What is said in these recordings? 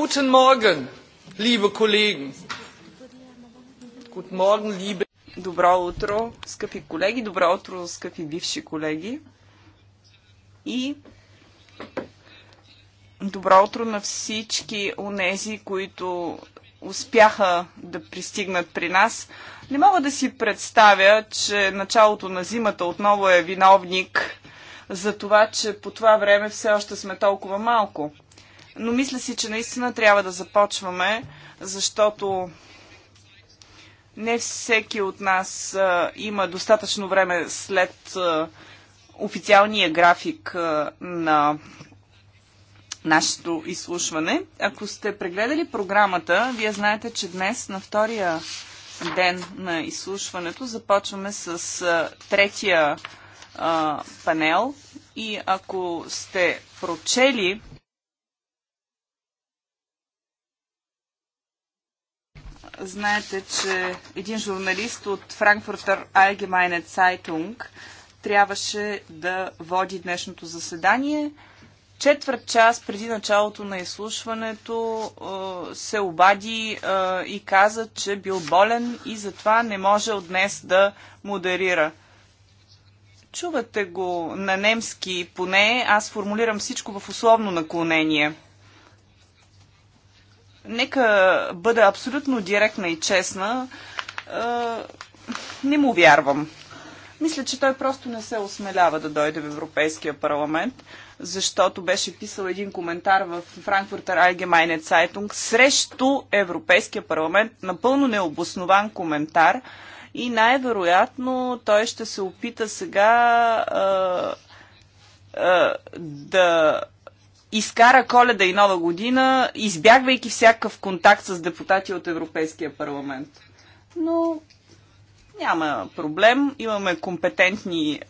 Guten Morgen, liebe Kollegen. Guten Morgen, liebe... Добро утро, скъпи колеги. Добро утро, скъпи бивши колеги. И добро утро на всички онези, които успяха да пристигнат при нас. Не мога да си представя, че началото на зимата отново е виновник за това, че по това време все още сме толкова малко. Но мисля си, че наистина трябва да започваме, защото не всеки от нас а, има достатъчно време след а, официалния график а, на нашето изслушване. Ако сте прегледали програмата, вие знаете, че днес на втория ден на изслушването започваме с а, третия а, панел и ако сте прочели знаете, че един журналист от Frankfurter Allgemeine Zeitung трябваше да води днешното заседание. Четвърт час преди началото на изслушването се обади и каза, че бил болен и затова не може от днес да модерира. Чувате го на немски поне, аз формулирам всичко в условно наклонение – нека бъда абсолютно директна и честна, е, не му вярвам. Мисля, че той просто не се осмелява да дойде в Европейския парламент, защото беше писал един коментар в Frankfurter Allgemeine Zeitung срещу Европейския парламент, напълно необоснован коментар и най-вероятно той ще се опита сега е, е, да изкара коледа и нова година, избягвайки всякакъв контакт с депутати от Европейския парламент. Но няма проблем. Имаме компетентни е,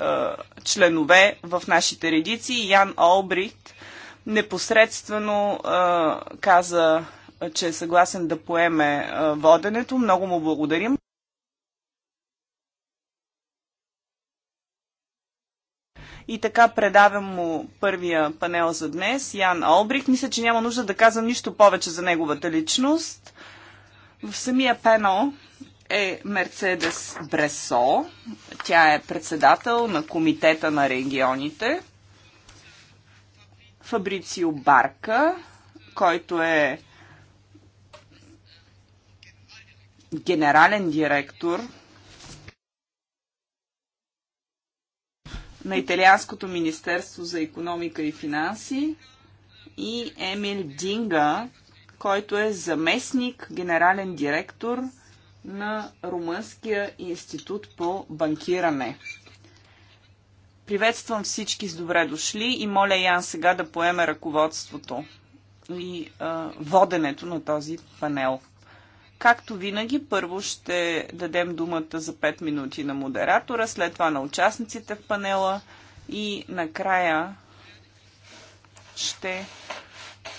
членове в нашите редици. Ян Олбрихт непосредствено е, каза, че е съгласен да поеме е, воденето. Много му благодарим. И така предавам му първия панел за днес. Ян Олбрих. Мисля, че няма нужда да казвам нищо повече за неговата личност. В самия панел е Мерцедес Бресо. Тя е председател на Комитета на регионите. Фабрицио Барка, който е генерален директор на Италианското Министерство за економика и финанси и Емил Динга, който е заместник генерален директор на Румънския институт по банкиране. Приветствам всички с добре дошли и моля Ян сега да поеме ръководството и а, воденето на този панел. Както винаги, първо ще дадем думата за 5 минути на модератора, след това на участниците в панела и накрая ще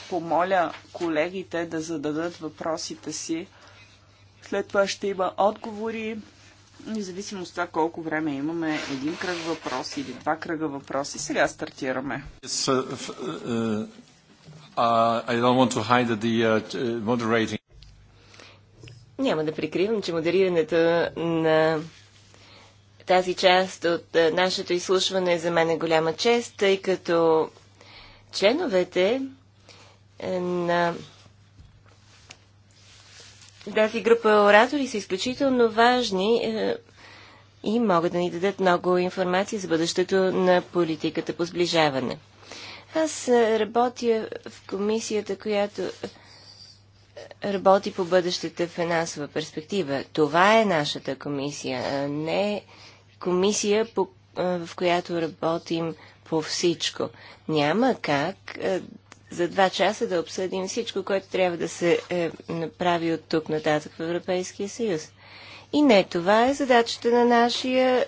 помоля колегите да зададат въпросите си. След това ще има отговори, независимо от това колко време имаме, един кръг въпроси или два кръга въпроси. Сега стартираме. Uh, uh, uh, I don't want to hide the uh, uh moderating. Няма да прикривам, че модерирането на тази част от е, нашето изслушване за мен е голяма чест, тъй като членовете е, на тази група оратори са изключително важни е, и могат да ни дадат много информация за бъдещето на политиката по сближаване. Аз работя в комисията, която работи по бъдещата финансова перспектива. Това е нашата комисия, а не комисия, по, в която работим по всичко. Няма как за два часа да обсъдим всичко, което трябва да се е, направи от тук нататък в Европейския съюз. И не, това е задачата на, нашия,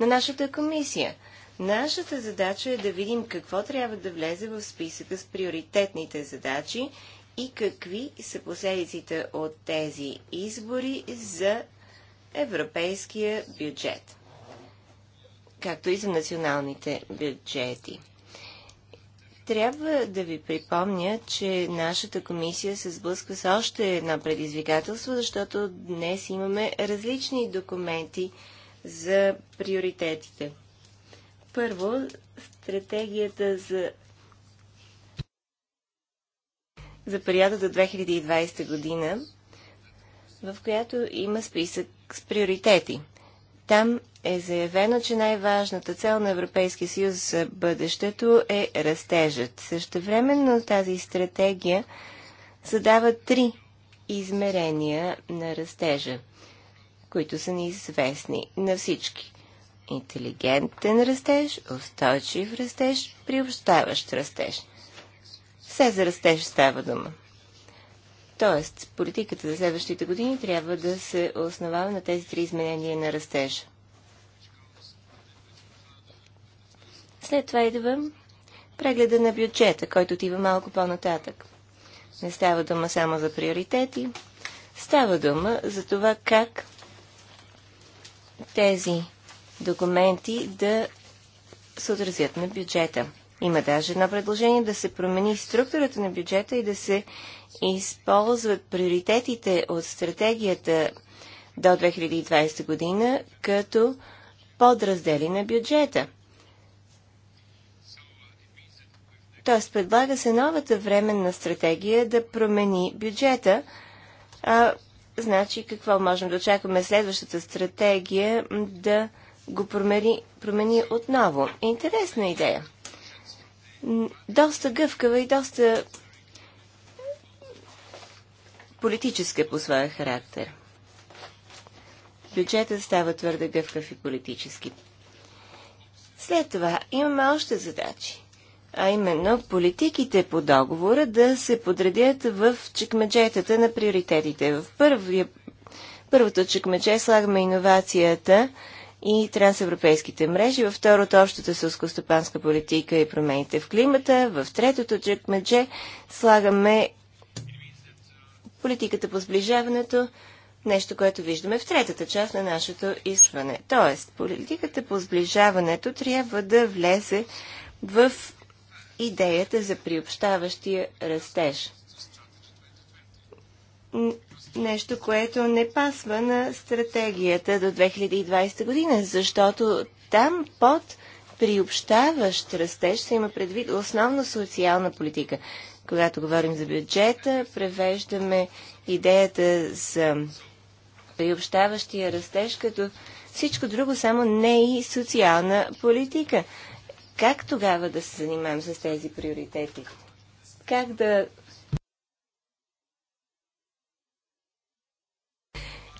на нашата комисия. Нашата задача е да видим какво трябва да влезе в списъка с приоритетните задачи и какви са последиците от тези избори за европейския бюджет, както и за националните бюджети. Трябва да ви припомня, че нашата комисия се сблъсква с още едно предизвикателство, защото днес имаме различни документи за приоритетите. Първо, стратегията за за периода до 2020 година, в която има списък с приоритети. Там е заявено, че най-важната цел на Европейския съюз за бъдещето е растежът. Същевременно тази стратегия задава три измерения на растежа, които са неизвестни на всички. Интелигентен растеж, устойчив растеж, приобщаващ растеж – все за растеж става дума. Тоест, политиката за следващите години трябва да се основава на тези три изменения на растежа. След това идва прегледа на бюджета, който отива малко по-нататък. Не става дума само за приоритети, става дума за това как тези документи да се отразят на бюджета. Има даже едно предложение да се промени структурата на бюджета и да се използват приоритетите от стратегията до 2020 година като подраздели на бюджета. Тоест, предлага се новата временна стратегия да промени бюджета. А, значи, какво можем да очакваме следващата стратегия да го промени, промени отново? Интересна идея доста гъвкава и доста политическа по своя характер. Бюджетът става твърде гъвкав и политически. След това имаме още задачи, а именно политиките по договора да се подредят в чекмеджетата на приоритетите. В първия, първото чекмедже слагаме иновацията, и трансевропейските мрежи, във второто общата сълскостопанска политика и промените в климата, в третото чекмедже слагаме политиката по сближаването, нещо, което виждаме в третата част на нашето изследване. Тоест, политиката по сближаването трябва да влезе в идеята за приобщаващия растеж нещо, което не пасва на стратегията до 2020 година, защото там под приобщаващ растеж се има предвид основно социална политика. Когато говорим за бюджета, превеждаме идеята за приобщаващия растеж като всичко друго, само не и социална политика. Как тогава да се занимаем с тези приоритети? Как да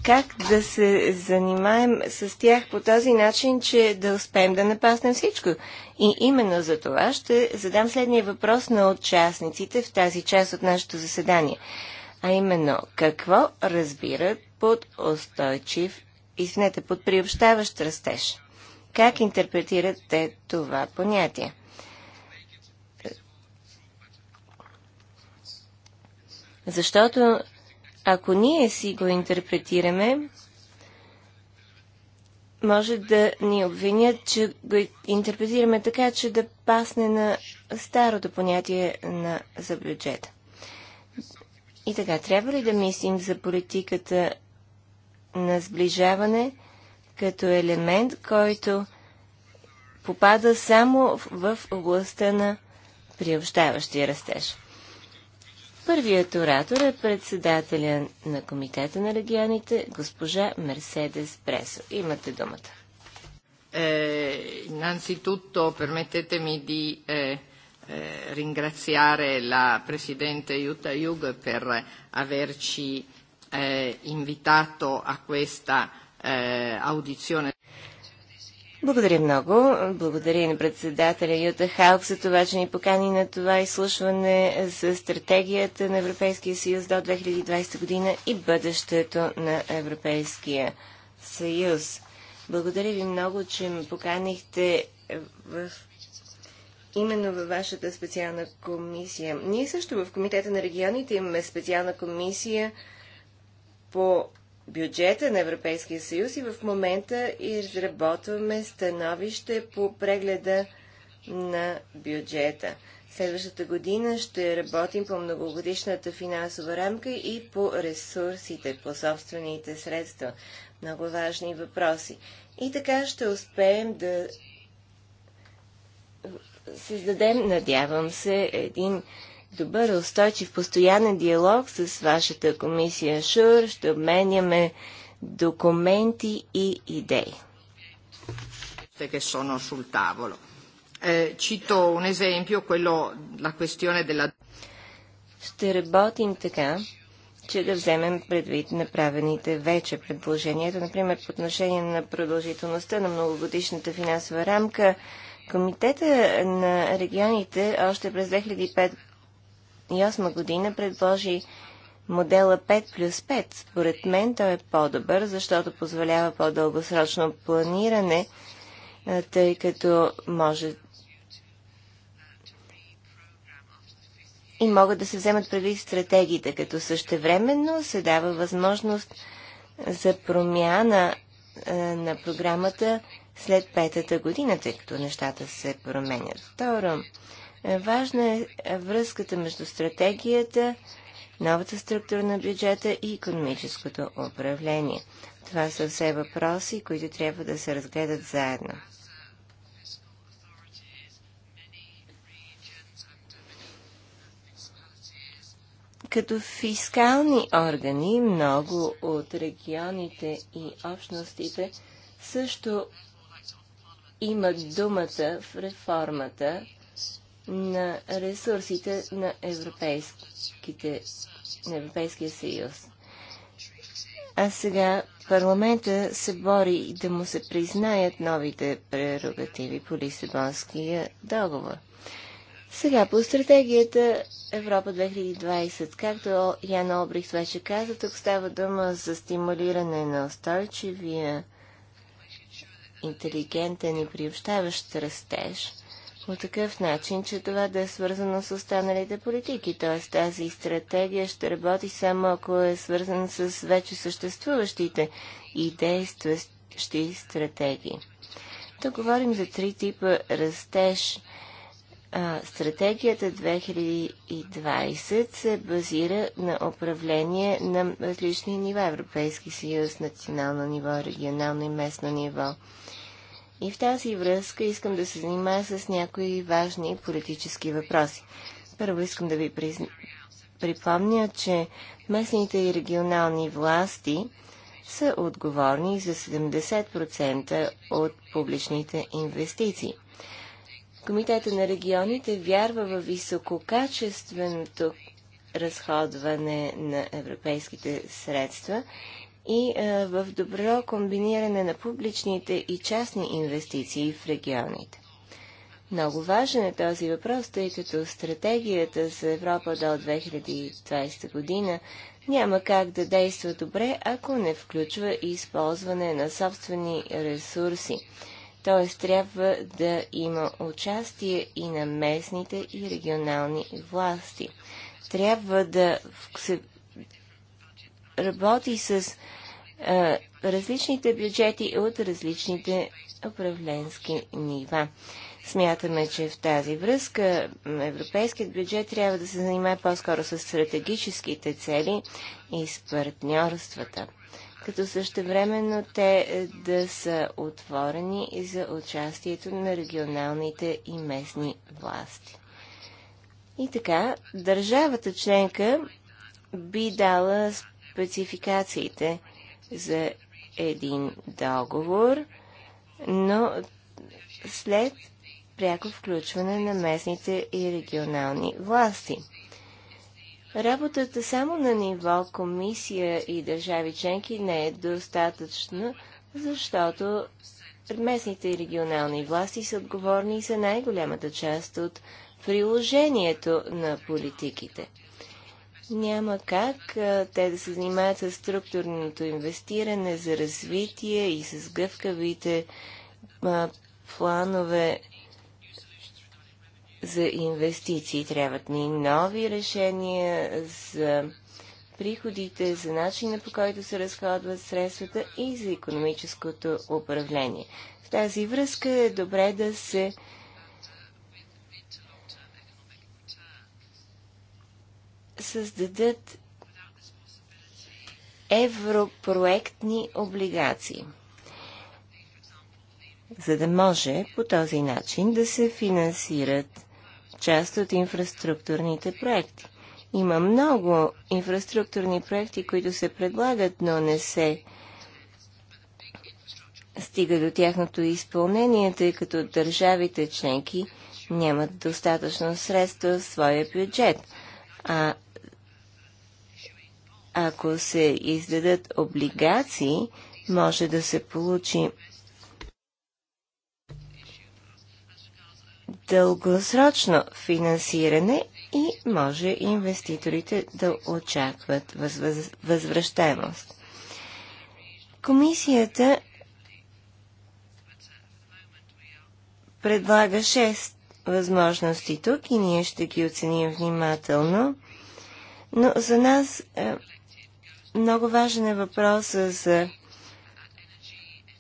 как да се занимаем с тях по този начин, че да успеем да напаснем всичко. И именно за това ще задам следния въпрос на участниците в тази част от нашето заседание. А именно, какво разбират под устойчив, извинете, под приобщаващ растеж? Как интерпретират те това понятие? Защото ако ние си го интерпретираме, може да ни обвинят, че го интерпретираме така, че да пасне на старото понятие на, за бюджета. И така, трябва ли да мислим за политиката на сближаване като елемент, който попада само в областта на приобщаващия растеж? Първият оратор е председателя на Комитета на регионите, госпожа Мерседес Пресо. Имате думата. innanzitutto permettetemi di ringraziare la Presidente Jutta Jug per averci invitato a questa eh, audizione. Благодаря много. Благодаря и на председателя Юта Халк за това, че ни покани на това изслушване за стратегията на Европейския съюз до 2020 година и бъдещето на Европейския съюз. Благодаря ви много, че ме поканихте в именно във вашата специална комисия. Ние също в Комитета на регионите имаме специална комисия по бюджета на Европейския съюз и в момента изработваме становище по прегледа на бюджета. Следващата година ще работим по многогодишната финансова рамка и по ресурсите, по собствените средства. Много важни въпроси. И така ще успеем да създадем, надявам се, един добър, устойчив, постоянен диалог с вашата комисия ШУР. Ще обменяме документи и идеи. Che sono sul tavolo. Eh, cito un esempio, quello, la questione della... Ще работим така, че да вземем предвид направените вече предложенията. Например, по отношение на продължителността на многогодишната финансова рамка, Комитета на регионите още през 2005 2008 година предложи модела 5 плюс 5. Според мен той е по-добър, защото позволява по-дългосрочно планиране, тъй като може и могат да се вземат предвид стратегиите, като същевременно се дава възможност за промяна на програмата след петата година, тъй като нещата се променят. Второ, е, важна е, е връзката между стратегията, новата структура на бюджета и економическото управление. Това са все въпроси, които трябва да се разгледат заедно. Като фискални органи, много от регионите и общностите също имат думата в реформата на ресурсите на, европейските, на Европейския съюз. А сега парламента се бори да му се признаят новите прерогативи по Лисабонския договор. Сега по стратегията Европа 2020, както Ян Обрих вече каза, тук става дума за стимулиране на устойчивия, интелигентен и приобщаващ растеж – по такъв начин, че това да е свързано с останалите политики. Т.е. тази стратегия ще работи само ако е свързана с вече съществуващите и действащи стратегии. Тук говорим за три типа растеж. стратегията 2020 се базира на управление на различни нива Европейски съюз, национално ниво, регионално и местно ниво. И в тази връзка искам да се занимая с някои важни политически въпроси. Първо искам да ви призна... припомня, че местните и регионални власти са отговорни за 70% от публичните инвестиции. Комитета на регионите вярва в висококачественото разходване на европейските средства и а, е, в добро комбиниране на публичните и частни инвестиции в регионите. Много важен е този въпрос, тъй като стратегията за Европа до 2020 година няма как да действа добре, ако не включва използване на собствени ресурси. Т.е. трябва да има участие и на местните и регионални власти. Трябва да се работи с а, различните бюджети от различните управленски нива. Смятаме, че в тази връзка европейският бюджет трябва да се занимае по-скоро с стратегическите цели и с партньорствата, като същевременно те е, да са отворени за участието на регионалните и местни власти. И така, държавата членка би дала спецификациите за един договор, но след пряко включване на местните и регионални власти. Работата само на ниво комисия и държави членки не е достатъчна, защото местните и регионални власти са отговорни за най-голямата част от приложението на политиките. Няма как те да се занимават с структурното инвестиране за развитие и с гъвкавите планове за инвестиции. Трябват ни нови решения за приходите, за начина по който се разходват средствата и за економическото управление. В тази връзка е добре да се създадат европроектни облигации, за да може по този начин да се финансират част от инфраструктурните проекти. Има много инфраструктурни проекти, които се предлагат, но не се стига до тяхното изпълнение, тъй като държавите членки нямат достатъчно средства в своя бюджет. А ако се издадат облигации, може да се получи дългосрочно финансиране и може инвеститорите да очакват възвръщаемост. Комисията предлага 6 възможности тук и ние ще ги оценим внимателно, но за нас е, много важен е въпроса за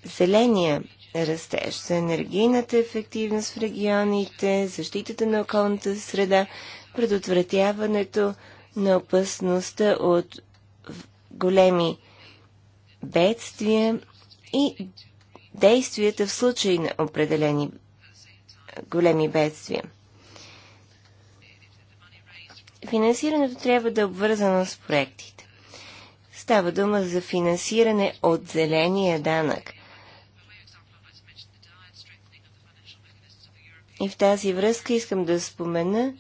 зеления растеж, за енергийната ефективност в регионите, защитата на околната среда, предотвратяването на опасността от големи бедствия и действията в случай на определени големи бедствия. Финансирането трябва да е обвързано с проекти. Става дума за финансиране от зеления данък. И в тази връзка искам да спомена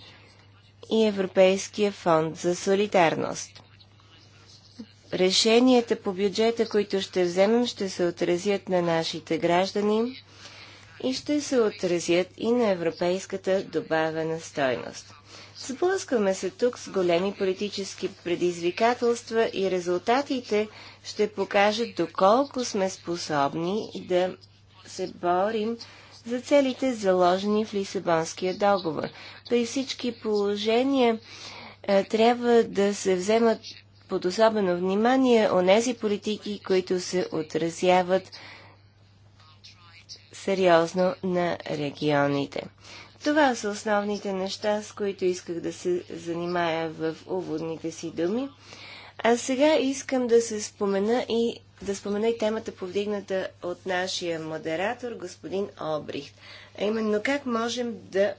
и Европейския фонд за солидарност. Решенията по бюджета, които ще вземем, ще се отразят на нашите граждани и ще се отразят и на европейската добавена стойност. Сблъскваме се тук с големи политически предизвикателства и резултатите ще покажат доколко сме способни да се борим за целите заложени в Лисабонския договор. При всички положения е, трябва да се вземат под особено внимание онези политики, които се отразяват сериозно на регионите. Това са основните неща, с които исках да се занимая в уводните си думи. А сега искам да се спомена и да спомена и темата, повдигната от нашия модератор, господин Обрихт. А именно как можем да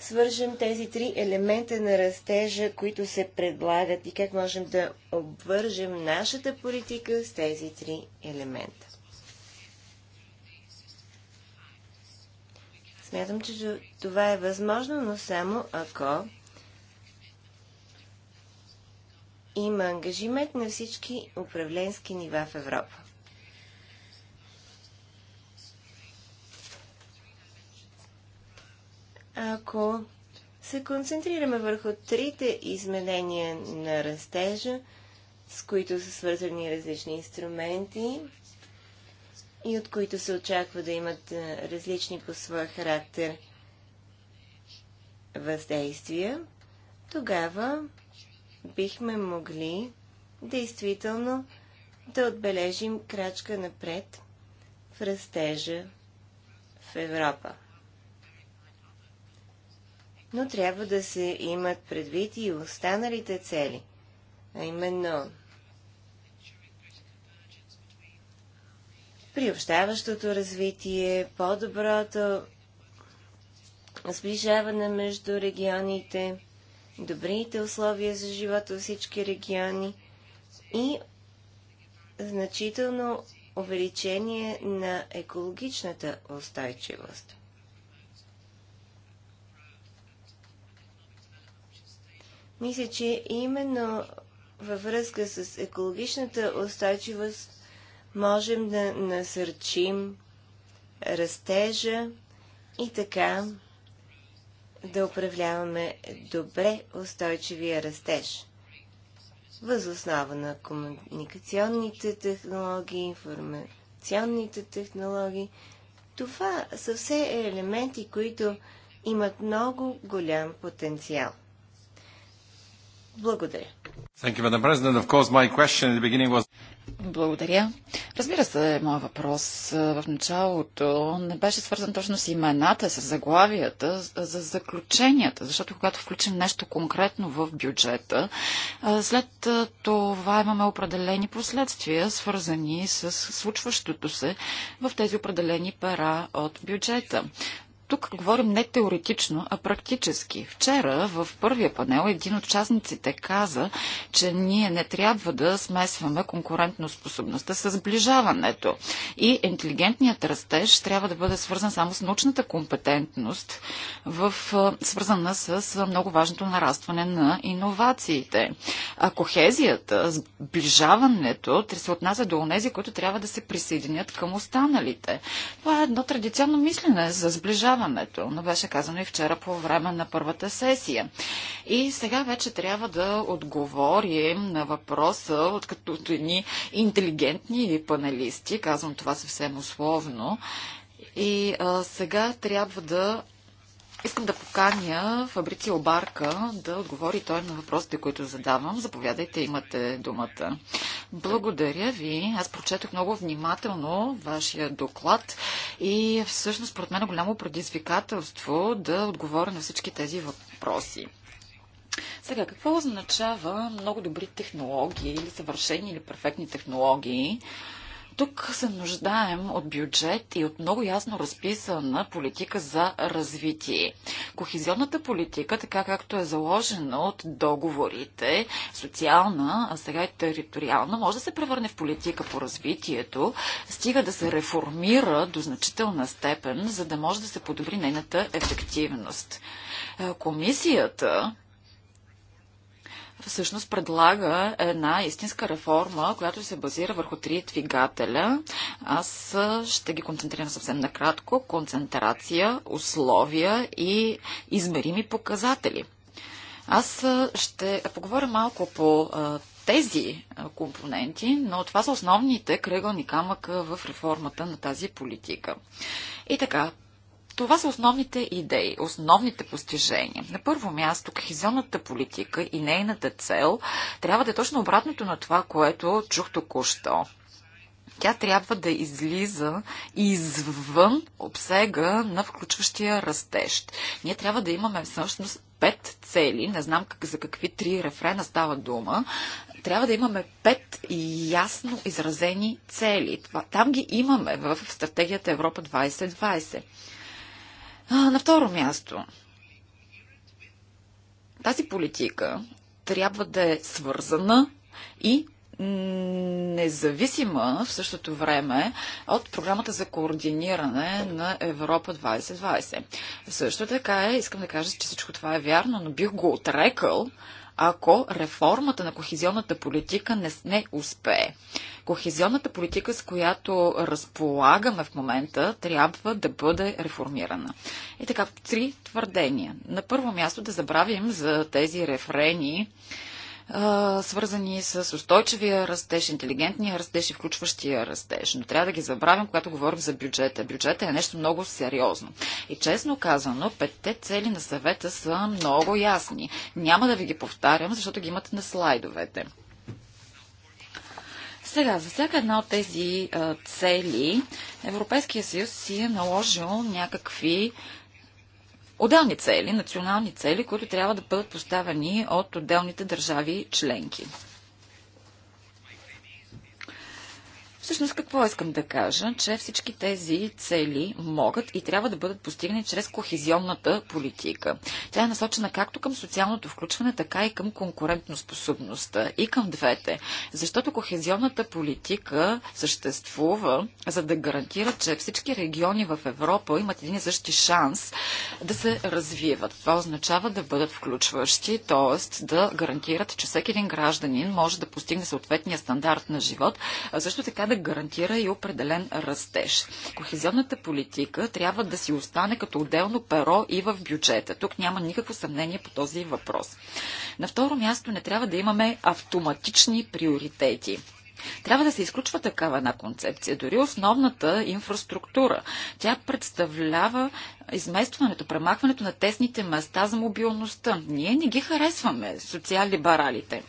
свържем тези три елемента на растежа, които се предлагат и как можем да обвържем нашата политика с тези три елемента. Смятам, че това е възможно, но само ако има ангажимент на всички управленски нива в Европа. Ако се концентрираме върху трите изменения на растежа, с които са свързани различни инструменти, и от които се очаква да имат е, различни по своя характер въздействия, тогава бихме могли действително да отбележим крачка напред в растежа в Европа. Но трябва да се имат предвид и останалите цели, а именно приобщаващото развитие, по-доброто сближаване между регионите, добрите условия за живота във всички региони и значително увеличение на екологичната устойчивост. Мисля, че именно във връзка с екологичната устойчивост можем да насърчим растежа и така да управляваме добре устойчивия растеж. Възоснова на комуникационните технологии, информационните технологии. Това са все елементи, които имат много голям потенциал. Благодаря. Thank you, Madam President. Of course, my question in the beginning was... Благодаря. Разбира се, моят въпрос в началото не беше свързан точно с имената, с заглавията, за заключенията, защото когато включим нещо конкретно в бюджета, след това имаме определени последствия, свързани с случващото се в тези определени пера от бюджета. Тук говорим не теоретично, а практически. Вчера в първия панел един от частниците каза, че ние не трябва да смесваме конкурентно способността с сближаването. И интелигентният растеж трябва да бъде свързан само с научната компетентност, в, свързана с много важното нарастване на иновациите. А кохезията, сближаването се отнася до онези, които трябва да се присъединят към останалите. Това е едно традиционно мислене за сближаването сближаването, но беше казано и вчера по време на първата сесия. И сега вече трябва да отговорим на въпроса от като ни интелигентни панелисти, казвам това съвсем условно, и а, сега трябва да Искам да поканя Фабрицио Барка да отговори той на въпросите, които задавам. Заповядайте, имате думата. Благодаря ви. Аз прочетох много внимателно вашия доклад и всъщност, според мен, е голямо предизвикателство да отговоря на всички тези въпроси. Сега, какво означава много добри технологии или съвършени или перфектни технологии? Тук се нуждаем от бюджет и от много ясно разписана политика за развитие. Кохизионната политика, така както е заложена от договорите, социална, а сега и териториална, може да се превърне в политика по развитието, стига да се реформира до значителна степен, за да може да се подобри нейната ефективност. Е, комисията всъщност предлага една истинска реформа, която се базира върху три двигателя. Аз ще ги концентрирам съвсем накратко. Концентрация, условия и измерими показатели. Аз ще поговоря малко по тези компоненти, но това са основните кръгълни камъка в реформата на тази политика. И така, това са основните идеи, основните постижения. На първо място, кохезионната политика и нейната цел трябва да е точно обратното на това, което чух току-що тя трябва да излиза извън обсега на включващия растеж. Ние трябва да имаме всъщност пет цели, не знам как, за какви три рефрена става дума, трябва да имаме пет ясно изразени цели. Това, там ги имаме в стратегията Европа 2020. А, на второ място, тази политика трябва да е свързана и независима в същото време от програмата за координиране на Европа 2020. Също така е, искам да кажа, че всичко това е вярно, но бих го отрекал, ако реформата на кохезионната политика не, не успее. Кохезионната политика, с която разполагаме в момента, трябва да бъде реформирана. И така, три твърдения. На първо място да забравим за тези рефрени, свързани с устойчивия растеж, интелигентния растеж и включващия растеж. Но трябва да ги забравим, когато говорим за бюджета. Бюджета е нещо много сериозно. И честно казано, петте цели на съвета са много ясни. Няма да ви ги повтарям, защото ги имате на слайдовете. Сега, за всяка една от тези а, цели Европейския съюз си е наложил някакви отделни цели, национални цели, които трябва да бъдат поставени от отделните държави членки. Всъщност какво искам да кажа? Че всички тези цели могат и трябва да бъдат постигнати чрез кохезионната политика. Тя е насочена както към социалното включване, така и към конкурентноспособността и към двете. Защото кохезионната политика съществува, за да гарантира, че всички региони в Европа имат един и същи шанс да се развиват. Това означава да бъдат включващи, т.е. да гарантират, че всеки един гражданин може да постигне съответния стандарт на живот, а също така да гарантира и определен растеж. Кохезионната политика трябва да си остане като отделно перо и в бюджета. Тук няма никакво съмнение по този въпрос. На второ място не трябва да имаме автоматични приоритети. Трябва да се изключва такава една концепция, дори основната инфраструктура. Тя представлява изместването, премахването на тесните места за мобилността. Ние не ги харесваме, социал либералите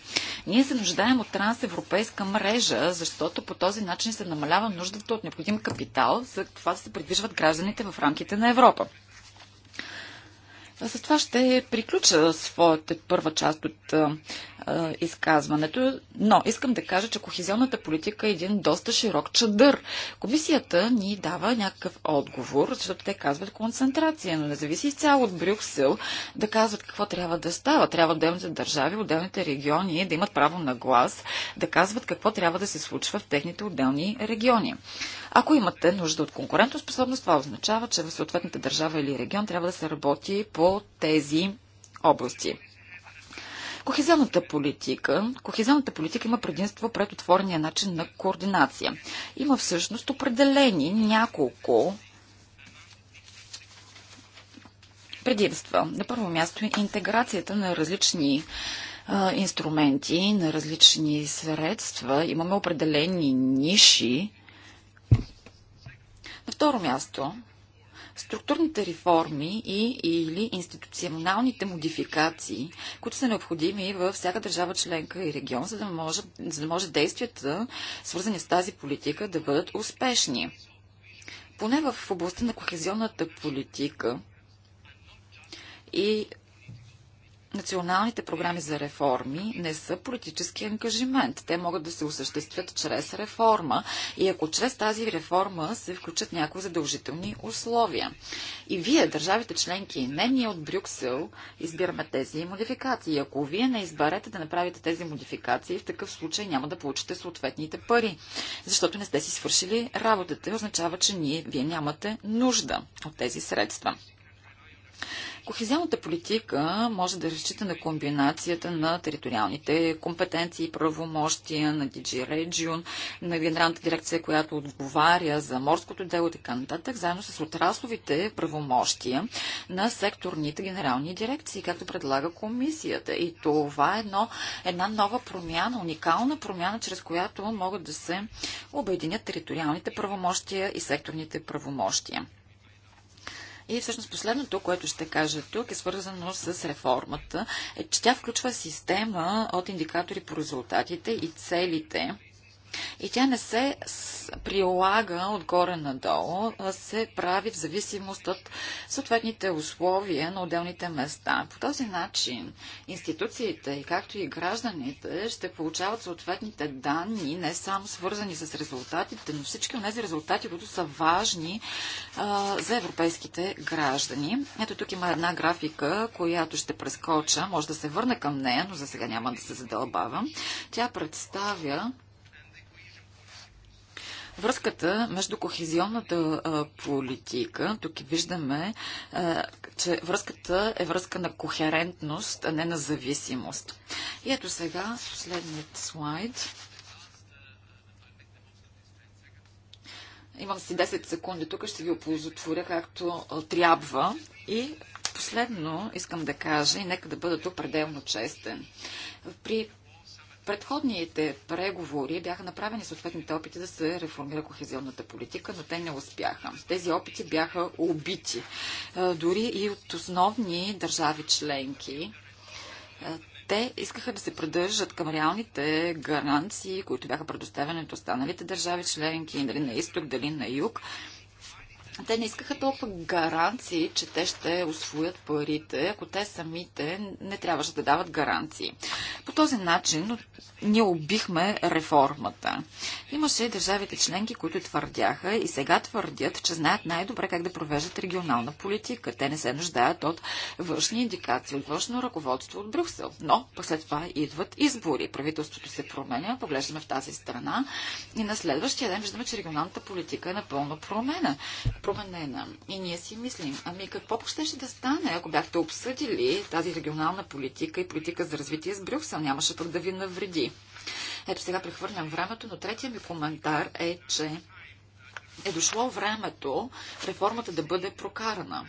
Ние се нуждаем от трансевропейска мрежа, защото по този начин се намалява нуждата от необходим капитал, за това да се придвижват гражданите в рамките на Европа. С това ще приключа своята първа част от а, изказването, но искам да кажа, че кохезионната политика е един доста широк чадър. Комисията ни дава някакъв отговор, защото те казват концентрация, но не зависи изцяло от Брюксел да казват какво трябва да става. Трябва отделните държави, отделните региони да имат право на глас, да казват какво трябва да се случва в техните отделни региони. Ако имате нужда от конкурентоспособност, това означава, че в съответната държава или регион трябва да се работи по тези области. Кохезионната политика. Кохезионната политика има предимство пред отворения начин на координация. Има всъщност определени няколко предимства. На първо място интеграцията на различни а, инструменти, на различни средства. Имаме определени ниши, второ място, структурните реформи и или институционалните модификации, които са необходими във всяка държава членка и регион, за да може, за да може действията, свързани с тази политика, да бъдат успешни. Поне в областта на кохезионната политика и националните програми за реформи не са политически ангажимент. Те могат да се осъществят чрез реформа и ако чрез тази реформа се включат някои задължителни условия. И вие, държавите членки, не ние от Брюксел избираме тези модификации. Ако вие не изберете да направите тези модификации, в такъв случай няма да получите съответните пари, защото не сте си свършили работата. Означава, че ние, вие нямате нужда от тези средства. Кохезионната политика може да разчита на комбинацията на териториалните компетенции и правомощия на DG Region, на Генералната дирекция, която отговаря за морското дело и така нататък, заедно с отрасловите правомощия на секторните генерални дирекции, както предлага комисията. И това е едно, една нова промяна, уникална промяна, чрез която могат да се обединят териториалните правомощия и секторните правомощия. И всъщност последното, което ще кажа тук е свързано с реформата, е, че тя включва система от индикатори по резултатите и целите, и тя не се прилага отгоре надолу, а се прави в зависимост от съответните условия на отделните места. По този начин институциите, както и гражданите, ще получават съответните данни, не само свързани с резултатите, но всички от тези резултати, които са важни а, за европейските граждани. Ето тук има една графика, която ще прескоча. Може да се върна към нея, но за сега няма да се задълбавам. Тя представя Връзката между кохезионната политика, тук виждаме, че връзката е връзка на кохерентност, а не на зависимост. И ето сега последният слайд. Имам си 10 секунди, тук ще ви оползотворя както трябва. И последно искам да кажа, и нека да бъда тук пределно честен. При Предходните преговори бяха направени съответните опити да се реформира кохезионната политика, но те не успяха. Тези опити бяха убити. Е, дори и от основни държави членки. Е, те искаха да се придържат към реалните гаранции, които бяха предоставени от останалите държави членки, дали на изток, дали на юг, те не искаха толкова гаранции, че те ще освоят парите, ако те самите не трябваше да дават гаранции. По този начин ние убихме реформата. Имаше и държавите членки, които твърдяха и сега твърдят, че знаят най-добре как да провеждат регионална политика. Те не се нуждаят от външни индикации, от външно ръководство от Брюксел. Но пък след това идват избори. Правителството се променя, поглеждаме в тази страна и на следващия ден виждаме, че регионалната политика е напълно промена променена. Е и ние си мислим, ами какво ще ще да стане, ако бяхте обсъдили тази регионална политика и политика за развитие с Брюксел, нямаше пък да ви навреди. Ето сега прехвърлям времето, но третия ми коментар е, че е дошло времето реформата да бъде прокарана.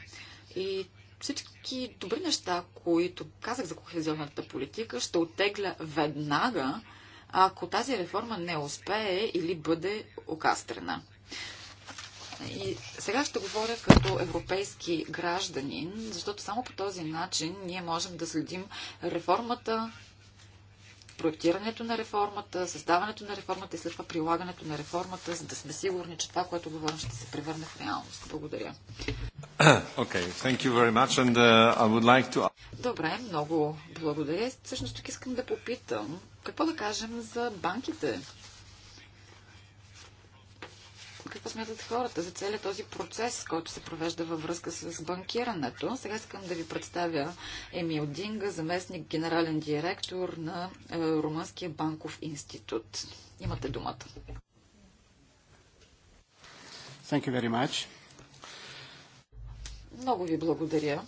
И всички добри неща, които казах за кохезионната политика, ще оттегля веднага, ако тази реформа не успее или бъде окастрена. И сега ще говоря като европейски гражданин, защото само по този начин ние можем да следим реформата, проектирането на реформата, създаването на реформата и след това прилагането на реформата, за да сме сигурни, че това, което говорим, ще се превърне в реалност. Благодаря. Okay, thank you very much and uh, I would like to... Добре, много благодаря. Всъщност тук искам да попитам, какво да кажем за банките? какво смятат хората за целият този процес, който се провежда във връзка с банкирането. Сега искам да ви представя Емил Динга, заместник генерален директор на е, Румънския банков институт. Имате думата. Thank you very much. Много ви благодаря.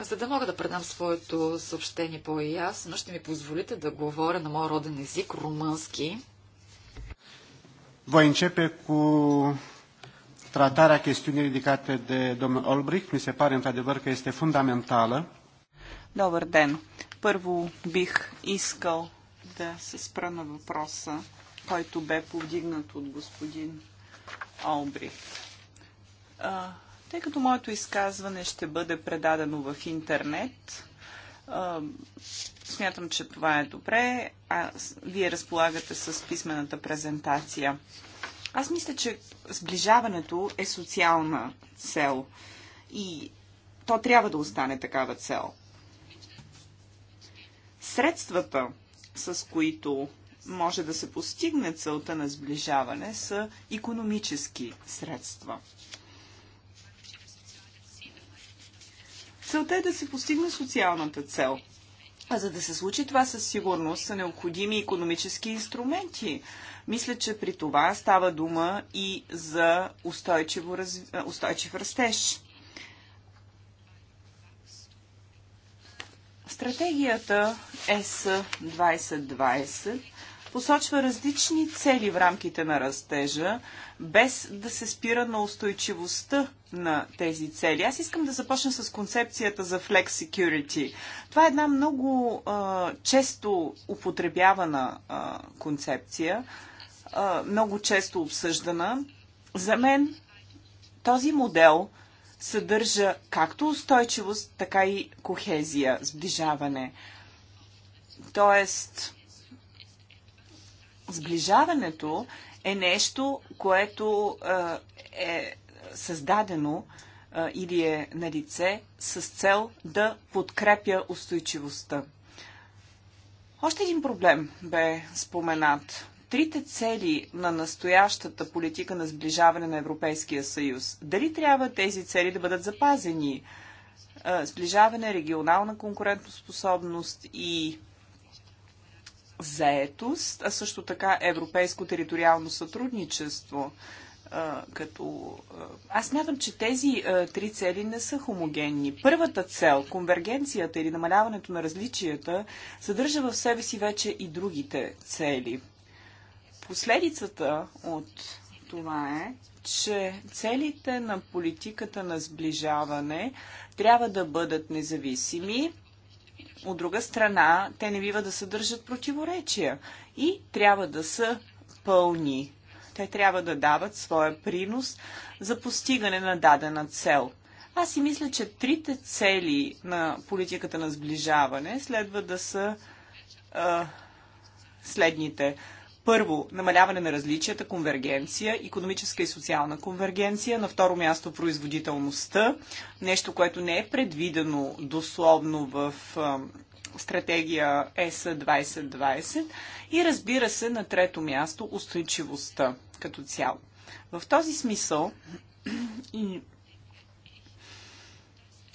За да мога да предам своето съобщение по-ясно, ще ми позволите да говоря на моя роден език, румънски. Voi începe cu tratarea chestiunii ridicate de domnul Olbricht. Mi se pare într-adevăr că este fundamentală. Добър ден! Първо бих искал да се спра на въпроса, който бе повдигнат от господин Олбрих. Тъй като моето изказване ще бъде предадено в интернет, смятам, че това е добре. А вие разполагате с писмената презентация. Аз мисля, че сближаването е социална цел и то трябва да остане такава цел. Средствата, с които може да се постигне целта на сближаване, са економически средства. Целта е да се постигне социалната цел. А за да се случи това със сигурност са необходими економически инструменти. Мисля, че при това става дума и за раз... устойчив растеж. Стратегията ЕС 2020 посочва различни цели в рамките на растежа, без да се спира на устойчивостта на тези цели. Аз искам да започна с концепцията за Flex Security. Това е една много а, често употребявана а, концепция, а, много често обсъждана. За мен този модел съдържа както устойчивост, така и кохезия, сближаване. Тоест, Сближаването е нещо, което е създадено или е на лице с цел да подкрепя устойчивостта. Още един проблем бе споменат. Трите цели на настоящата политика на сближаване на Европейския съюз. Дали трябва тези цели да бъдат запазени? Сближаване, регионална конкурентоспособност и заетост, а също така европейско териториално сътрудничество. Като... Аз смятам, че тези три цели не са хомогенни. Първата цел, конвергенцията или намаляването на различията, съдържа в себе си вече и другите цели. Последицата от това е, че целите на политиката на сближаване трябва да бъдат независими, от друга страна, те не бива да съдържат противоречия и трябва да са пълни. Те трябва да дават своя принос за постигане на дадена цел. Аз си мисля, че трите цели на политиката на сближаване следва да са а, следните първо, намаляване на различията, конвергенция, економическа и социална конвергенция. На второ място, производителността, нещо, което не е предвидено дословно в стратегия ЕС 2020. И разбира се, на трето място, устойчивостта като цяло. В този смисъл и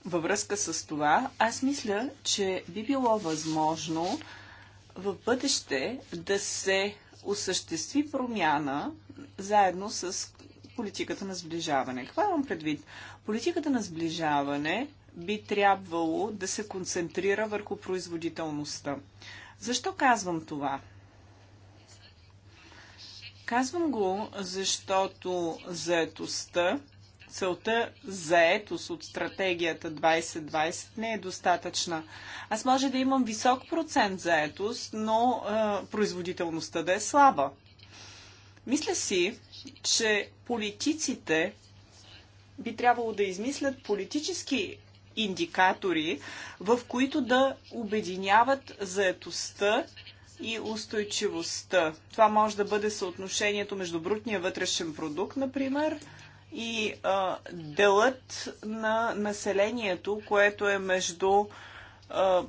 във връзка с това, аз мисля, че би било възможно в бъдеще да се осъществи промяна заедно с политиката на сближаване. Какво имам предвид? Политиката на сближаване би трябвало да се концентрира върху производителността. Защо казвам това? Казвам го, защото заетостта целта заетост от стратегията 2020 не е достатъчна. Аз може да имам висок процент заетост, но а, производителността да е слаба. Мисля си, че политиците би трябвало да измислят политически индикатори, в които да обединяват заетостта и устойчивостта. Това може да бъде съотношението между брутния вътрешен продукт, например, и а, делът на населението, което е между а,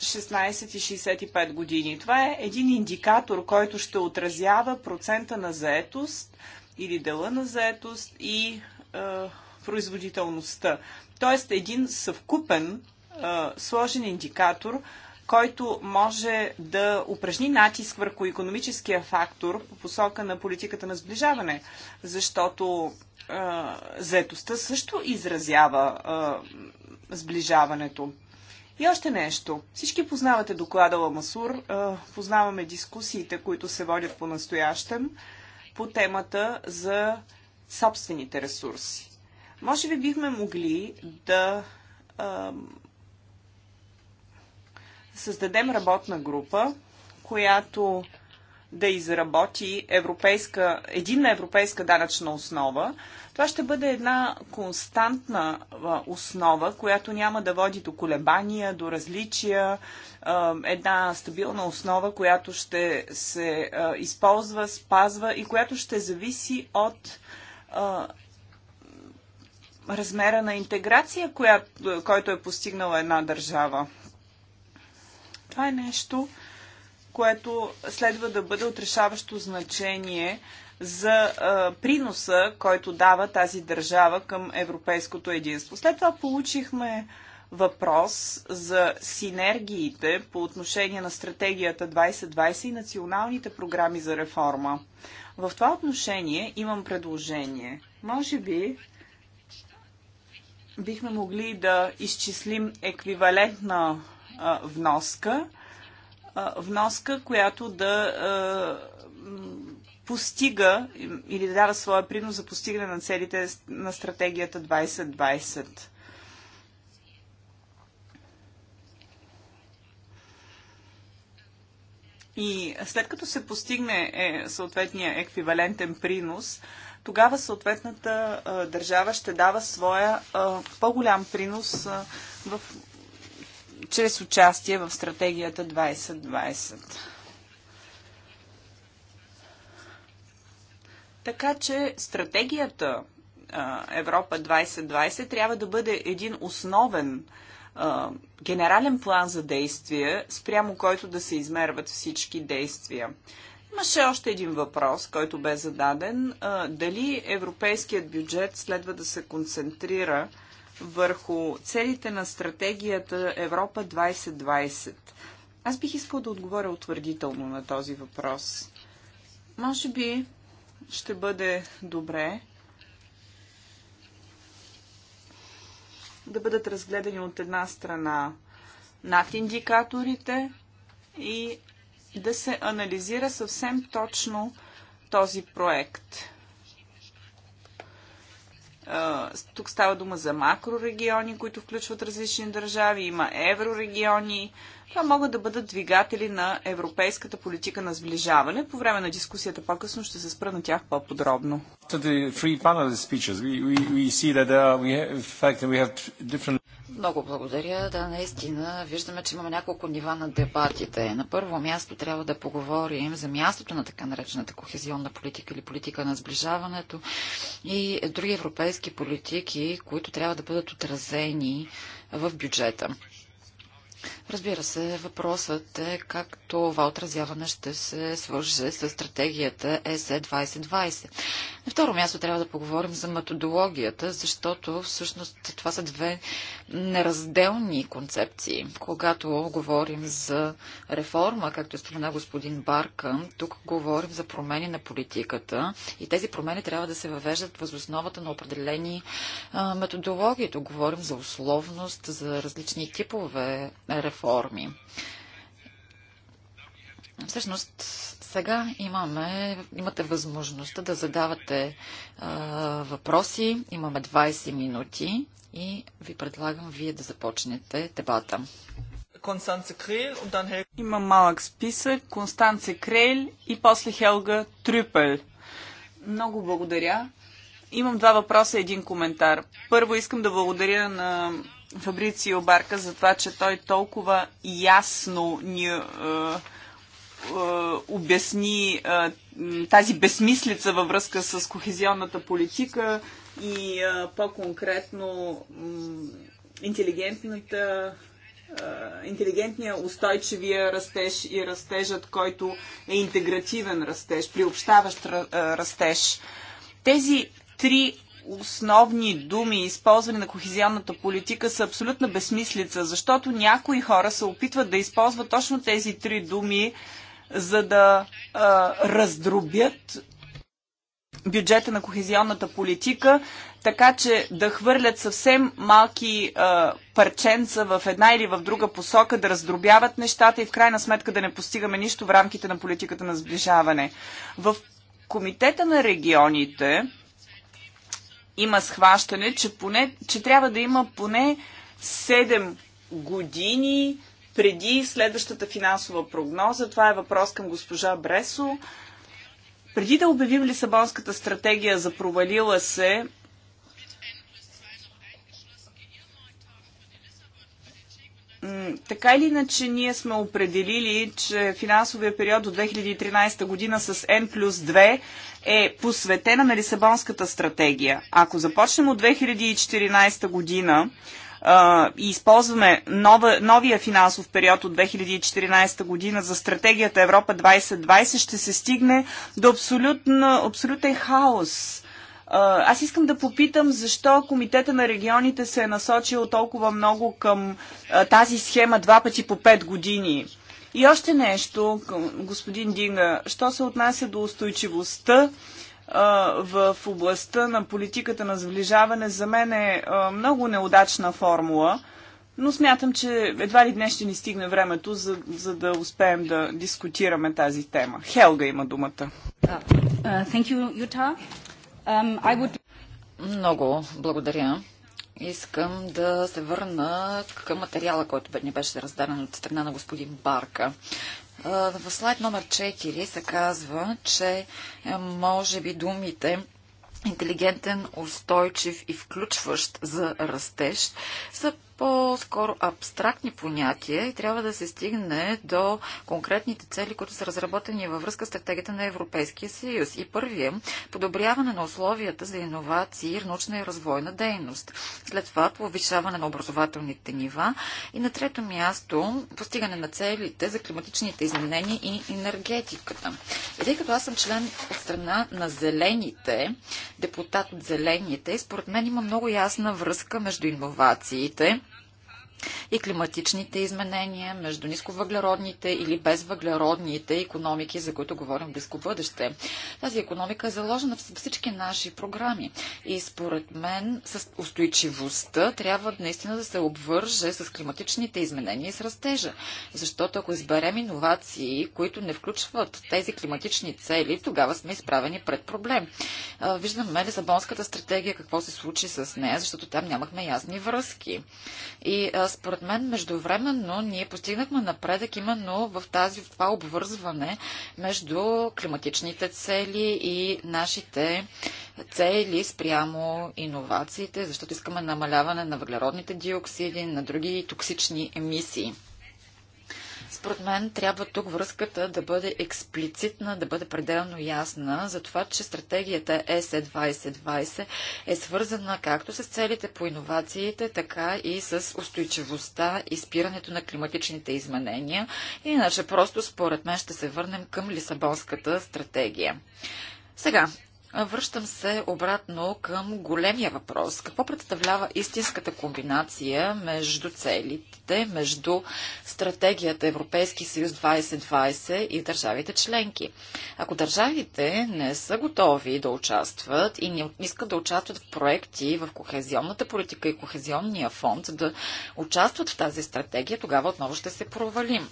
16 и 65 години. Това е един индикатор, който ще отразява процента на заетост или дела на заетост и а, производителността. Тоест един съвкупен а, сложен индикатор, който може да упражни натиск върху економическия фактор по посока на политиката на сближаване, защото а, заетостта също изразява а, сближаването. И още нещо. Всички познавате доклада Ламасур, а, познаваме дискусиите, които се водят по настоящем по темата за собствените ресурси. Може би бихме могли да а, създадем работна група, която да изработи европейска, единна европейска данъчна основа. Това ще бъде една константна основа, която няма да води до колебания, до различия, една стабилна основа, която ще се използва, спазва и която ще зависи от размера на интеграция, която, който е постигнала една държава. Това е нещо, което следва да бъде отрешаващо значение за а, приноса, който дава тази държава към европейското единство. След това получихме въпрос за синергиите по отношение на стратегията 2020 и националните програми за реформа. В това отношение имам предложение. Може би бихме могли да изчислим еквивалентна а, вноска – вноска, която да постига или да дава своя принос за постигане на целите на стратегията 2020. И след като се постигне е, съответния еквивалентен принос, тогава съответната е, държава ще дава своя е, по-голям принос е, в чрез участие в стратегията 2020. Така че стратегията Европа 2020 трябва да бъде един основен а, генерален план за действие, спрямо който да се измерват всички действия. Имаше още един въпрос, който бе зададен. А, дали европейският бюджет следва да се концентрира върху целите на стратегията Европа 2020. Аз бих искал да отговоря утвърдително на този въпрос. Може би ще бъде добре да бъдат разгледани от една страна над индикаторите и да се анализира съвсем точно този проект. Тук става дума за макрорегиони, които включват различни държави. Има еврорегиони. Това могат да бъдат двигатели на европейската политика на сближаване. По време на дискусията по-късно ще се спра на тях по-подробно. Много благодаря. Да, наистина виждаме, че имаме няколко нива на дебатите. На първо място трябва да поговорим за мястото на така наречената кохезионна политика или политика на сближаването и други европейски политики, които трябва да бъдат отразени в бюджета. Разбира се, въпросът е как това отразяване ще се свърже с стратегията ЕСЕ 2020. На второ място трябва да поговорим за методологията, защото всъщност това са две неразделни концепции. Когато говорим за реформа, както е спомена господин Барка, тук говорим за промени на политиката и тези промени трябва да се въвеждат въз основата на определени методологии. Тук говорим за условност, за различни типове реформи форми. Всъщност, сега имаме, имате възможността да задавате а, въпроси. Имаме 20 минути и ви предлагам вие да започнете дебата. Има малък списък. Констанце Крейл и после Хелга Трюпел. Много благодаря. Имам два въпроса и един коментар. Първо искам да благодаря на Фабрицио Барка за това, че той толкова ясно ни е, е, обясни е, тази безмислица във връзка с кохезионната политика и е, по-конкретно е, интелигентната интелигентния, устойчивия растеж и растежът, който е интегративен растеж, приобщаващ е, растеж. Тези три основни думи, използвани на кохезионната политика, са абсолютна безсмислица, защото някои хора се опитват да използват точно тези три думи, за да а, раздробят бюджета на кохезионната политика, така че да хвърлят съвсем малки а, парченца в една или в друга посока, да раздробяват нещата и в крайна сметка да не постигаме нищо в рамките на политиката на сближаване. В Комитета на регионите има схващане, че, поне, че трябва да има поне 7 години преди следващата финансова прогноза. Това е въпрос към госпожа Бресо. Преди да обявим Лисабонската стратегия за провалила се, Така или иначе ние сме определили, че финансовия период до 2013 година с N плюс 2 е посветена на Лисабонската стратегия. Ако започнем от 2014 година, и използваме нова, новия финансов период от 2014 година за стратегията Европа 2020, ще се стигне до абсолютно, абсолютен хаос. Аз искам да попитам защо Комитета на регионите се е насочил толкова много към тази схема два пъти по пет години. И още нещо, господин Динга, що се отнася до устойчивостта в областта на политиката на сближаване, за мен е много неудачна формула, но смятам, че едва ли днес ще ни стигне времето, за, за да успеем да дискутираме тази тема. Хелга има думата. Uh, uh thank you, Utah. Много благодаря. Искам да се върна към материала, който ни беше раздаден от страна на господин Барка. В слайд номер 4 се казва, че е, може би думите интелигентен, устойчив и включващ за растеж са по-скоро абстрактни понятия и трябва да се стигне до конкретните цели, които са разработени във връзка с стратегията на Европейския съюз. И първият – подобряване на условията за иновации, научна и развойна дейност. След това повишаване на образователните нива и на трето място постигане на целите за климатичните изменения и енергетиката. И тъй като аз съм член от страна на зелените, депутат от зелените, според мен има много ясна връзка между иновациите и климатичните изменения между нисковъглеродните или безвъглеродните економики, за които говорим в близко бъдеще. Тази економика е заложена в всички наши програми и според мен с устойчивостта трябва наистина да се обвърже с климатичните изменения и с растежа. Защото ако изберем иновации, които не включват тези климатични цели, тогава сме изправени пред проблем. Виждаме Лисабонската стратегия, какво се случи с нея, защото там нямахме ясни връзки. И според мен, междувременно ние постигнахме напредък именно в тази, в това обвързване между климатичните цели и нашите цели спрямо иновациите, защото искаме намаляване на въглеродните диоксиди, на други токсични емисии. Според мен трябва тук връзката да бъде експлицитна, да бъде пределно ясна за това, че стратегията ЕСЕ 2020 е свързана както с целите по иновациите, така и с устойчивостта и спирането на климатичните изменения. Иначе просто според мен ще се върнем към Лисабонската стратегия. Сега, Връщам се обратно към големия въпрос. Какво представлява истинската комбинация между целите, между стратегията Европейски съюз 2020 и държавите членки? Ако държавите не са готови да участват и не искат да участват в проекти в кохезионната политика и кохезионния фонд, да участват в тази стратегия, тогава отново ще се провалим.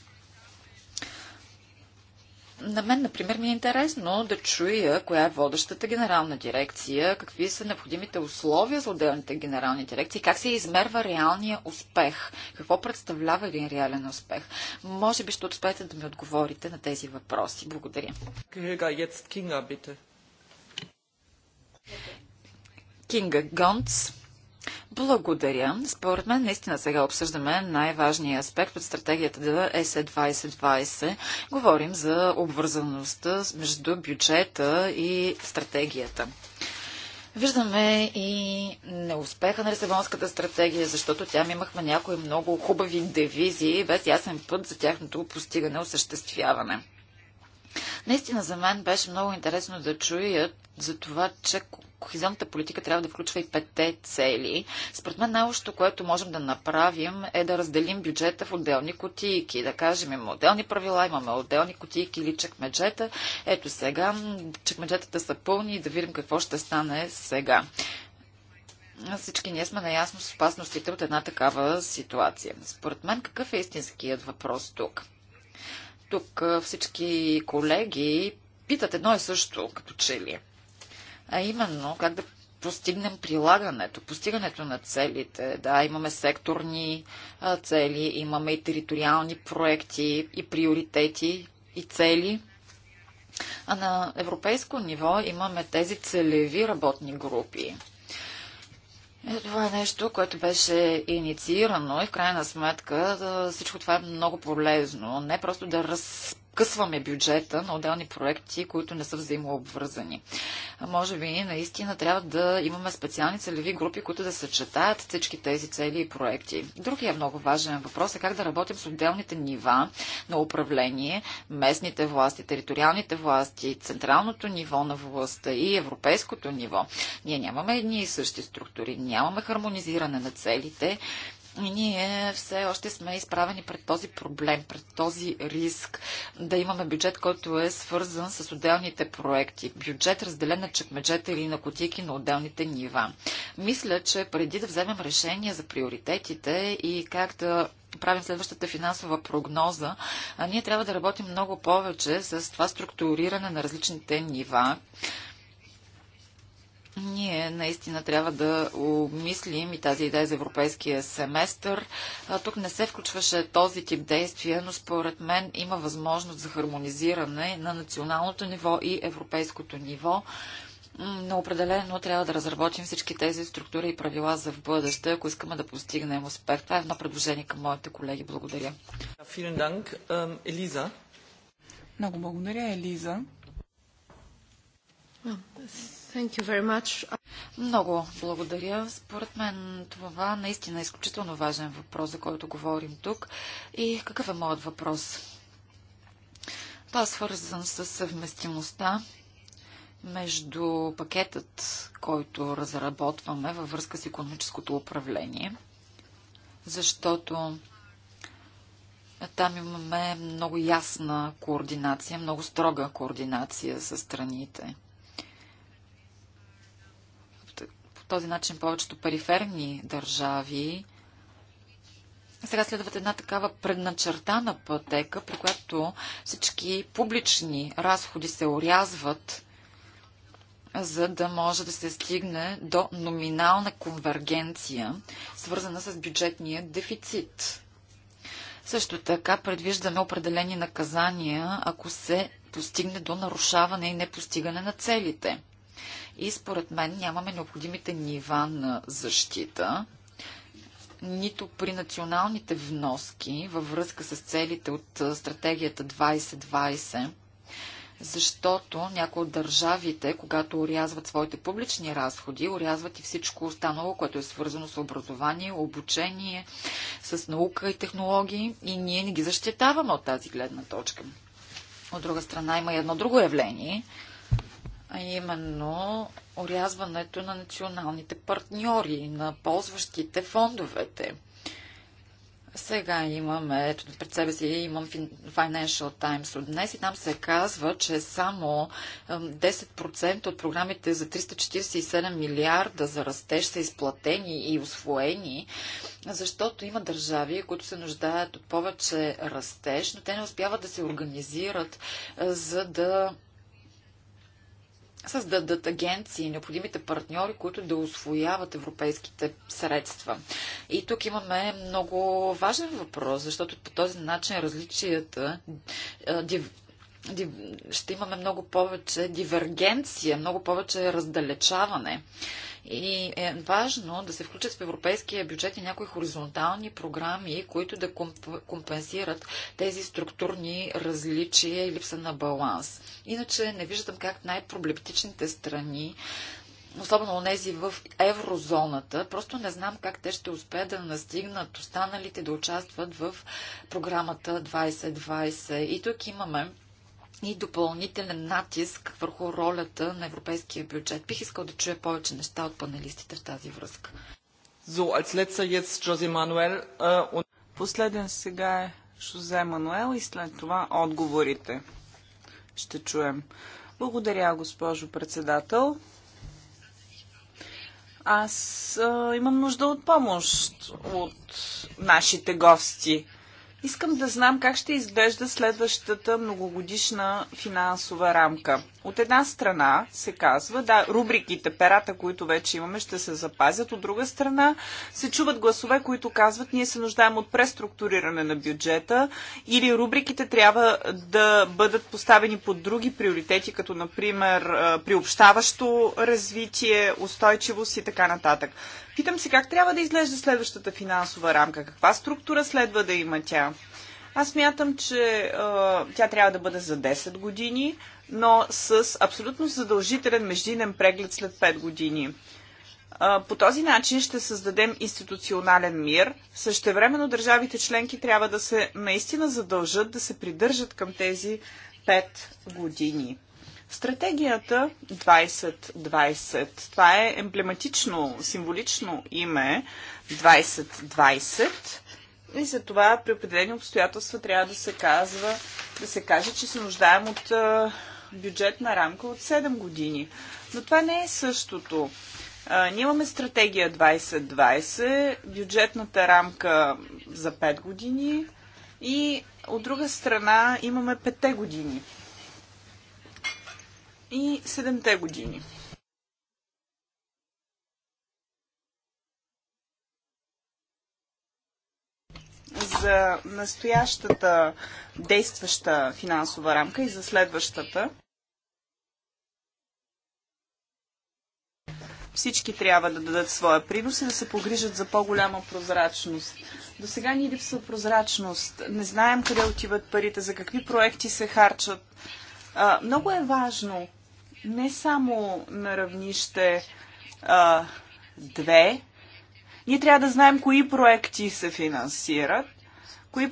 На мен, например, ми е интересно да чуя коя е водещата генерална дирекция, какви са необходимите условия за отделните генерални дирекции, как се измерва реалния успех, какво представлява един реален успех. Може би ще успеете да ми отговорите на тези въпроси. Благодаря. Кинга Гонц. Благодаря. Според мен наистина сега обсъждаме най-важния аспект от стратегията да ЕСЕ 2020. Говорим за обвързаността между бюджета и стратегията. Виждаме и неуспеха на Лисабонската стратегия, защото там имахме някои много хубави девизии без ясен път за тяхното постигане, осъществяване. Наистина за мен беше много интересно да чуя за това, че кохизионната политика трябва да включва и петте цели. Според мен най-лошото, което можем да направим е да разделим бюджета в отделни котийки. Да кажем, имаме отделни правила, имаме отделни котийки или чекмеджета. Ето сега чекмеджетата са пълни и да видим какво ще стане сега всички ние сме наясно с опасностите от една такава ситуация. Според мен, какъв е истинският въпрос тук? Тук всички колеги питат едно и също, като че ли. Е. А именно, как да постигнем прилагането, постигането на целите. Да, имаме секторни цели, имаме и териториални проекти, и приоритети, и цели. А на европейско ниво имаме тези целеви работни групи това е нещо, което беше инициирано и в крайна сметка всичко това е много полезно. Не просто да разпределяме откъсваме бюджета на отделни проекти, които не са взаимообвързани. Може би наистина трябва да имаме специални целеви групи, които да съчетаят всички тези цели и проекти. Другия много важен въпрос е как да работим с отделните нива на управление, местните власти, териториалните власти, централното ниво на властта и европейското ниво. Ние нямаме едни и същи структури, нямаме хармонизиране на целите ние все още сме изправени пред този проблем, пред този риск да имаме бюджет, който е свързан с отделните проекти. Бюджет разделен на чекмеджета или на котики на отделните нива. Мисля, че преди да вземем решение за приоритетите и как да правим следващата финансова прогноза, а ние трябва да работим много повече с това структуриране на различните нива ние наистина трябва да обмислим и тази идея за европейския семестър. А, тук не се включваше този тип действия, но според мен има възможност за хармонизиране на националното ниво и европейското ниво. Но определено трябва да разработим всички тези структури и правила за в бъдеще, ако искаме да постигнем успех. Това е едно предложение към моите колеги. Благодаря. Много благодаря, Елиза. Много благодаря. Според мен това наистина е изключително важен въпрос, за който говорим тук. И какъв е моят въпрос? Това е свързан с съвместимостта между пакетът, който разработваме във връзка с економическото управление, защото там имаме много ясна координация, много строга координация с страните. този начин повечето периферни държави сега следват една такава предначертана пътека, при която всички публични разходи се орязват, за да може да се стигне до номинална конвергенция, свързана с бюджетния дефицит. Също така предвиждаме определени наказания, ако се постигне до нарушаване и непостигане на целите – и според мен нямаме необходимите нива на защита, нито при националните вноски във връзка с целите от стратегията 2020 защото някои от държавите, когато урязват своите публични разходи, урязват и всичко останало, което е свързано с образование, обучение, с наука и технологии и ние не ги защитаваме от тази гледна точка. От друга страна има и едно друго явление – а именно орязването на националните партньори, на ползващите фондовете. Сега имаме, ето пред себе си имам Financial Times от днес и там се казва, че само 10% от програмите за 347 милиарда за растеж са изплатени и освоени, защото има държави, които се нуждаят от повече растеж, но те не успяват да се организират, за да създадат агенции, необходимите партньори, които да освояват европейските средства. И тук имаме много важен въпрос, защото по този начин различията ще имаме много повече дивергенция, много повече раздалечаване. И е важно да се включат в европейския бюджет и някои хоризонтални програми, които да компенсират тези структурни различия и липса на баланс. Иначе не виждам как най-проблематичните страни особено онези в еврозоната, просто не знам как те ще успеят да настигнат останалите да участват в програмата 2020. И тук имаме и допълнителен натиск върху ролята на европейския бюджет. Бих искал да чуя повече неща от панелистите в тази връзка. So, als letzter jetzt José Manuel. Uh, und... Последен сега е Жозе Мануел и след това отговорите. Ще чуем. Благодаря, госпожо председател. Аз а, имам нужда от помощ от нашите гости. Искам да знам как ще изглежда следващата многогодишна финансова рамка. От една страна се казва, да, рубриките, перата, които вече имаме, ще се запазят. От друга страна се чуват гласове, които казват, ние се нуждаем от преструктуриране на бюджета или рубриките трябва да бъдат поставени под други приоритети, като например приобщаващо развитие, устойчивост и така нататък. Питам се как трябва да изглежда следващата финансова рамка, каква структура следва да има тя. Аз мятам, че тя трябва да бъде за 10 години, но с абсолютно задължителен междинен преглед след 5 години. По този начин ще създадем институционален мир. Същевременно държавите членки трябва да се наистина задължат да се придържат към тези 5 години. Стратегията 2020, това е емблематично, символично име 2020 и за това при определени обстоятелства трябва да се казва, да се каже, че се нуждаем от бюджетна рамка от 7 години. Но това не е същото. А, ние имаме стратегия 2020, бюджетната рамка за 5 години и от друга страна имаме 5 години и 7 години. за настоящата действаща финансова рамка и за следващата. Всички трябва да дадат своя принос и да се погрижат за по-голяма прозрачност. До сега ни липсва прозрачност. Не знаем къде отиват парите, за какви проекти се харчат. А, много е важно не само на равнище 2, две ние трябва да знаем кои проекти се финансират, кои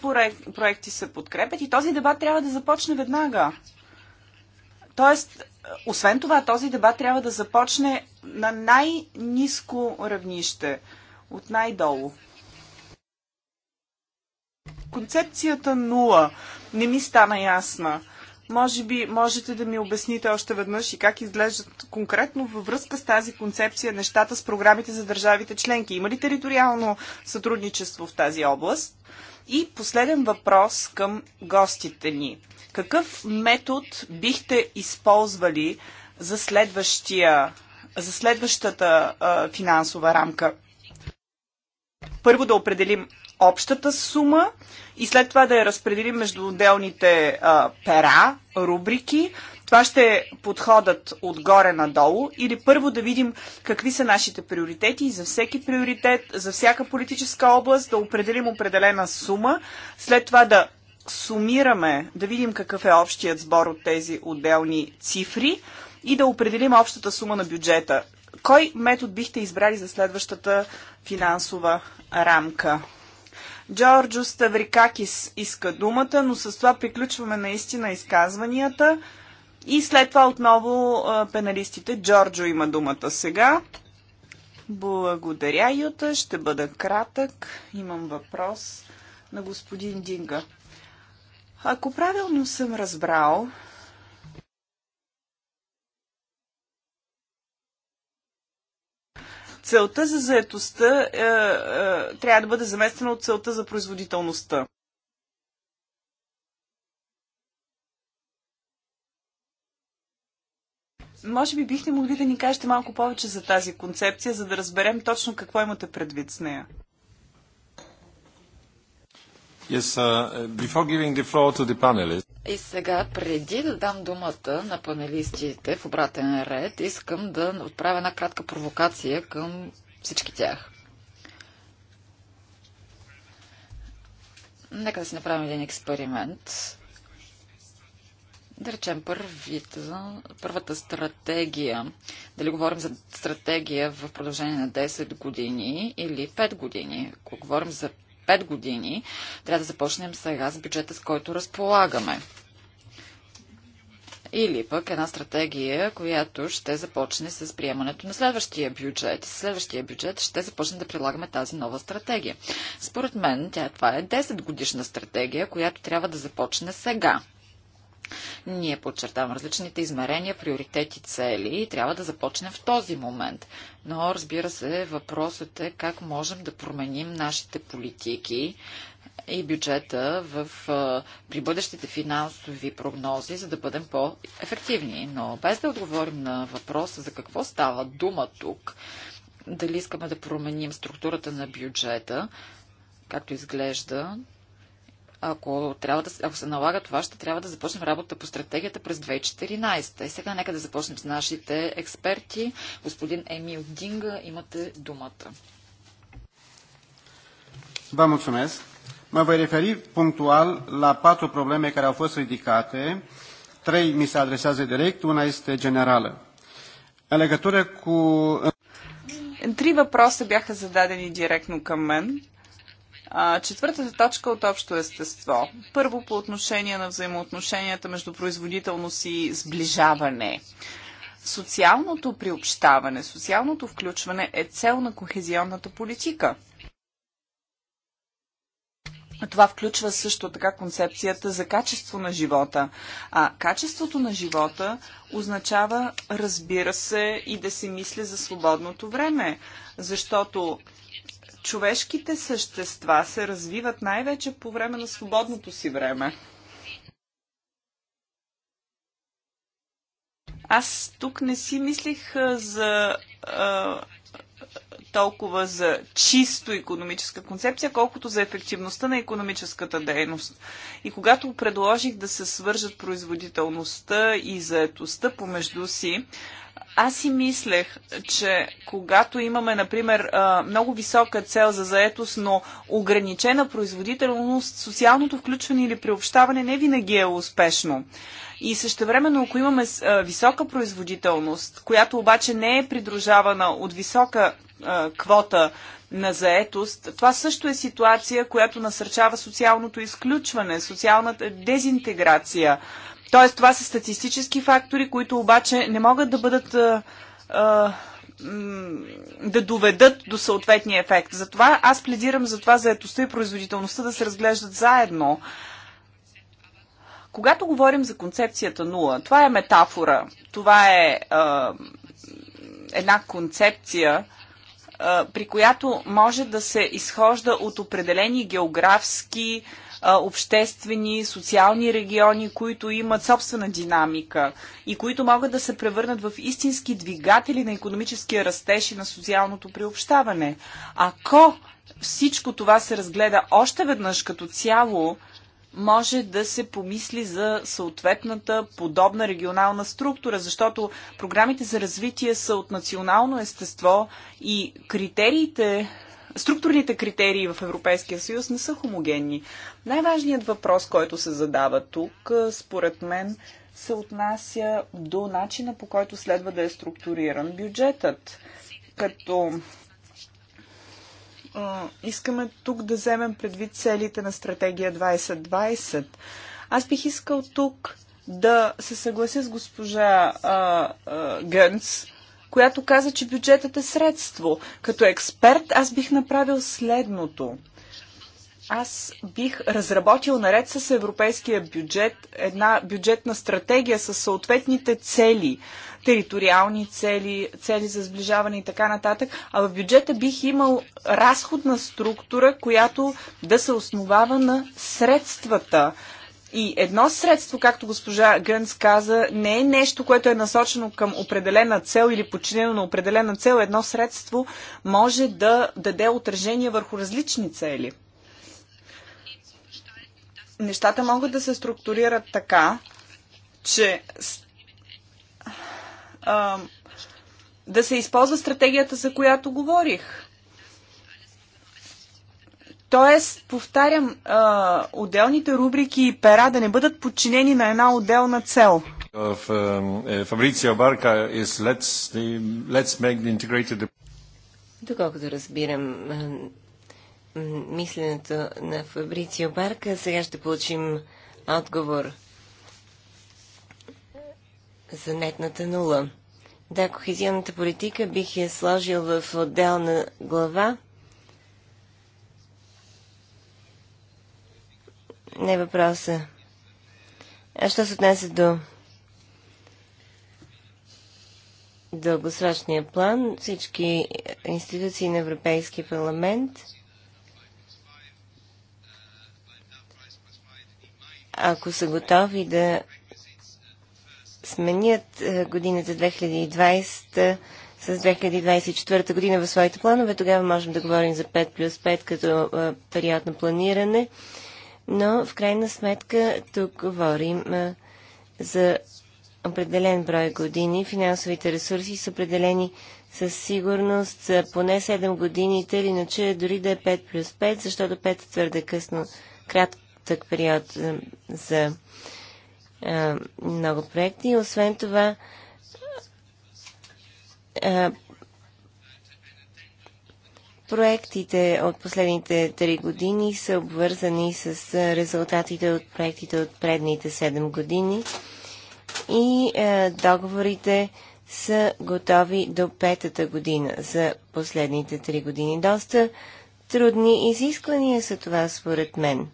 проекти се подкрепят и този дебат трябва да започне веднага. Тоест, освен това, този дебат трябва да започне на най-низко равнище, от най-долу. Концепцията нула не ми стана ясна. Може би можете да ми обясните още веднъж и как изглеждат конкретно във връзка с тази концепция нещата с програмите за държавите членки. Има ли териториално сътрудничество в тази област? И последен въпрос към гостите ни. Какъв метод бихте използвали за, следващия, за следващата а, финансова рамка? Първо да определим общата сума и след това да я разпределим между отделните а, пера, рубрики. Това ще е подходът отгоре надолу или първо да видим какви са нашите приоритети и за всеки приоритет, за всяка политическа област да определим определена сума, след това да сумираме, да видим какъв е общият сбор от тези отделни цифри и да определим общата сума на бюджета. Кой метод бихте избрали за следващата финансова рамка? Джорджо Ставрикакис иска думата, но с това приключваме наистина изказванията. И след това отново пеналистите. Джорджо има думата сега. Благодаря, Юта. Ще бъда кратък. Имам въпрос на господин Динга. Ако правилно съм разбрал, целта за заетостта е, е, трябва да бъде заместена от целта за производителността. Може би бихте могли да ни кажете малко повече за тази концепция, за да разберем точно какво имате предвид с нея. Yes, uh, before giving the floor to the panelists, и сега, преди да дам думата на панелистите в обратен ред, искам да отправя една кратка провокация към всички тях. Нека да си направим един експеримент. Да речем първите, първата стратегия, дали говорим за стратегия в продължение на 10 години или 5 години. Ако говорим за 5 години, трябва да започнем сега с бюджета, с който разполагаме. Или пък една стратегия, която ще започне с приемането на следващия бюджет. И следващия бюджет ще започне да прилагаме тази нова стратегия. Според мен, тя, това е 10 годишна стратегия, която трябва да започне сега. Ние подчертавам различните измерения, приоритети, цели и трябва да започнем в този момент. Но, разбира се, въпросът е как можем да променим нашите политики, и бюджета в, при бъдещите финансови прогнози, за да бъдем по-ефективни. Но без да отговорим на въпроса за какво става дума тук, дали искаме да променим структурата на бюджета, както изглежда, ако, трябва да, ако се налага това, ще трябва да започнем работа по стратегията през 2014. И сега нека да започнем с нашите експерти. Господин Емил Динга, имате думата. Vă mulțumesc. Mă voi referi punctual la patru probleme care au fost ridicate. Trei mi se adresează direct, una este generală. În legătură cu... Три въпроса бяха зададени директно към мен четвъртата точка от общо естество. Първо по отношение на взаимоотношенията между производителност и сближаване. Социалното приобщаване, социалното включване е цел на кохезионната политика. Това включва също така концепцията за качество на живота. А качеството на живота означава, разбира се, и да се мисли за свободното време, защото човешките същества се развиват най-вече по време на свободното си време. Аз тук не си мислих за а, толкова за чисто економическа концепция, колкото за ефективността на економическата дейност. И когато предложих да се свържат производителността и заетостта помежду си, аз си мислех, че когато имаме, например, много висока цел за заетост, но ограничена производителност, социалното включване или приобщаване не винаги е успешно. И същевременно, ако имаме висока производителност, която обаче не е придружавана от висока квота на заетост, това също е ситуация, която насърчава социалното изключване, социалната дезинтеграция. Тоест, това са статистически фактори, които обаче не могат да бъдат. да доведат до съответния ефект. Затова аз пледирам за това заетостта и производителността да се разглеждат заедно. Когато говорим за концепцията нула, това е метафора, това е, е една концепция, при която може да се изхожда от определени географски, обществени, социални региони, които имат собствена динамика и които могат да се превърнат в истински двигатели на економическия растеж и на социалното приобщаване. Ако всичко това се разгледа още веднъж като цяло, може да се помисли за съответната подобна регионална структура, защото програмите за развитие са от национално естество и критериите, структурните критерии в Европейския съюз не са хомогенни. Най-важният въпрос, който се задава тук, според мен, се отнася до начина по който следва да е структуриран бюджетът. Като искаме тук да вземем предвид целите на стратегия 2020. Аз бих искал тук да се съглася с госпожа а, а, Гънц, която каза, че бюджетът е средство. Като експерт аз бих направил следното. Аз бих разработил наред с европейския бюджет една бюджетна стратегия с съответните цели, териториални цели, цели за сближаване и така нататък, а в бюджета бих имал разходна структура, която да се основава на средствата. И едно средство, както госпожа Гънс каза, не е нещо, което е насочено към определена цел или подчинено на определена цел. Едно средство може да даде отражение върху различни цели. Нещата могат да се структурират така, че да се използва стратегията, за която говорих. Тоест, повтарям, а, отделните рубрики и пера да не бъдат подчинени на една отделна цел. Е, Фабрицио Барка е let's, make the integrated... Доколкото разбирам мисленето на Фабрицио Барка, сега ще получим отговор за нетната нула. Да, кохезионната политика бих я сложил в отделна глава. Не е въпроса. А що се отнася до дългосрочния план, всички институции на Европейския парламент ако са готови да сменят е, годината 2020 с 2024 година в своите планове, тогава можем да говорим за 5 плюс 5 като е, период на планиране. Но в крайна сметка тук говорим е, за определен брой години. Финансовите ресурси са определени със сигурност за поне 7 години, или иначе дори да е 5 плюс 5, защото 5 е твърде късно, кратък период за, за много проекти. Освен това, проектите от последните три години са обвързани с резултатите от проектите от предните 7 години и договорите са готови до петата година за последните три години. Доста трудни изисквания са това, според мен.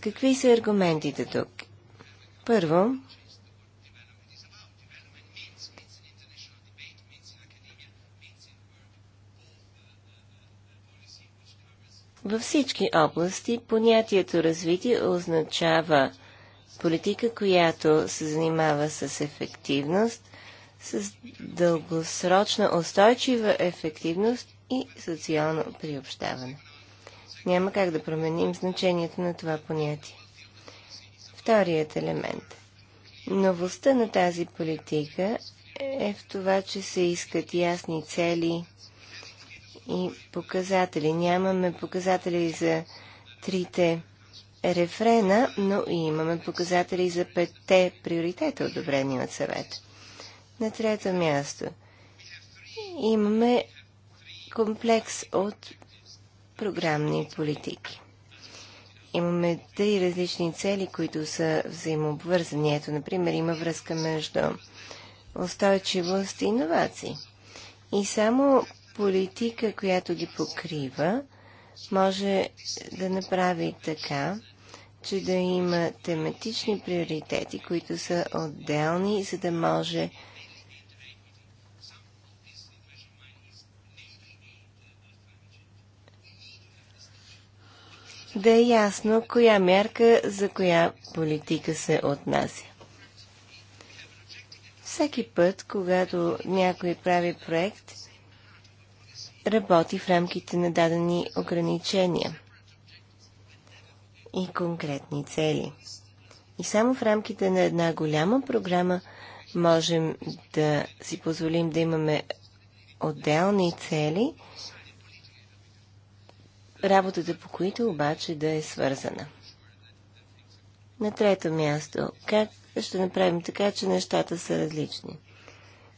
Какви са аргументите тук? Първо, във всички области понятието развитие означава политика, която се занимава с ефективност, с дългосрочна устойчива ефективност и социално приобщаване. Няма как да променим значението на това понятие. Вторият елемент. Новостта на тази политика е в това, че се искат ясни цели и показатели. Нямаме показатели за трите рефрена, но и имаме показатели за петте приоритета, одобрени от съвет. На трето място имаме комплекс от програмни политики. Имаме три различни цели, които са взаимообвързани. Ето, например, има връзка между устойчивост и иновации. И само политика, която ги покрива, може да направи така, че да има тематични приоритети, които са отделни, за да може да е ясно коя мярка за коя политика се отнася. Всеки път, когато някой прави проект, работи в рамките на дадени ограничения и конкретни цели. И само в рамките на една голяма програма можем да си позволим да имаме отделни цели, работата по които обаче да е свързана. На трето място, как ще направим така, че нещата са различни?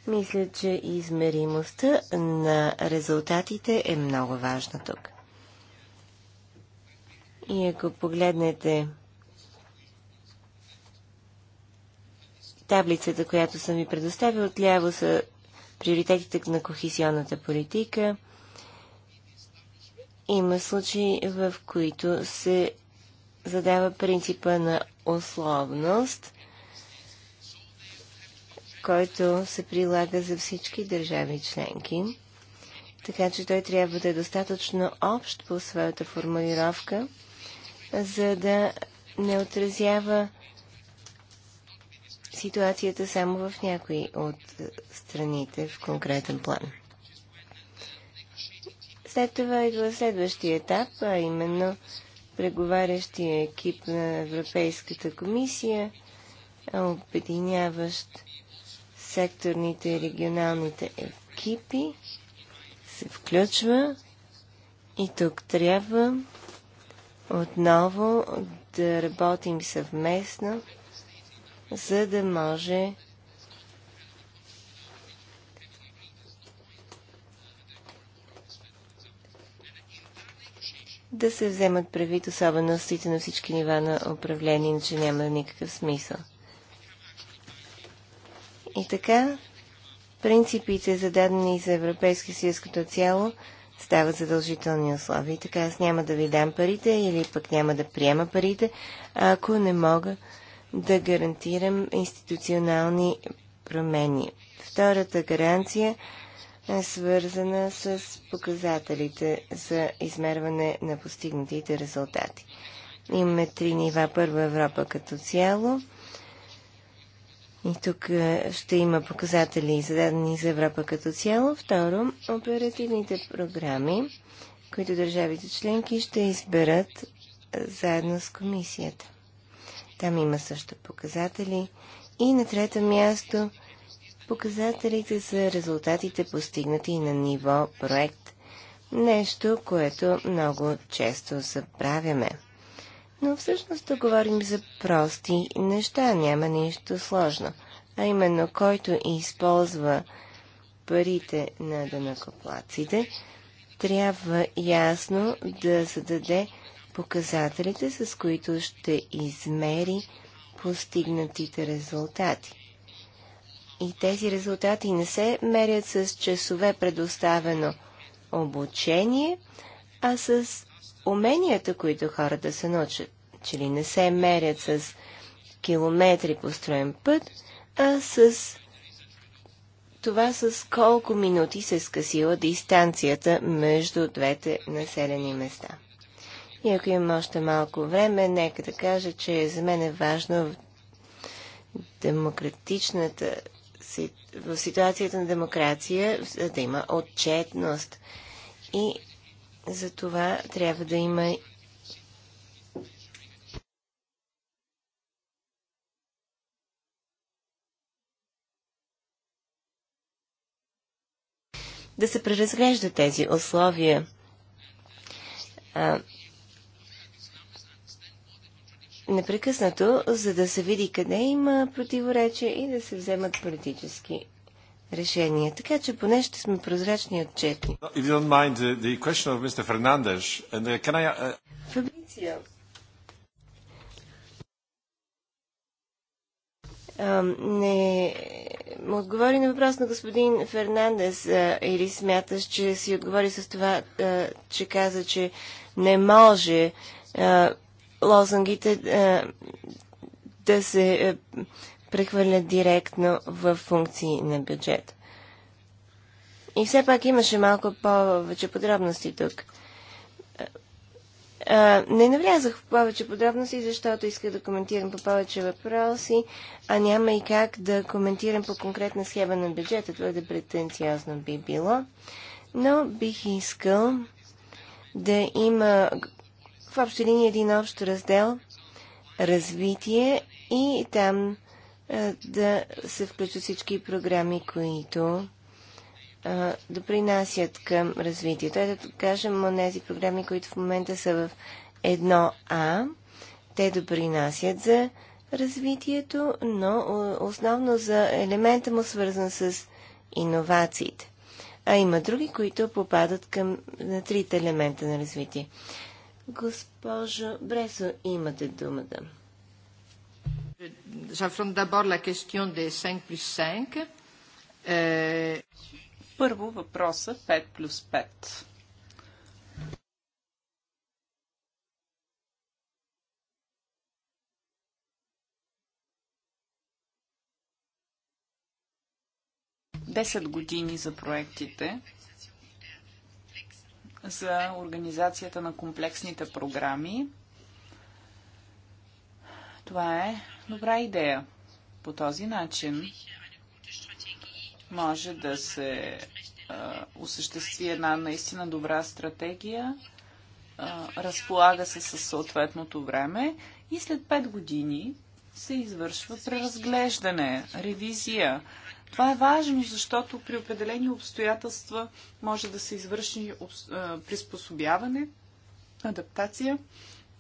Мисля, че измеримостта на резултатите е много важна тук. И ако погледнете таблицата, която съм ви предоставил, отляво са приоритетите на кохесионната политика – има случаи, в които се задава принципа на условност, който се прилага за всички държави членки. Така че той трябва да е достатъчно общ по своята формулировка, за да не отразява ситуацията само в някои от страните в конкретен план. След това идва следващия етап, а именно преговарящия екип на Европейската комисия, обединяващ секторните и регионалните екипи, се включва и тук трябва отново да работим съвместно, за да може да се вземат правит особеностите на всички нива на управление, иначе няма никакъв смисъл. И така, принципите зададени за Европейския съюз като цяло стават задължителни условия. И така, аз няма да ви дам парите или пък няма да приема парите, ако не мога да гарантирам институционални промени. Втората гаранция – е свързана с показателите за измерване на постигнатите резултати. Имаме три нива. Първо Европа като цяло. И тук е, ще има показатели зададени за Европа като цяло. Второ, оперативните програми, които държавите членки ще изберат е, заедно с комисията. Там има също показатели. И на трето място Показателите са резултатите постигнати на ниво проект. Нещо, което много често забравяме. Но всъщност да говорим за прости неща, няма нищо сложно. А именно, който използва парите на данакоплаците, трябва ясно да зададе показателите, с които ще измери постигнатите резултати. И тези резултати не се мерят с часове предоставено обучение, а с уменията, които хората се научат. Че ли не се мерят с километри построен път, а с това с колко минути се скъсила дистанцията между двете населени места. И ако имам още малко време, нека да кажа, че за мен е важно в демократичната в ситуацията на демокрация да има отчетност. И за това трябва да има да се преразглежда тези условия непрекъснато, за да се види къде има противоречия и да се вземат политически решения. Така че поне ще сме прозрачни и отчетни. Фабрицио. Uh, uh, не му отговори на въпрос на господин Фернандес а, или смяташ, че си отговори с това, а, че каза, че не може а, лозунгите е, да се е, прехвърлят директно в функции на бюджет. И все пак имаше малко повече подробности тук. Е, не навлязах в повече подробности, защото иска да коментирам по повече въпроси, а няма и как да коментирам по конкретна схема на бюджета. Това да претенциозно би било. Но бих искал да има в общи линии един общ раздел развитие и там а, да се включат всички програми, които а, допринасят към развитието. Ето, да кажем, тези програми, които в момента са в 1А, те допринасят за развитието, но основно за елемента му свързан с иновациите. А има други, които попадат към на трите елемента на развитие. Госпожо Бресо, имате думата. Euh, Първо въпроса 5 плюс 5. Десет години за проектите, за организацията на комплексните програми. Това е добра идея. По този начин може да се а, осъществи една наистина добра стратегия, а, разполага се със съответното време и след 5 години се извършва преразглеждане, ревизия това е важно, защото при определени обстоятелства може да се извърши приспособяване, адаптация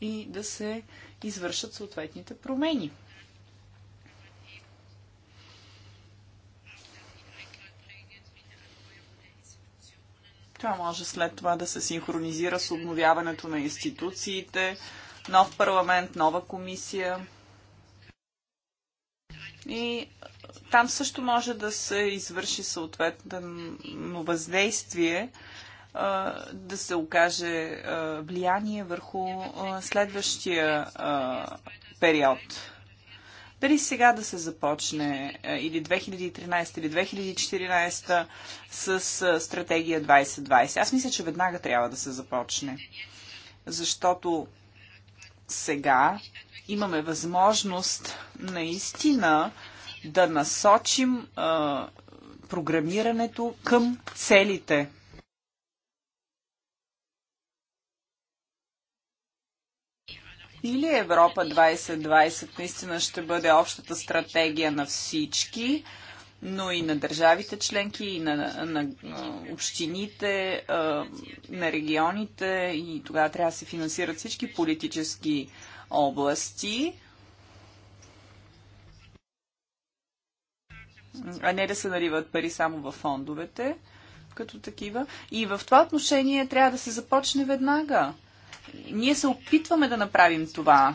и да се извършат съответните промени. Това може след това да се синхронизира с обновяването на институциите, нов парламент, нова комисия. И там също може да се извърши съответно въздействие, да се окаже влияние върху следващия период. Дали сега да се започне или 2013 или 2014 с стратегия 2020? Аз мисля, че веднага трябва да се започне. Защото сега имаме възможност наистина да насочим а, програмирането към целите. Или Европа 2020 наистина ще бъде общата стратегия на всички, но и на държавите членки, и на, на, на общините, на регионите, и тогава трябва да се финансират всички политически области. а не да се наливат пари само във фондовете като такива. И в това отношение трябва да се започне веднага. Ние се опитваме да направим това,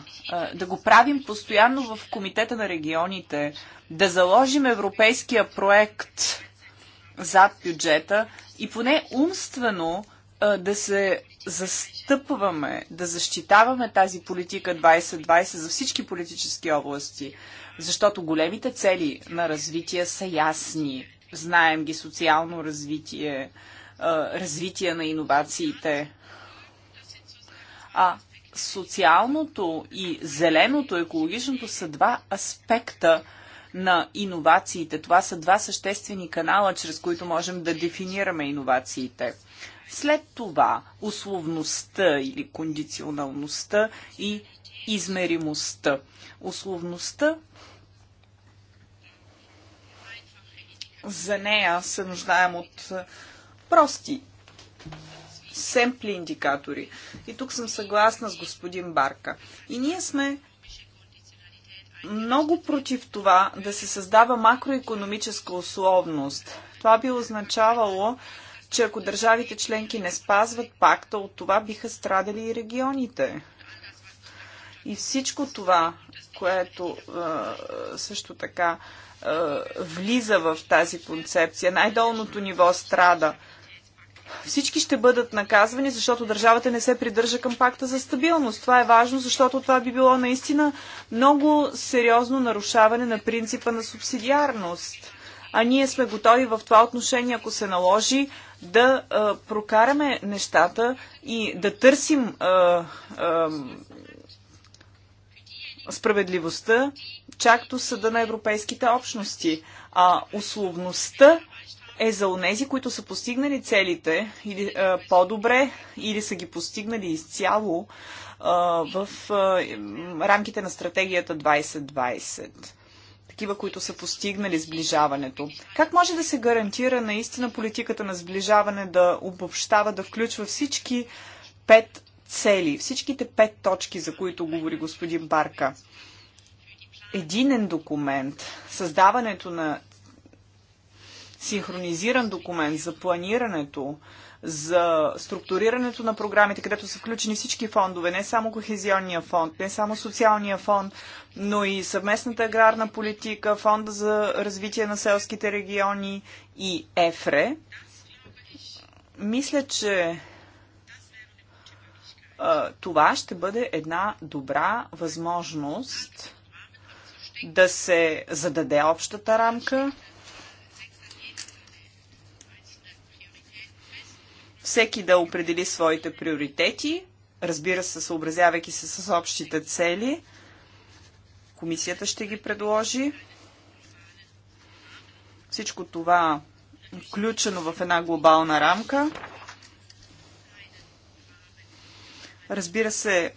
да го правим постоянно в Комитета на регионите, да заложим европейския проект зад бюджета и поне умствено да се застъпваме, да защитаваме тази политика 2020 за всички политически области, защото големите цели на развитие са ясни. Знаем ги социално развитие, развитие на иновациите. А социалното и зеленото, екологичното са два аспекта на иновациите. Това са два съществени канала, чрез които можем да дефинираме иновациите. След това условността или кондиционалността и измеримостта. Условността за нея се нуждаем от прости семпли индикатори. И тук съм съгласна с господин Барка. И ние сме много против това да се създава макроекономическа условност. Това би означавало че ако държавите членки не спазват пакта, от това биха страдали и регионите. И всичко това, което също така влиза в тази концепция, най-долното ниво страда. Всички ще бъдат наказвани, защото държавата не се придържа към пакта за стабилност. Това е важно, защото това би било наистина много сериозно нарушаване на принципа на субсидиарност. А ние сме готови в това отношение, ако се наложи, да а, прокараме нещата и да търсим а, а, справедливостта чакто съда на европейските общности. А условността е за онези, които са постигнали целите или по-добре, или са ги постигнали изцяло а, в а, рамките на стратегията 2020 такива, които са постигнали сближаването. Как може да се гарантира наистина политиката на сближаване да обобщава, да включва всички пет цели, всичките пет точки, за които говори господин Барка? Единен документ, създаването на синхронизиран документ за планирането, за структурирането на програмите, където са включени всички фондове, не само Кохезионния фонд, не само Социалния фонд, но и съвместната аграрна политика, Фонда за развитие на селските региони и ЕФРЕ. Мисля, че това ще бъде една добра възможност да се зададе общата рамка, всеки да определи своите приоритети, разбира се, съобразявайки се с общите цели. Комисията ще ги предложи. Всичко това включено в една глобална рамка. Разбира се,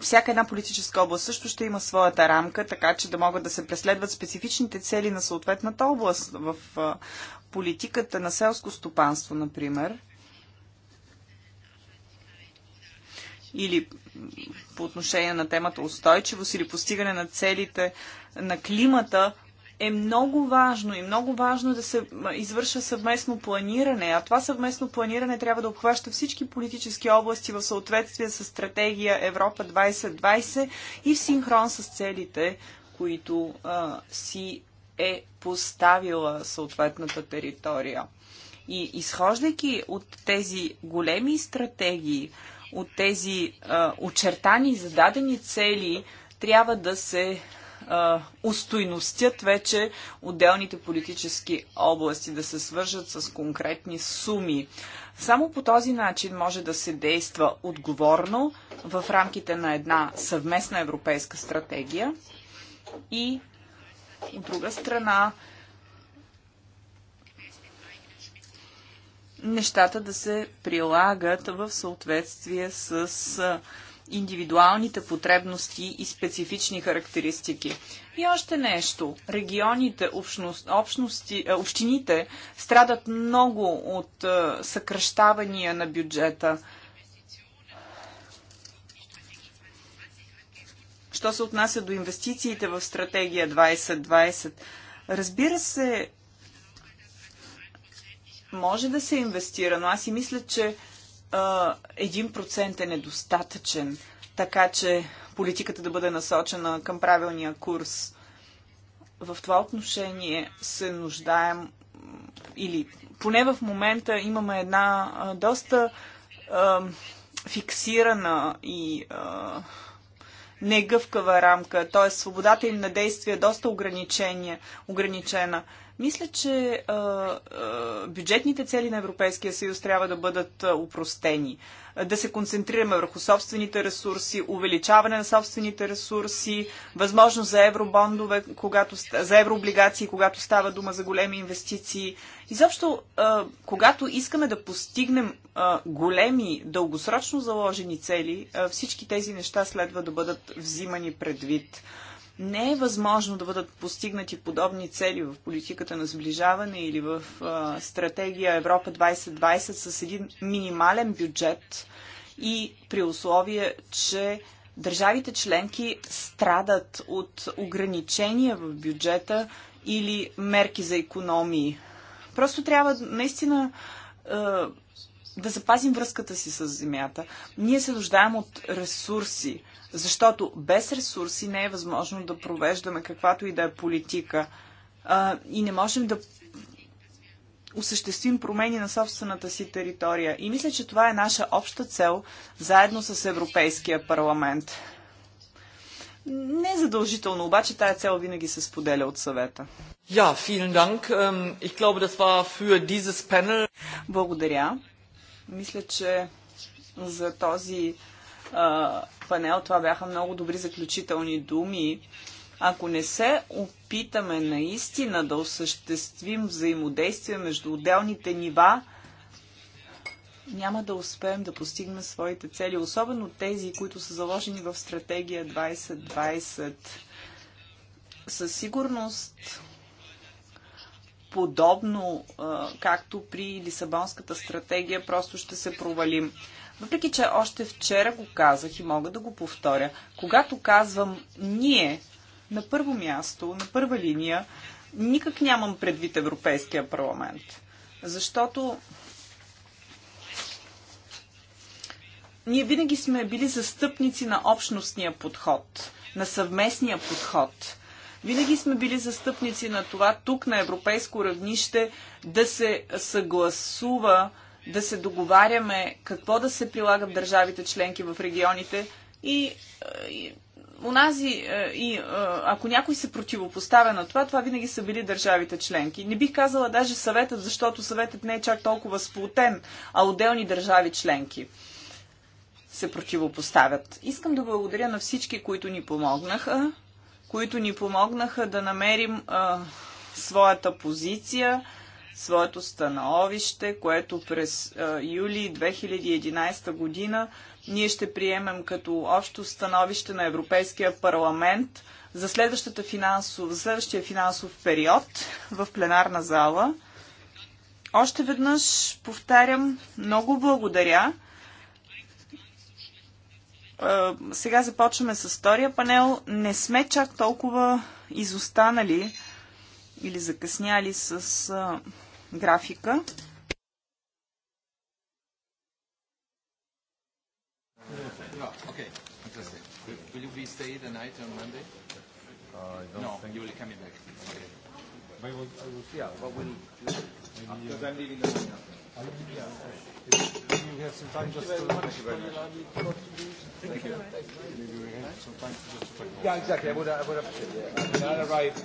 всяка една политическа област също ще има своята рамка, така че да могат да се преследват специфичните цели на съответната област в политиката на селско стопанство, например. Или по отношение на темата устойчивост или постигане на целите на климата е много важно и много важно е да се извърша съвместно планиране, а това съвместно планиране трябва да обхваща всички политически области в съответствие с стратегия Европа 2020 и в синхрон с целите, които а, си е поставила съответната територия. И изхождайки от тези големи стратегии, от тези а, очертани, зададени цели, трябва да се устойностят вече отделните политически области, да се свържат с конкретни суми. Само по този начин може да се действа отговорно в рамките на една съвместна европейска стратегия и от друга страна нещата да се прилагат в съответствие с индивидуалните потребности и специфични характеристики. И още нещо. Регионите, общност, общности, е, общините страдат много от е, съкръщавания на бюджета. Що се отнася до инвестициите в стратегия 2020? Разбира се, може да се инвестира, но аз и мисля, че 1% е недостатъчен, така че политиката да бъде насочена към правилния курс. В това отношение се нуждаем или поне в момента имаме една а, доста а, фиксирана и а, негъвкава рамка, т.е. свободата им на действие е доста ограничена. Мисля, че а, а, бюджетните цели на Европейския съюз трябва да бъдат а, упростени. Да се концентрираме върху собствените ресурси, увеличаване на собствените ресурси, възможност за евробондове, когато, за еврооблигации, когато става дума за големи инвестиции. Изобщо, а, когато искаме да постигнем а, големи, дългосрочно заложени цели, а, всички тези неща следва да бъдат взимани предвид не е възможно да бъдат постигнати подобни цели в политиката на сближаване или в а, стратегия Европа 2020 с един минимален бюджет и при условие, че държавите членки страдат от ограничения в бюджета или мерки за економии. Просто трябва наистина да запазим връзката си с Земята. Ние се нуждаем от ресурси, защото без ресурси не е възможно да провеждаме каквато и да е политика. А, и не можем да осъществим промени на собствената си територия. И мисля, че това е наша обща цел, заедно с Европейския парламент. Не е задължително, обаче тая цел винаги се споделя от съвета. Ja, vielen Dank. Ähm, ich glaube, das war für dieses Panel. Благодаря. Мисля, че за този а, панел това бяха много добри заключителни думи. Ако не се опитаме наистина да осъществим взаимодействие между отделните нива, няма да успеем да постигнем своите цели, особено тези, които са заложени в стратегия 2020. Със сигурност подобно, както при Лисабонската стратегия, просто ще се провалим. Въпреки, че още вчера го казах и мога да го повторя, когато казвам ние на първо място, на първа линия, никак нямам предвид Европейския парламент. Защото ние винаги сме били застъпници на общностния подход, на съвместния подход – винаги сме били застъпници на това тук на европейско равнище да се съгласува, да се договаряме какво да се прилага в държавите членки, в регионите и, е, и унази, е, и е, ако някой се противопоставя на това, това винаги са били държавите членки. Не бих казала даже съветът, защото съветът не е чак толкова сплутен, а отделни държави членки се противопоставят. Искам да благодаря на всички, които ни помогнаха които ни помогнаха да намерим а, своята позиция, своето становище, което през а, юли 2011 година ние ще приемем като общо становище на Европейския парламент за, следващата финансов, за следващия финансов период в пленарна зала. Още веднъж повтарям, много благодаря е, сега започваме с втория панел. Не сме чак толкова изостанали или закъсняли с е, графика. Okay. Yeah. exactly. I would have... I would have... I arrived...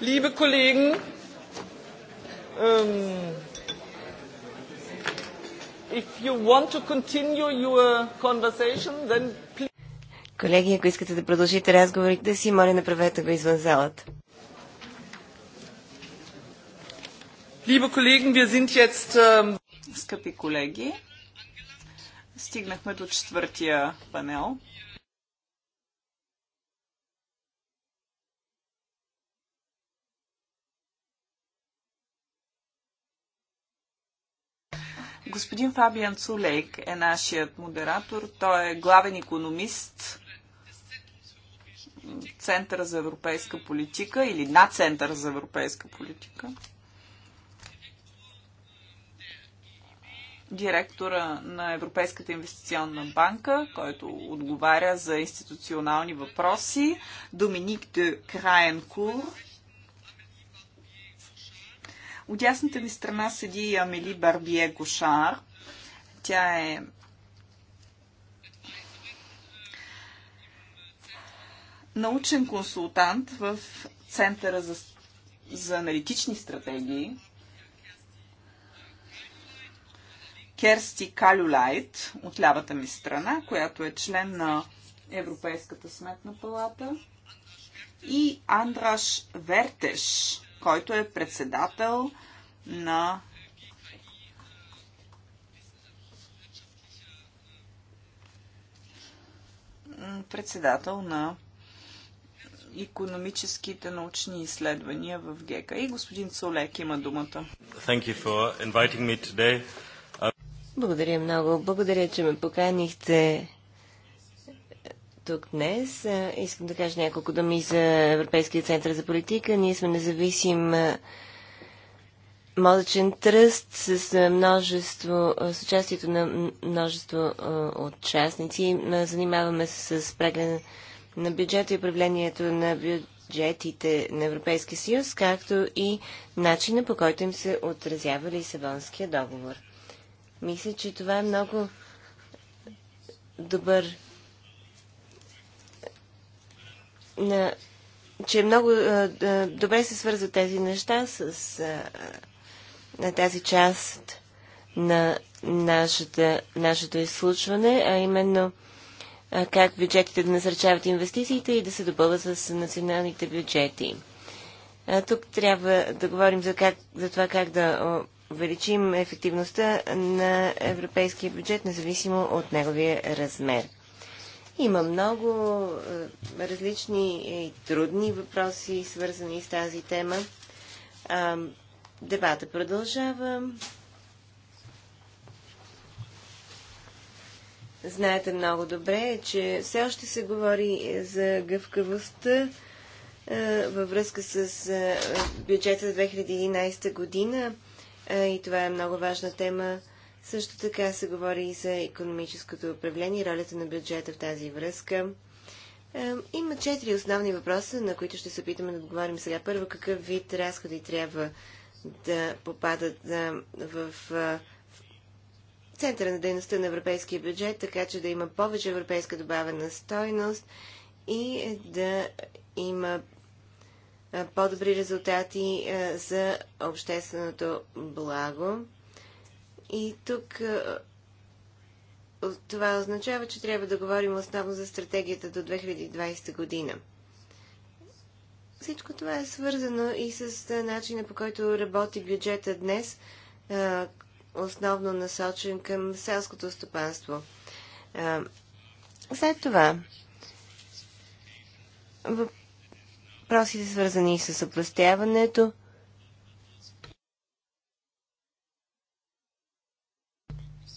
Liebe Kollegen, um, if you want to continue your conversation, then please... Колеги, ако искате да продължите разговорите си, моля направете го извън залата. Liebe Kollegen, wir sind jetzt... Um... Скъпи колеги, стигнахме до четвъртия панел – Господин Фабиан Цулейк е нашият модератор. Той е главен економист Центъра за европейска политика или на Центъра за европейска политика. Директора на Европейската инвестиционна банка, който отговаря за институционални въпроси, Доминик де Краенкур. От ясната ми страна седи Амели Барбие Гошар, тя е научен консултант в Центъра за, за аналитични стратегии Керсти Калюлайт от лявата ми страна, която е член на Европейската сметна палата и Андраш Вертеш, който е председател на председател на економическите научни изследвания в ГЕКА. И господин Цолек има думата. Благодаря много. Благодаря, че ме поканихте тук днес. Искам да кажа няколко думи за Европейския център за политика. Ние сме независим мозъчен тръст с е, множество, е, с участието на множество е, участници. Занимаваме се с преглед на бюджета и управлението на бюджетите на Европейския съюз, както и начина по който им се отразява Лисабонския договор. Мисля, че това е много добър на че много добре се свързват тези неща с на тази част на нашата, нашето изслушване, а именно как бюджетите да насърчават инвестициите и да се допълват с националните бюджети. тук трябва да говорим за, как, за това как да увеличим ефективността на европейския бюджет, независимо от неговия размер. Има много различни и трудни въпроси, свързани с тази тема. Дебата продължава. Знаете много добре, че все още се говори за гъвкавостта е, във връзка с е, бюджета за 2011 година е, и това е много важна тема. Също така се говори и за економическото управление и ролята на бюджета в тази връзка. Има четири основни въпроса, на които ще се опитаме да отговорим сега. Първо, какъв вид разходи трябва да попадат в центъра на дейността на европейския бюджет, така че да има повече европейска добавена стойност и да има по-добри резултати за общественото благо. И тук това означава, че трябва да говорим основно за стратегията до 2020 година. Всичко това е свързано и с начина по който работи бюджета днес, основно насочен към селското стопанство. След това, въпросите свързани с опростяването,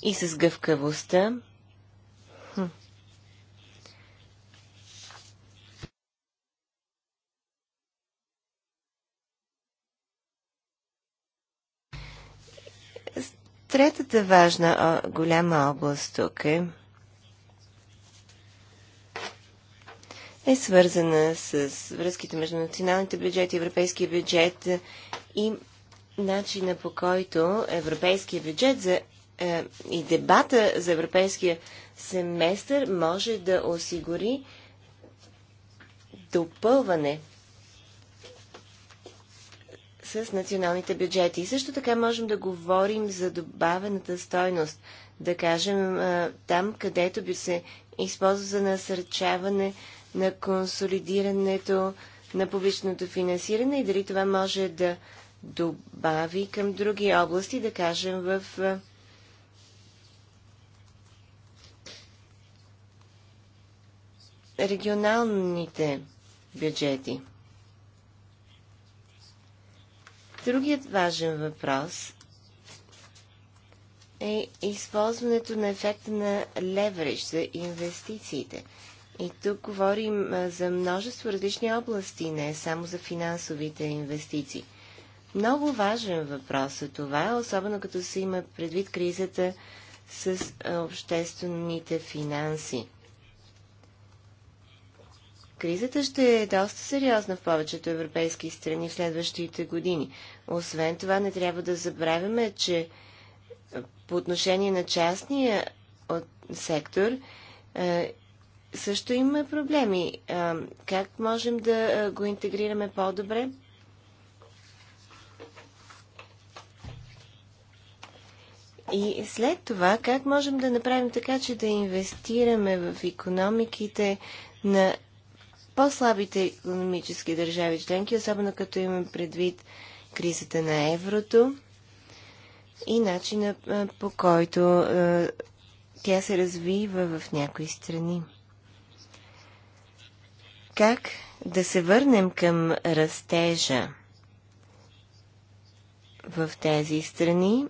и с гъвкавостта, Третата важна голяма област тук е, е свързана с връзките между националните бюджети, европейския бюджет и начина по който европейския бюджет за, е, и дебата за европейския семестър може да осигури допълване с националните бюджети. И също така можем да говорим за добавената стойност. Да кажем, там където би се използва за насърчаване на консолидирането на публичното финансиране и дали това може да добави към други области, да кажем в регионалните бюджети. Другият важен въпрос е използването на ефекта на левреж за инвестициите. И тук говорим за множество различни области, не само за финансовите инвестиции. Много важен въпрос е това, особено като се има предвид кризата с обществените финанси кризата ще е доста сериозна в повечето европейски страни в следващите години. Освен това, не трябва да забравяме, че по отношение на частния сектор също има проблеми. как можем да го интегрираме по-добре? И след това, как можем да направим така, че да инвестираме в економиките на по-слабите економически държави членки, особено като имаме предвид кризата на еврото и начина по който тя се развива в някои страни. Как да се върнем към растежа в тези страни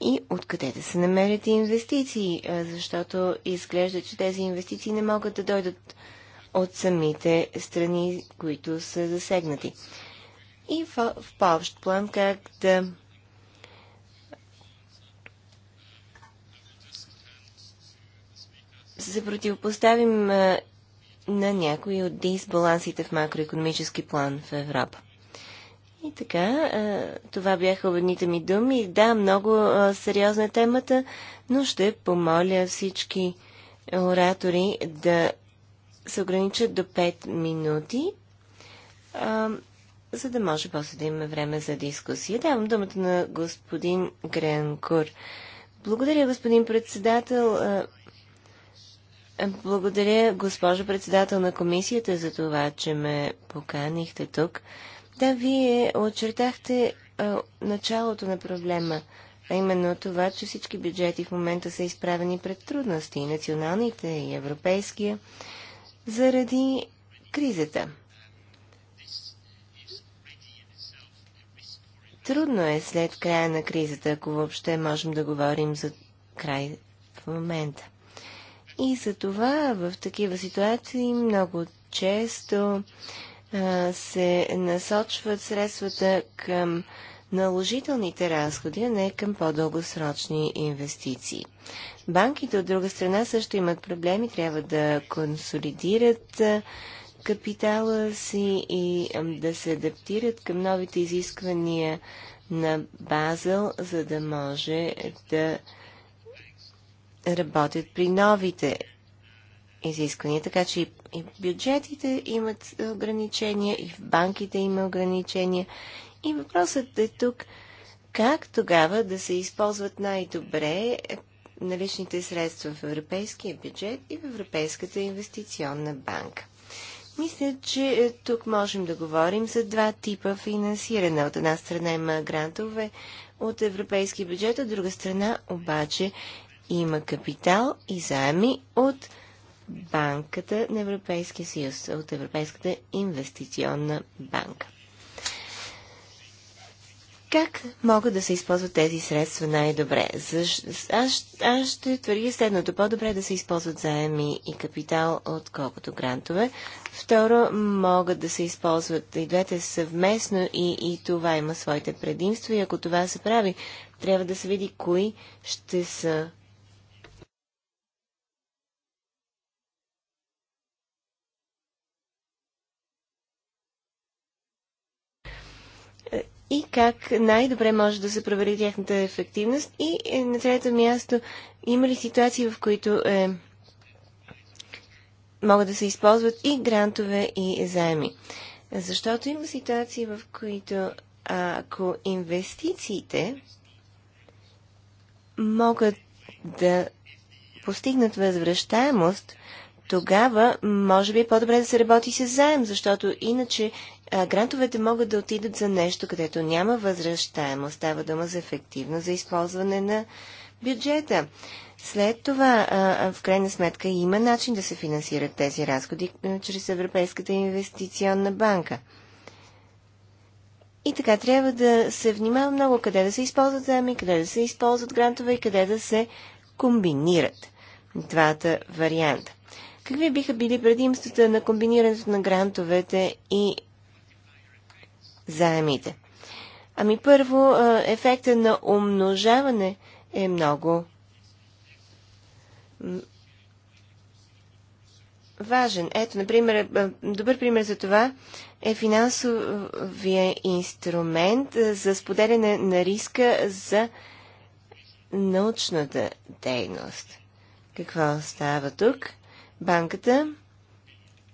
и откъде да се намерят инвестиции, защото изглежда, че тези инвестиции не могат да дойдат от самите страни, които са засегнати. И в, в по-общ план как да се противопоставим на някои от дисбалансите в макроекономически план в Европа. И така, това бяха обедните ми думи. Да, много сериозна е темата, но ще помоля всички оратори да се ограничат до 5 минути, а, за да може после да имаме време за дискусия. Давам думата на господин Гренкур. Благодаря, господин председател. Благодаря, госпожо председател на комисията, за това, че ме поканихте тук. Да, вие очертахте а, началото на проблема, а именно това, че всички бюджети в момента са изправени пред трудности, и националните, и европейския заради кризата. Трудно е след края на кризата, ако въобще можем да говорим за край в момента. И за това в такива ситуации много често а, се насочват средствата към наложителните разходи, а не към по-дългосрочни инвестиции. Банките, от друга страна, също имат проблеми, трябва да консолидират капитала си и да се адаптират към новите изисквания на Базел, за да може да работят при новите изисквания. Така че и бюджетите имат ограничения, и в банките има ограничения, и въпросът е тук как тогава да се използват най-добре е, наличните средства в европейския бюджет и в Европейската инвестиционна банка. Мисля, че е, тук можем да говорим за два типа финансиране. От една страна има грантове от европейски бюджет, от друга страна обаче има капитал и заеми от Банката на Европейския съюз, от Европейската инвестиционна банка. Как могат да се използват тези средства най-добре? Аз, аз ще твърдя следното. По-добре да се използват заеми и капитал, отколкото грантове. Второ, могат да се използват и двете съвместно и, и това има своите предимства. И ако това се прави, трябва да се види кои ще са и как най-добре може да се провери тяхната ефективност. И е, на трето място, има ли ситуации, в които е, могат да се използват и грантове, и заеми. Защото има ситуации, в които ако инвестициите могат да постигнат възвръщаемост, тогава може би е по-добре да се работи с заем, защото иначе грантовете могат да отидат за нещо, където няма възвръщаемост. Става дума за ефективно за използване на бюджета. След това, в крайна сметка, има начин да се финансират тези разходи чрез Европейската инвестиционна банка. И така трябва да се внимава много къде да се използват заеми, къде да се използват грантове и къде да се комбинират двата варианта. Какви биха били предимствата на комбинирането на грантовете и заемите? Ами първо, ефекта на умножаване е много важен. Ето, например, добър пример за това е финансовия инструмент за споделяне на риска за научната дейност. Какво става тук? Банката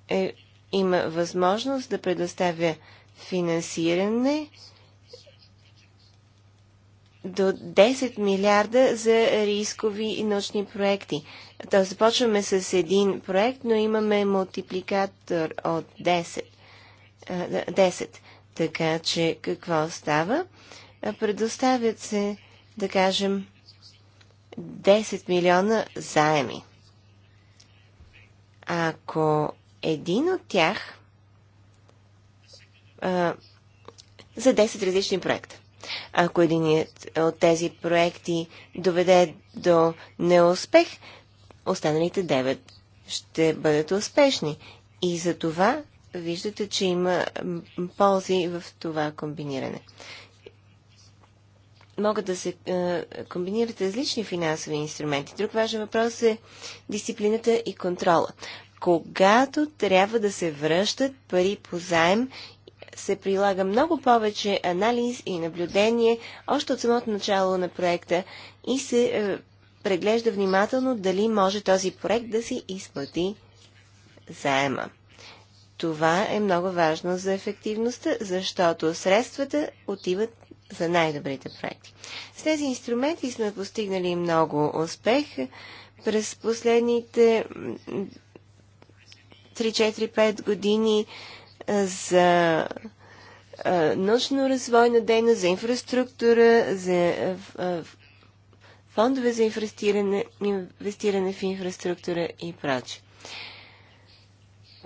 е, има възможност да предоставя финансиране до 10 милиарда за рискови и научни проекти. То започваме с един проект, но имаме мултипликатор от 10. 10. Така че какво става? Предоставят се, да кажем, 10 милиона заеми. Ако един от тях за 10 различни проекта. Ако един от тези проекти доведе до неуспех, останалите 9 ще бъдат успешни. И за това виждате, че има ползи в това комбиниране. Могат да се е, комбинират различни финансови инструменти. Друг важен въпрос е дисциплината и контрола. Когато трябва да се връщат пари по заем се прилага много повече анализ и наблюдение още от самото начало на проекта и се е, преглежда внимателно дали може този проект да си изплати заема. Това е много важно за ефективността, защото средствата отиват за най-добрите проекти. С тези инструменти сме постигнали много успех. През последните 3-4-5 години за научно-развойна дейност, за инфраструктура, за фондове за инвестиране, инвестиране в инфраструктура и прочее.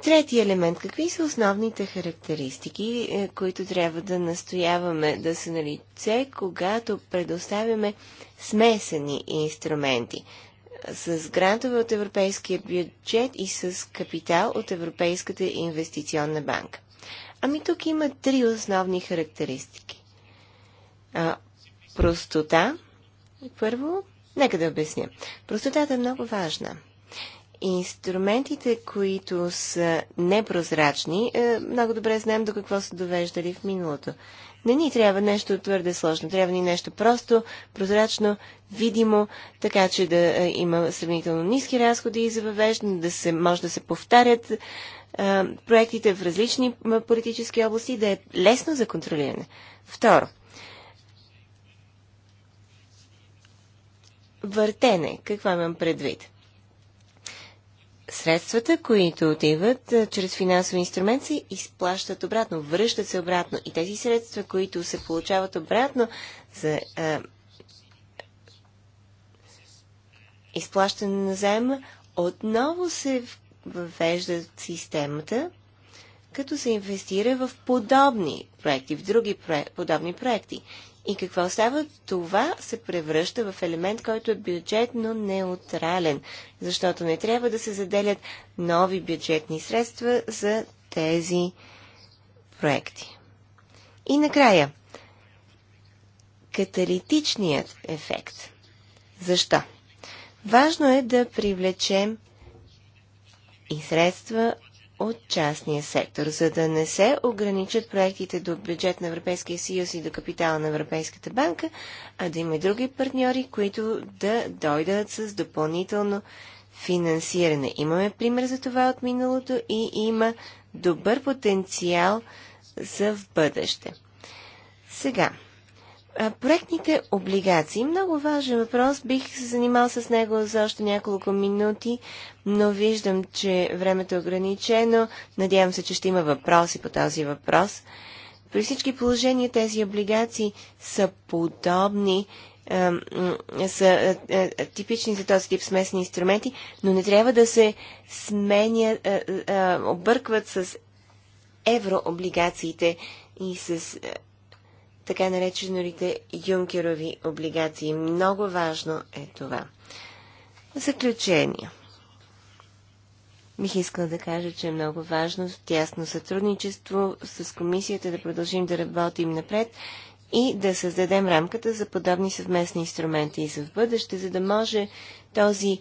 Трети елемент. Какви са основните характеристики, е, които трябва да настояваме да са на лице, когато предоставяме смесени инструменти? с грантове от европейския бюджет и с капитал от Европейската инвестиционна банка. Ами тук има три основни характеристики. А, простота, първо, нека да обясня. Простотата е много важна. Инструментите, които са непрозрачни, е, много добре знаем до какво са довеждали в миналото. Не ни трябва нещо твърде сложно, трябва ни нещо просто, прозрачно, видимо, така че да е, има сравнително ниски разходи за въвеждане, да се, може да се повтарят а, е, проектите в различни политически области, да е лесно за контролиране. Второ, въртене. Какво имам предвид? средствата, които отиват чрез финансови инструмент, се изплащат обратно, връщат се обратно. И тези средства, които се получават обратно за а, изплащане на заема, отново се въвеждат в системата, като се инвестира в подобни проекти, в други подобни проекти. И какво става? Това се превръща в елемент, който е бюджетно неутрален, защото не трябва да се заделят нови бюджетни средства за тези проекти. И накрая, каталитичният ефект. Защо? Важно е да привлечем и средства от частния сектор, за да не се ограничат проектите до бюджет на Европейския съюз и до капитала на Европейската банка, а да има и други партньори, които да дойдат с допълнително финансиране. Имаме пример за това от миналото и има добър потенциал за в бъдеще. Сега, проектните облигации. Много важен въпрос. Бих се занимал с него за още няколко минути, но виждам, че времето е ограничено. Надявам се, че ще има въпроси по този въпрос. При всички положения тези облигации са подобни, са типични за този тип смесени инструменти, но не трябва да се сменят, объркват с еврооблигациите и с така наречените юнкерови облигации. Много важно е това. Заключение. Бих искала да кажа, че е много важно в тясно сътрудничество с комисията да продължим да работим напред и да създадем рамката за подобни съвместни инструменти и за в бъдеще, за да може този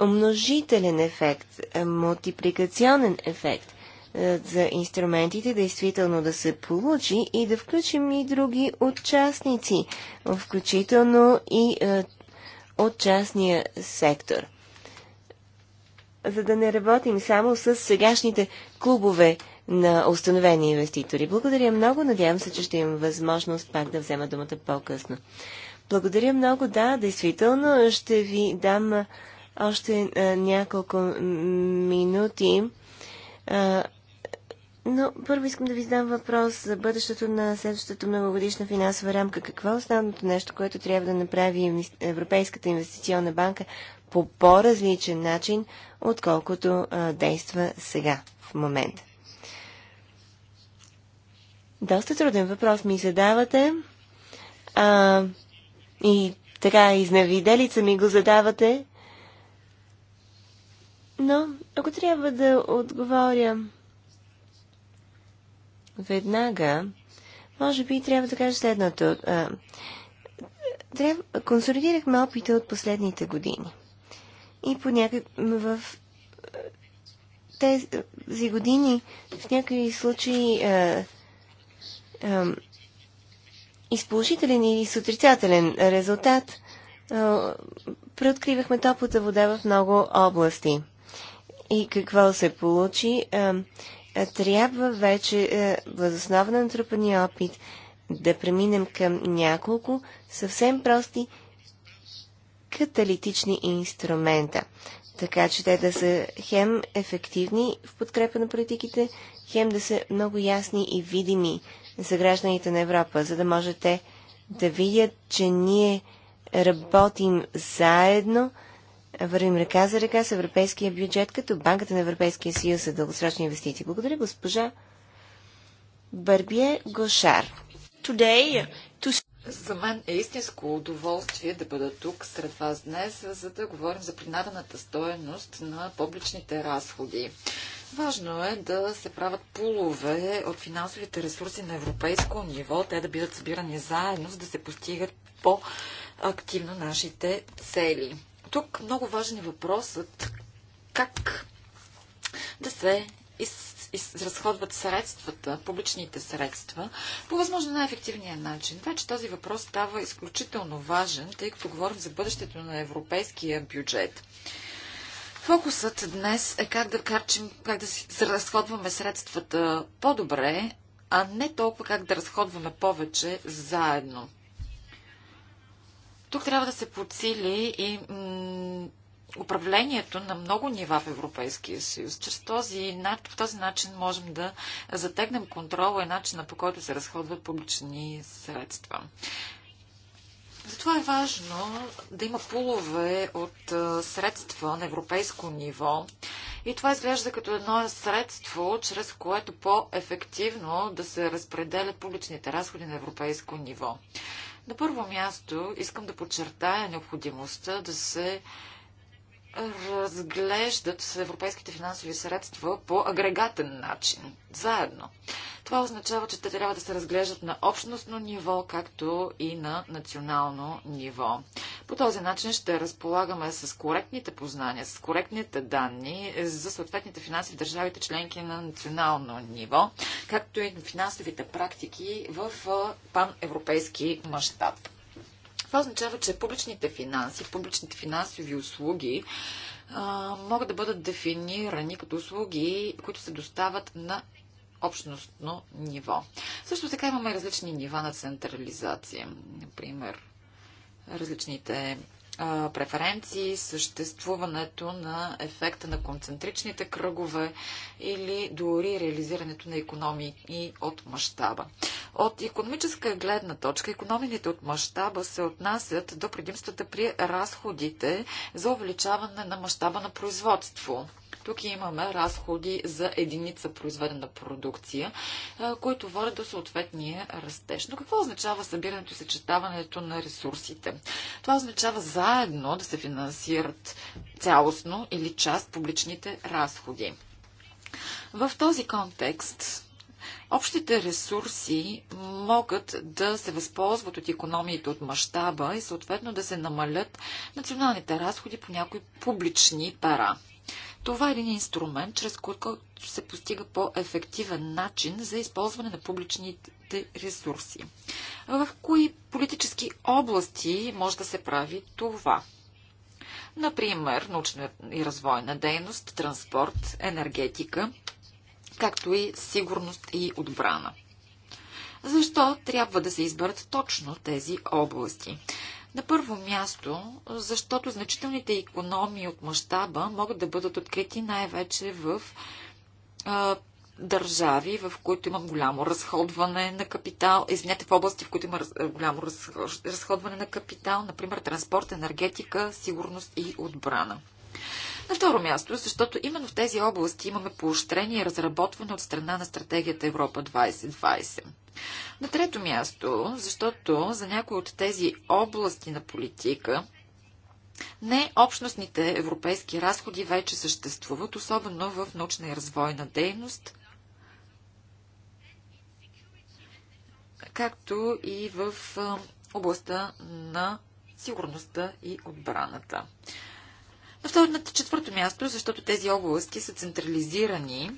умножителен ефект, мултипликационен ефект е, за инструментите действително да се получи и да включим и други участници, включително и е, от частния сектор. За да не работим само с сегашните клубове на установени инвеститори. Благодаря много. Надявам се, че ще имам възможност пак да взема думата по-късно. Благодаря много. Да, действително ще ви дам е, още няколко минути. Но първо искам да ви задам въпрос за бъдещето на следващата многогодишна финансова рамка. Какво е основното нещо, което трябва да направи Европейската инвестиционна банка по по-различен начин, отколкото а, действа сега, в момента? Доста труден въпрос ми задавате. А, и така, изнавиделица ми го задавате. Но, ако трябва да отговоря веднага, може би трябва да кажа следното. Трябва, консолидирахме опита от последните години. И по някак... в тези години в някои случаи а, а, и с или с отрицателен резултат а, преоткривахме топлата вода в много области. И какво се получи? А, е, трябва вече, е, възоснова на натрупания опит, да преминем към няколко съвсем прости каталитични инструмента, така че те да са хем ефективни в подкрепа на политиките, хем да са много ясни и видими за гражданите на Европа, за да можете да видят, че ние работим заедно – вървим река за река с европейския бюджет, като Банката на Европейския съюз за дългосрочни инвестиции. Благодаря, госпожа Барбие Гошар. Today, to... За мен е истинско удоволствие да бъда тук сред вас днес, за да говорим за принадената стоеност на публичните разходи. Важно е да се правят пулове от финансовите ресурси на европейско ниво, те да бъдат събирани заедно, за да се постигат по-активно нашите цели. Тук много важен е въпросът как да се из, изразходват средствата, публичните средства, по възможно най-ефективния начин. Вече този въпрос става изключително важен, тъй като говорим за бъдещето на европейския бюджет. Фокусът днес е как да карчим, как да разходваме средствата по-добре, а не толкова как да разходваме повече заедно. Тук трябва да се подсили и управлението на много нива в Европейския съюз. Чрез този, по този начин можем да затегнем контрола и начина по който се разходват публични средства. Затова е важно да има пулове от средства на европейско ниво. И това изглежда като едно средство, чрез което по-ефективно да се разпределят публичните разходи на европейско ниво. На първо място искам да подчертая необходимостта да се разглеждат с европейските финансови средства по агрегатен начин, заедно. Това означава, че те трябва да се разглеждат на общностно ниво, както и на национално ниво. По този начин ще разполагаме с коректните познания, с коректните данни за съответните финанси в държавите членки на национално ниво, както и финансовите практики в паневропейски мащаб. Това означава, че публичните финанси, публичните финансови услуги а, могат да бъдат дефинирани като услуги, които се достават на общностно ниво. Също така имаме различни нива на централизация. Например, различните преференции, съществуването на ефекта на концентричните кръгове или дори реализирането на економии от мащаба. От економическа гледна точка, економиите от мащаба се отнасят до предимствата при разходите за увеличаване на мащаба на производство. Тук имаме разходи за единица произведена продукция, които водят до съответния растеж. Но какво означава събирането и съчетаването на ресурсите? Това означава заедно да се финансират цялостно или част публичните разходи. В този контекст Общите ресурси могат да се възползват от економиите от мащаба и съответно да се намалят националните разходи по някои публични пара. Това е един инструмент, чрез който се постига по-ефективен начин за използване на публичните ресурси. В кои политически области може да се прави това? Например, научна и развойна дейност, транспорт, енергетика, както и сигурност и отбрана. Защо трябва да се изберат точно тези области? На първо място, защото значителните економии от мащаба могат да бъдат открити най-вече в а, държави, в които има голямо разходване на капитал, извинете, в области, в които има раз, голямо разходване на капитал, например транспорт, енергетика, сигурност и отбрана. На второ място, защото именно в тези области имаме поощрение и разработване от страна на стратегията Европа 2020. На трето място, защото за някои от тези области на политика не общностните европейски разходи вече съществуват, особено в научна и развойна дейност, както и в областта на сигурността и отбраната. На второ, на четвърто място, защото тези области са централизирани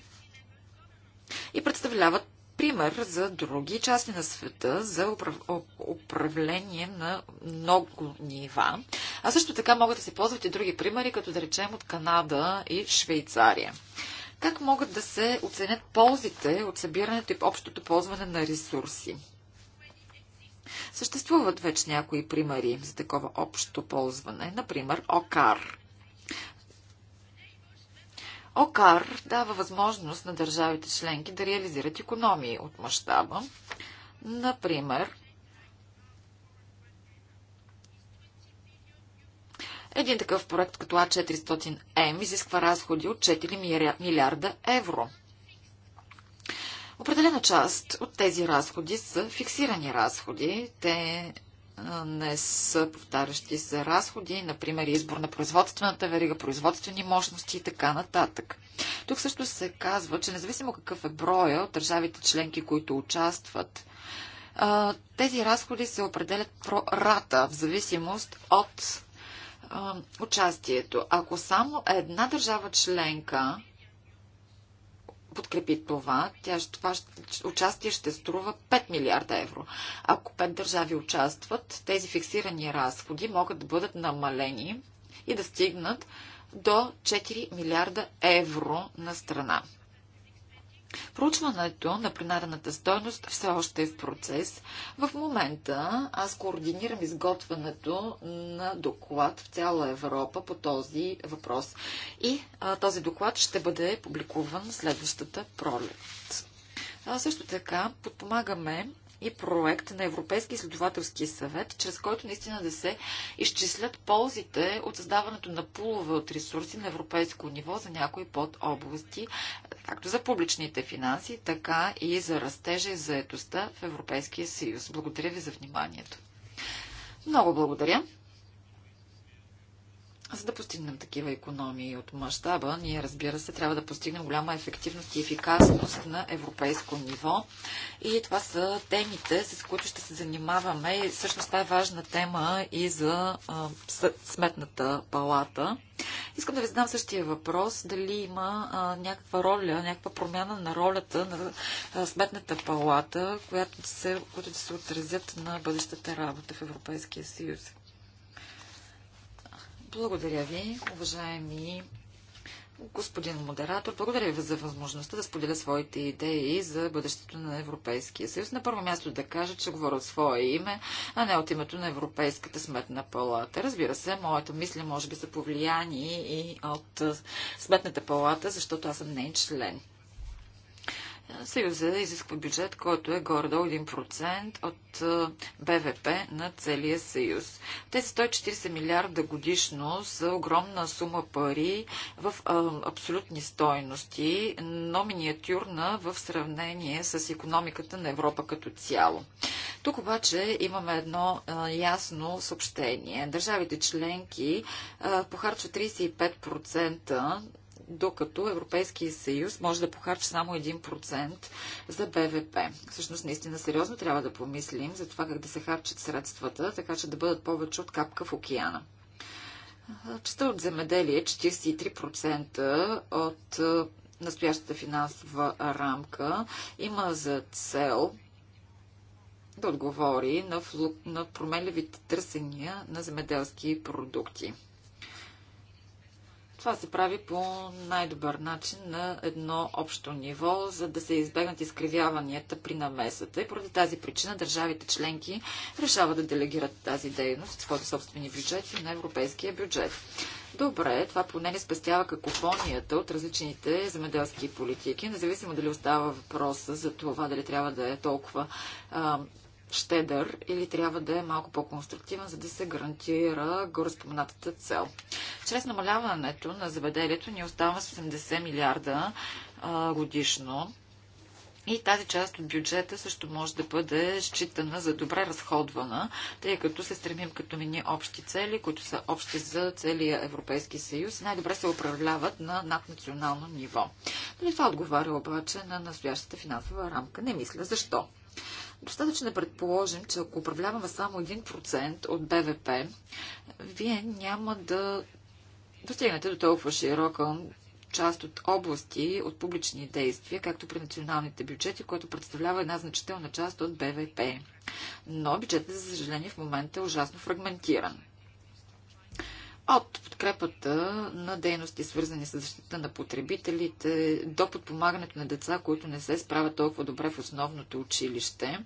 и представляват пример за други части на света за управление на много нива. А също така могат да се ползват и други примери, като да речем от Канада и Швейцария. Как могат да се оценят ползите от събирането и общото ползване на ресурси? Съществуват вече някои примери за такова общо ползване, например ОКАР. ОКАР дава възможност на държавите членки да реализират економии от мащаба. Например, един такъв проект като А400М изисква разходи от 4 милиарда евро. Определена част от тези разходи са фиксирани разходи. Те не са повтарящи се разходи, например избор на производствената верига, производствени мощности и така нататък. Тук също се казва, че независимо какъв е броя от държавите членки, които участват, тези разходи се определят про рата в зависимост от участието. Ако само една държава членка подкрепи това, тя, това участие ще струва 5 милиарда евро. Ако 5 държави участват, тези фиксирани разходи могат да бъдат намалени и да стигнат до 4 милиарда евро на страна. Проучването на принадената стойност все още е в процес. В момента аз координирам изготвянето на доклад в цяла Европа по този въпрос. И а, този доклад ще бъде публикуван следващата пролет. А също така подпомагаме и проект на Европейски изследователски съвет, чрез който наистина да се изчислят ползите от създаването на пулове от ресурси на европейско ниво за някои подобласти, както за публичните финанси, така и за растежа и заетостта в Европейския съюз. Благодаря ви за вниманието. Много благодаря. За да постигнем такива економии от мащаба, ние разбира се трябва да постигнем голяма ефективност и ефикасност на европейско ниво. И това са темите, с които ще се занимаваме. И всъщност това е важна тема и за а, сметната палата. Искам да ви задам същия въпрос. Дали има а, някаква роля, някаква промяна на ролята на а, сметната палата, която се, които да се отразят на бъдещата работа в Европейския съюз? Благодаря ви, уважаеми господин модератор. Благодаря ви за възможността да споделя своите идеи за бъдещето на Европейския съюз. На първо място да кажа, че говоря от свое име, а не от името на Европейската сметна палата. Разбира се, моята мисля може би са повлияни и от сметната палата, защото аз съм нейн член. Съюза да изисква бюджет, който е горе 1% от БВП на целия съюз. Тези 140 милиарда годишно са огромна сума пари в абсолютни стойности, но миниатюрна в сравнение с економиката на Европа като цяло. Тук обаче имаме едно ясно съобщение. Държавите членки похарчват 35% докато Европейския съюз може да похарчи само 1% за БВП. Всъщност, наистина сериозно трябва да помислим за това как да се харчат средствата, така че да бъдат повече от капка в океана. Частта от земеделие 43% от настоящата финансова рамка има за цел да отговори на, на променливите търсения на земеделски продукти. Това се прави по най-добър начин на едно общо ниво, за да се избегнат изкривяванията при намесата. И поради тази причина държавите членки решават да делегират тази дейност в своите собствени бюджети на европейския бюджет. Добре, това поне не спестява какофонията от различните земеделски политики, независимо дали остава въпроса за това дали трябва да е толкова а, щедър или трябва да е малко по-конструктивен, за да се гарантира гореспоменатата цел. Чрез намаляването на заведението ни остава 70 милиарда а, годишно. И тази част от бюджета също може да бъде считана за добре разходвана, тъй като се стремим като мини общи цели, които са общи за целия Европейски съюз и най-добре се управляват на наднационално ниво. Дали това отговаря обаче на настоящата финансова рамка? Не мисля. Защо? Достатъчно да предположим, че ако управляваме само 1% от БВП, вие няма да достигнете до толкова широка част от области от публични действия, както при националните бюджети, което представлява една значителна част от БВП. Но бюджетът, за съжаление, в момента е ужасно фрагментиран от подкрепата на дейности, свързани с защита на потребителите, до подпомагането на деца, които не се справят толкова добре в основното училище,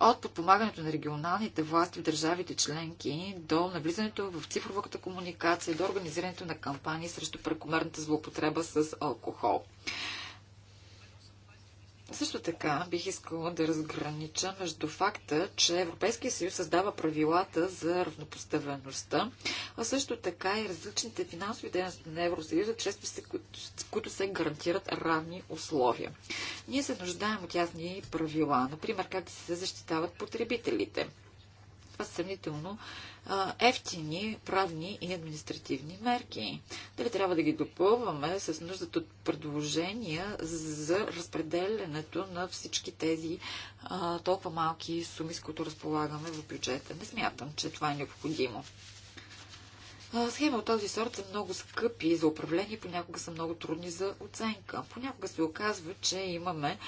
от подпомагането на регионалните власти в държавите членки, до навлизането в цифровата комуникация, до организирането на кампании срещу прекомерната злоупотреба с алкохол. Също така бих искала да разгранича между факта, че Европейския съюз създава правилата за равнопоставеността, а също така и различните финансови дейности на Евросъюза, чрез които се гарантират равни условия. Ние се нуждаем от ясни правила, например как да се защитават потребителите. Това са сравнително ефтини правни и административни мерки. Дали трябва да ги допълваме с нуждата от предложения за разпределянето на всички тези а, толкова малки суми, с които разполагаме в бюджета? Не смятам, че това е необходимо. Схема от този сорт са много скъпи за управление, понякога са много трудни за оценка. Понякога се оказва, че имаме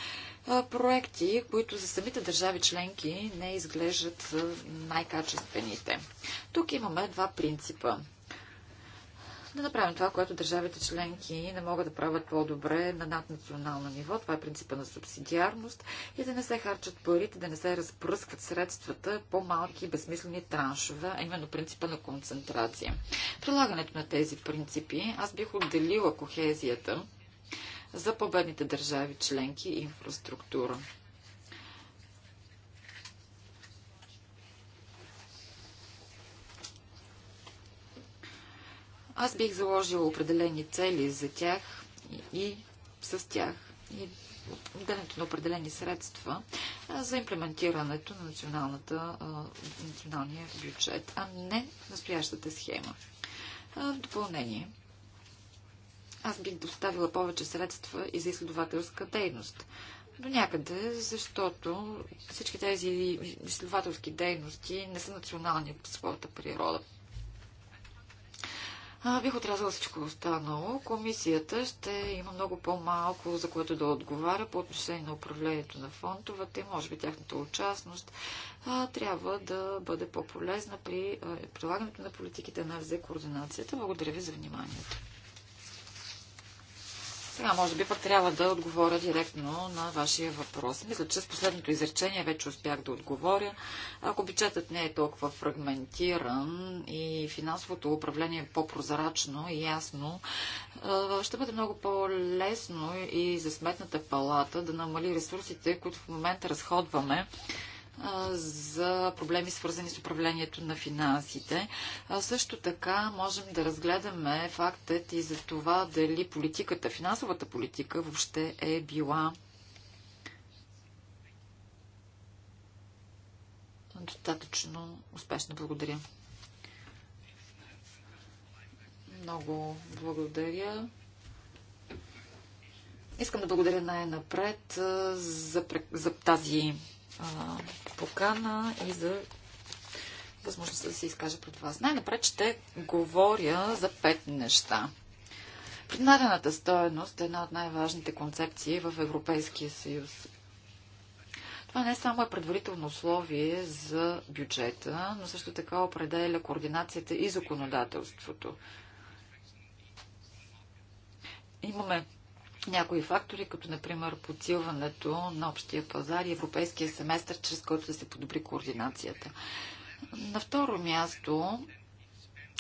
проекти, които за самите държави членки не изглеждат най-качествените. Тук имаме два принципа. Да направим това, което държавите членки не могат да правят по-добре на наднационално ниво. Това е принципа на субсидиарност и да не се харчат парите, да не се разпръскат средствата по малки безмислени траншове, а именно принципа на концентрация. Прилагането на тези принципи аз бих отделила кохезията за победните държави членки и инфраструктура. Аз бих заложила определени цели за тях и, и с тях и отделянето на определени средства за имплементирането на националната, националния бюджет, а не настоящата схема. В допълнение, аз бих доставила повече средства и за изследователска дейност. До някъде, защото всички тези изследователски дейности не са национални по своята природа. А, бих отразила всичко останало. Комисията ще има много по-малко, за което да отговаря по отношение на управлението на фондовете, може би тяхната участност а, трябва да бъде по-полезна при а, прилагането на политиките, на и координацията. Благодаря ви за вниманието. Сега, може би, пък трябва да отговоря директно на вашия въпрос. Мисля, че с последното изречение вече успях да отговоря. Ако бюджетът не е толкова фрагментиран и финансовото управление е по-прозрачно и ясно, ще бъде много по-лесно и за сметната палата да намали ресурсите, които в момента разходваме за проблеми свързани с управлението на финансите. също така можем да разгледаме фактът и за това дали политиката, финансовата политика въобще е била достатъчно успешна. Благодаря. Много благодаря. Искам да благодаря най-напред за, за тази а, покана и за възможността да се изкажа пред вас. Най-напред ще говоря за пет неща. Принадената стоеност е една от най-важните концепции в Европейския съюз. Това не само е предварително условие за бюджета, но също така определя координацията и законодателството. Имаме някои фактори, като например подсилването на общия пазар и европейския семестър, чрез който да се подобри координацията. На второ място,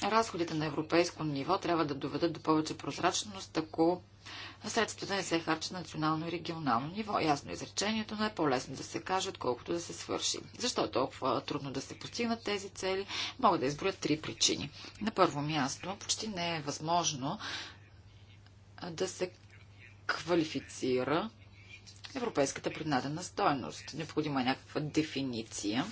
разходите на европейско ниво трябва да доведат до повече прозрачност, ако средствата не се харчат на национално и регионално ниво. Ясно изречението, но е по-лесно да се каже, отколкото да се свърши. Защо е толкова трудно да се постигнат тези цели? Мога да изброя три причини. На първо място, почти не е възможно да се квалифицира европейската принадена стойност. Необходима е някаква дефиниция,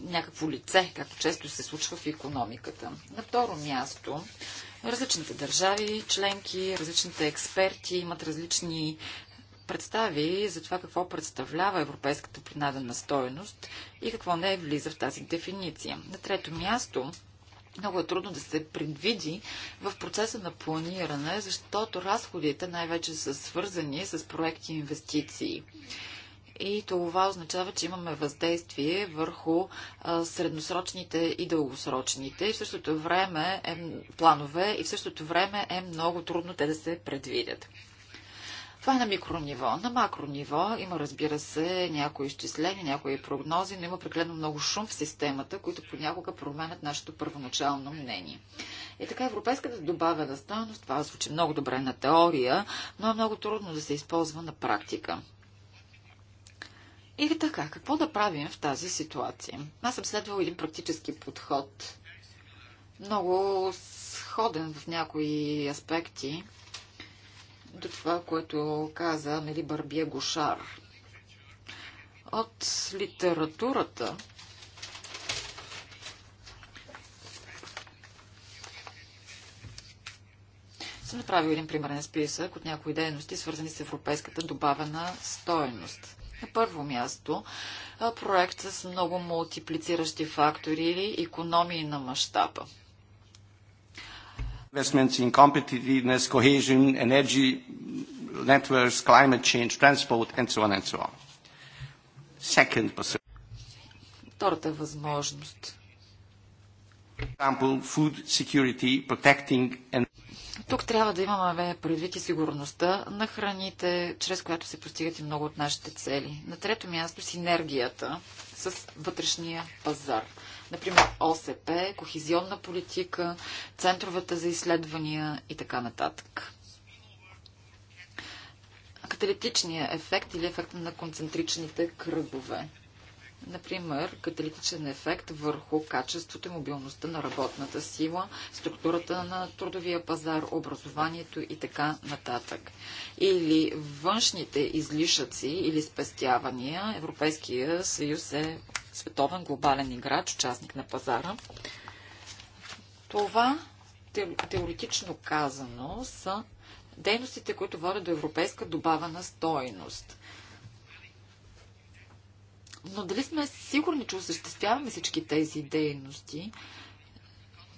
някакво лице, както често се случва в економиката. На второ място, различните държави, членки, различните експерти имат различни представи за това какво представлява европейската принадена стойност и какво не е влиза в тази дефиниция. На трето място, много е трудно да се предвиди в процеса на планиране, защото разходите най-вече са свързани с проекти и инвестиции. И това означава, че имаме въздействие върху средносрочните и дългосрочните и в същото време е, планове и в същото време е много трудно те да се предвидят. Това е на микрониво. На макрониво има, разбира се, някои изчисления, някои прогнози, но има прекалено много шум в системата, които понякога променят нашето първоначално мнение. И така европейската добавена стойност, това звучи много добре на теория, но е много трудно да се използва на практика. И така, какво да правим в тази ситуация? Аз съм следвал един практически подход, много сходен в някои аспекти до това, което каза Нали Барбие Гошар. От литературата съм направил един примерен списък от някои дейности, свързани с европейската добавена стоеност. На първо място проект с много мултиплициращи фактори или економии на мащаба investments in competitiveness, cohesion, energy networks, climate change, transport, and so on and so on. Second possibility. Втората възможност. Example, food security, protecting and тук трябва да имаме предвид и сигурността на храните, чрез която се постигат и много от нашите цели. На трето място синергията с вътрешния пазар например ОСП, кохезионна политика, центровете за изследвания и така нататък. Каталитичният ефект или ефект на концентричните кръгове например, каталитичен ефект върху качеството и мобилността на работната сила, структурата на трудовия пазар, образованието и така нататък. Или външните излишъци или спестявания, Европейския съюз е световен глобален играч, участник на пазара. Това, теоретично казано, са дейностите, които водят до европейска добавена стойност. Но дали сме сигурни, че осъществяваме всички тези дейности?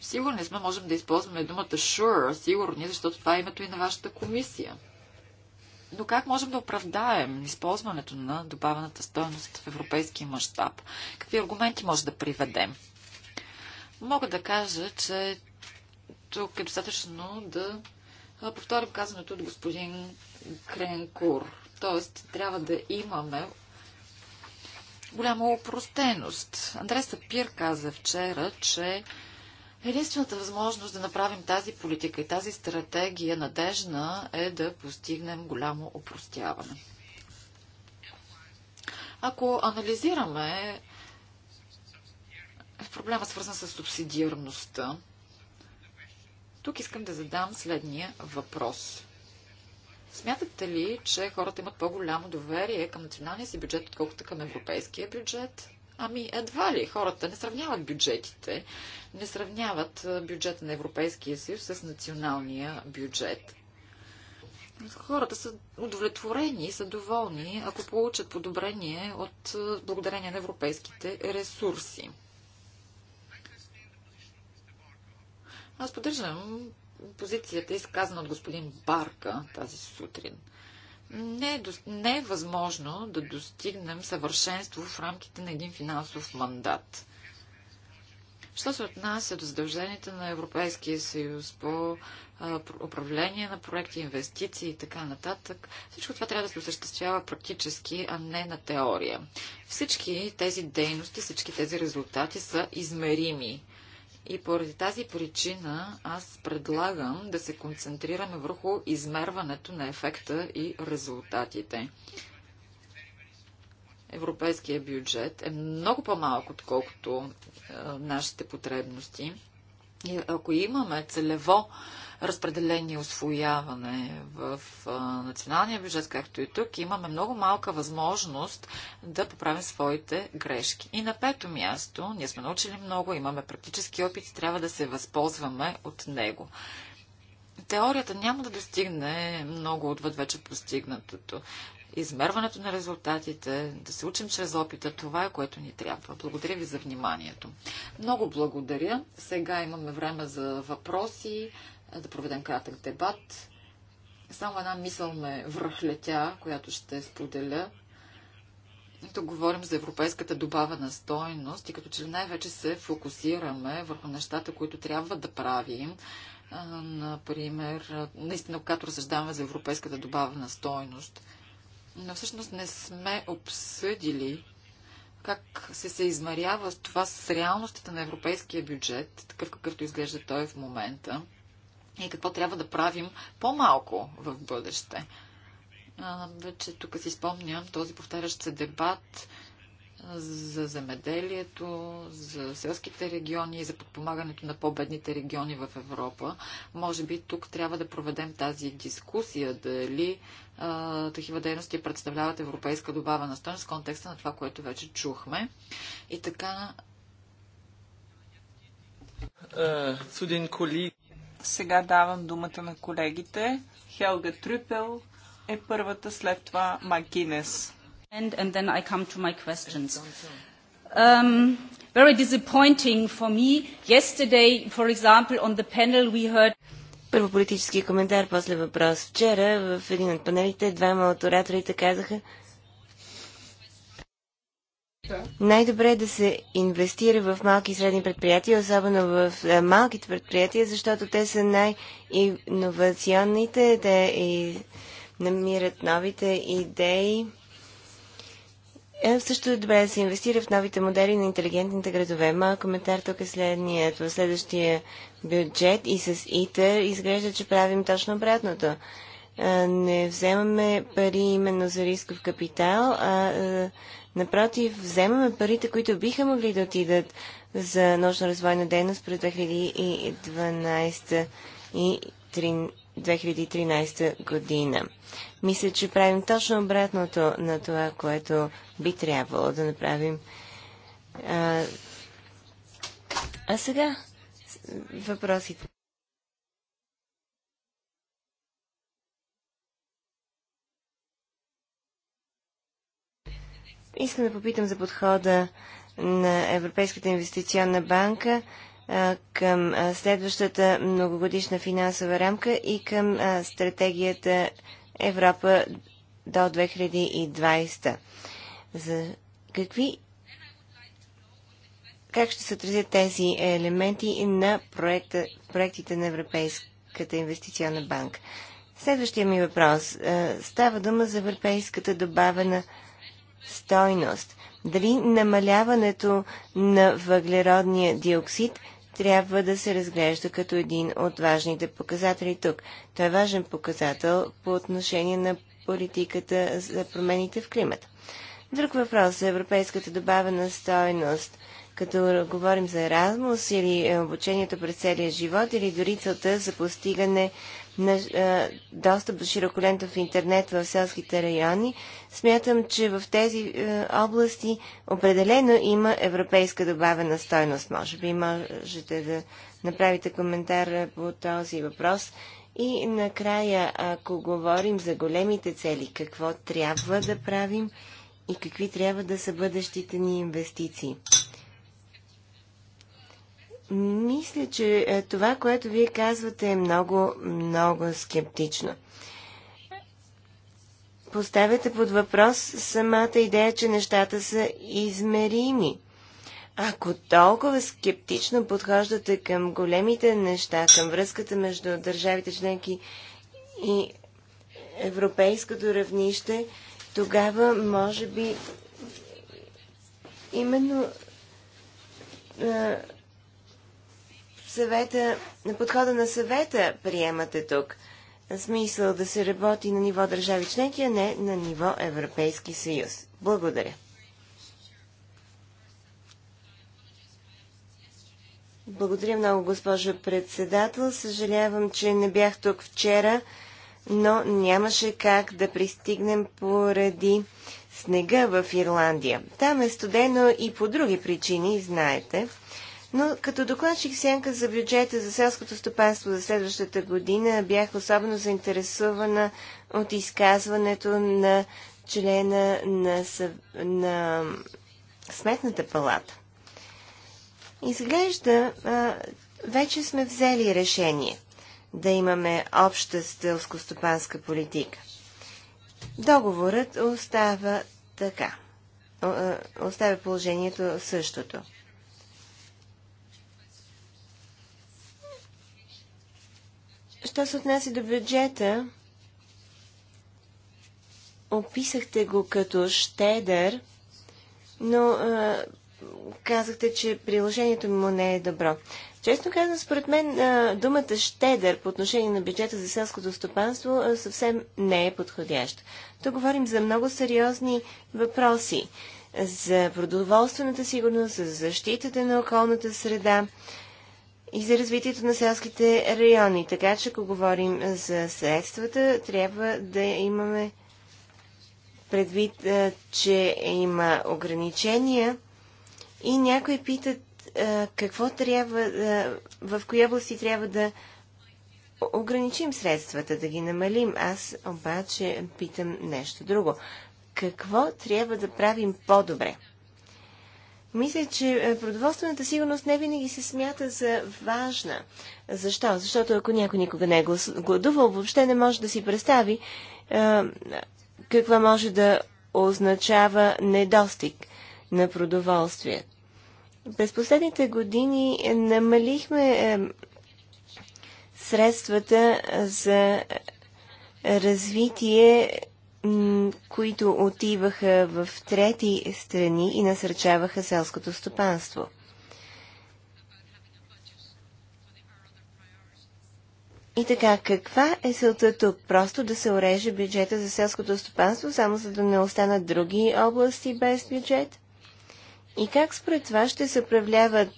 Сигурни сме, можем да използваме думата sure, сигурни, защото това е името и на вашата комисия. Но как можем да оправдаем използването на добавената стоеност в европейския мащаб? Какви аргументи може да приведем? Мога да кажа, че тук е достатъчно да повторим казаното от господин Кренкур. Тоест, трябва да имаме голяма опростеност. Андре Пир каза вчера, че единствената възможност да направим тази политика и тази стратегия надежна е да постигнем голямо упростяване. Ако анализираме е проблема свързан с субсидиарността, тук искам да задам следния въпрос. Смятате ли, че хората имат по-голямо доверие към националния си бюджет, отколкото към европейския бюджет? Ами едва ли. Хората не сравняват бюджетите. Не сравняват бюджета на Европейския съюз с националния бюджет. Хората са удовлетворени и са доволни, ако получат подобрение от благодарение на европейските ресурси. Аз поддържам позицията, изказана от господин Барка тази сутрин. Не е, не е възможно да достигнем съвършенство в рамките на един финансов мандат. Що се отнася до задълженията на Европейския съюз по а, управление на проекти, инвестиции и така нататък, всичко това трябва да се осъществява практически, а не на теория. Всички тези дейности, всички тези резултати са измерими. И поради тази причина аз предлагам да се концентрираме върху измерването на ефекта и резултатите. Европейския бюджет е много по-малък, отколкото е, нашите потребности. И ако имаме целево разпределение и освояване в националния бюджет, както и тук, имаме много малка възможност да поправим своите грешки. И на пето място, ние сме научили много, имаме практически опит и трябва да се възползваме от него теорията няма да достигне много отвъд вече постигнатото. Измерването на резултатите, да се учим чрез опита, това е което ни трябва. Благодаря ви за вниманието. Много благодаря. Сега имаме време за въпроси, е, да проведем кратък дебат. Само една мисъл ме връхлетя, която ще споделя. Тук говорим за европейската добавена стойност и като че ли най-вече се фокусираме върху нещата, които трябва да правим. Например, наистина, когато разсъждаваме за европейската добавена стойност, но всъщност не сме обсъдили как се се измерява това с реалностите на европейския бюджет, такъв какъвто изглежда той в момента и какво трябва да правим по-малко в бъдеще. А, вече тук си спомням този повтарящ се дебат за земеделието, за селските региони и за подпомагането на по-бедните региони в Европа. Може би тук трябва да проведем тази дискусия, дали а, такива дейности представляват европейска добавена стойност в контекста на това, което вече чухме. И така. Е, Суден сега давам думата на колегите. Хелга Трюпел е първата, след това Макинес. And, and then I come to my questions. Um, very disappointing for me. Yesterday, for example, on the panel we heard първо политически коментар, после въпрос. Вчера в един от панелите двама от ораторите казаха, най-добре е да се инвестира в малки и средни предприятия, особено в е, малките предприятия, защото те са най-инновационните, те и намират новите идеи. Е, също е добре да се инвестира в новите модели на интелигентните градове. Моят коментар тук е следният. В следващия бюджет и с ИТЕР изглежда, че правим точно обратното. Е, не вземаме пари именно за рисков капитал, а Напротив, вземаме парите, които биха могли да отидат за научно-развойна дейност през 2012 и 2013 година. Мисля, че правим точно обратното на това, което би трябвало да направим. А, а сега въпросите. Искам да попитам за подхода на Европейската инвестиционна банка към следващата многогодишна финансова рамка и към стратегията Европа до 2020. За какви как ще се отразят тези елементи на проекта, проектите на Европейската инвестиционна банка? Следващия ми въпрос. Става дума за европейската добавена стойност. Дали намаляването на въглеродния диоксид трябва да се разглежда като един от важните показатели тук. Той е важен показател по отношение на политиката за промените в климата. Друг въпрос за европейската добавена стойност, като говорим за Еразмус или обучението през целия живот, или дори целта за постигане на достъп до широколентов интернет в селските райони. Смятам, че в тези области определено има европейска добавена стойност. Може би можете да направите коментар по този въпрос. И накрая, ако говорим за големите цели, какво трябва да правим и какви трябва да са бъдещите ни инвестиции. Мисля, че е, това, което вие казвате е много, много скептично. Поставяте под въпрос самата идея, че нещата са измерими. Ако толкова скептично подхождате към големите неща, към връзката между държавите членки и европейското равнище, тогава може би именно е, съвета, подхода на съвета приемате тук. Смисъл да се работи на ниво държави членки, а не на ниво Европейски съюз. Благодаря. Благодаря много, госпожа председател. Съжалявам, че не бях тук вчера, но нямаше как да пристигнем поради снега в Ирландия. Там е студено и по други причини, знаете. Но като докладчик сянка за бюджета за селското стопанство за следващата година бях особено заинтересувана от изказването на члена на, на Сметната палата. Изглежда, вече сме взели решение да имаме обща стелско-стопанска политика. Договорът остава така. оставя положението същото. Що се отнася до бюджета, описахте го като щедър, но а, казахте, че приложението му не е добро. Честно казвам, според мен а, думата щедър по отношение на бюджета за селското стопанство а, съвсем не е подходяща. Тук говорим за много сериозни въпроси за продоволствената сигурност, за защитата на околната среда, и за развитието на селските райони. Така че, ако говорим за средствата, трябва да имаме предвид, че има ограничения и някои питат какво трябва, в коя области трябва да ограничим средствата, да ги намалим. Аз обаче питам нещо друго. Какво трябва да правим по-добре? Мисля, че е, продоволствената сигурност не винаги се смята за важна. Защо? Защото ако някой никога не е гладувал, въобще не може да си представи е, каква може да означава недостиг на продоволствие. През последните години намалихме е, средствата за е, развитие които отиваха в трети страни и насърчаваха селското стопанство. И така, каква е целта тук? Просто да се уреже бюджета за селското стопанство, само за да не останат други области без бюджет? И как според това ще се управляват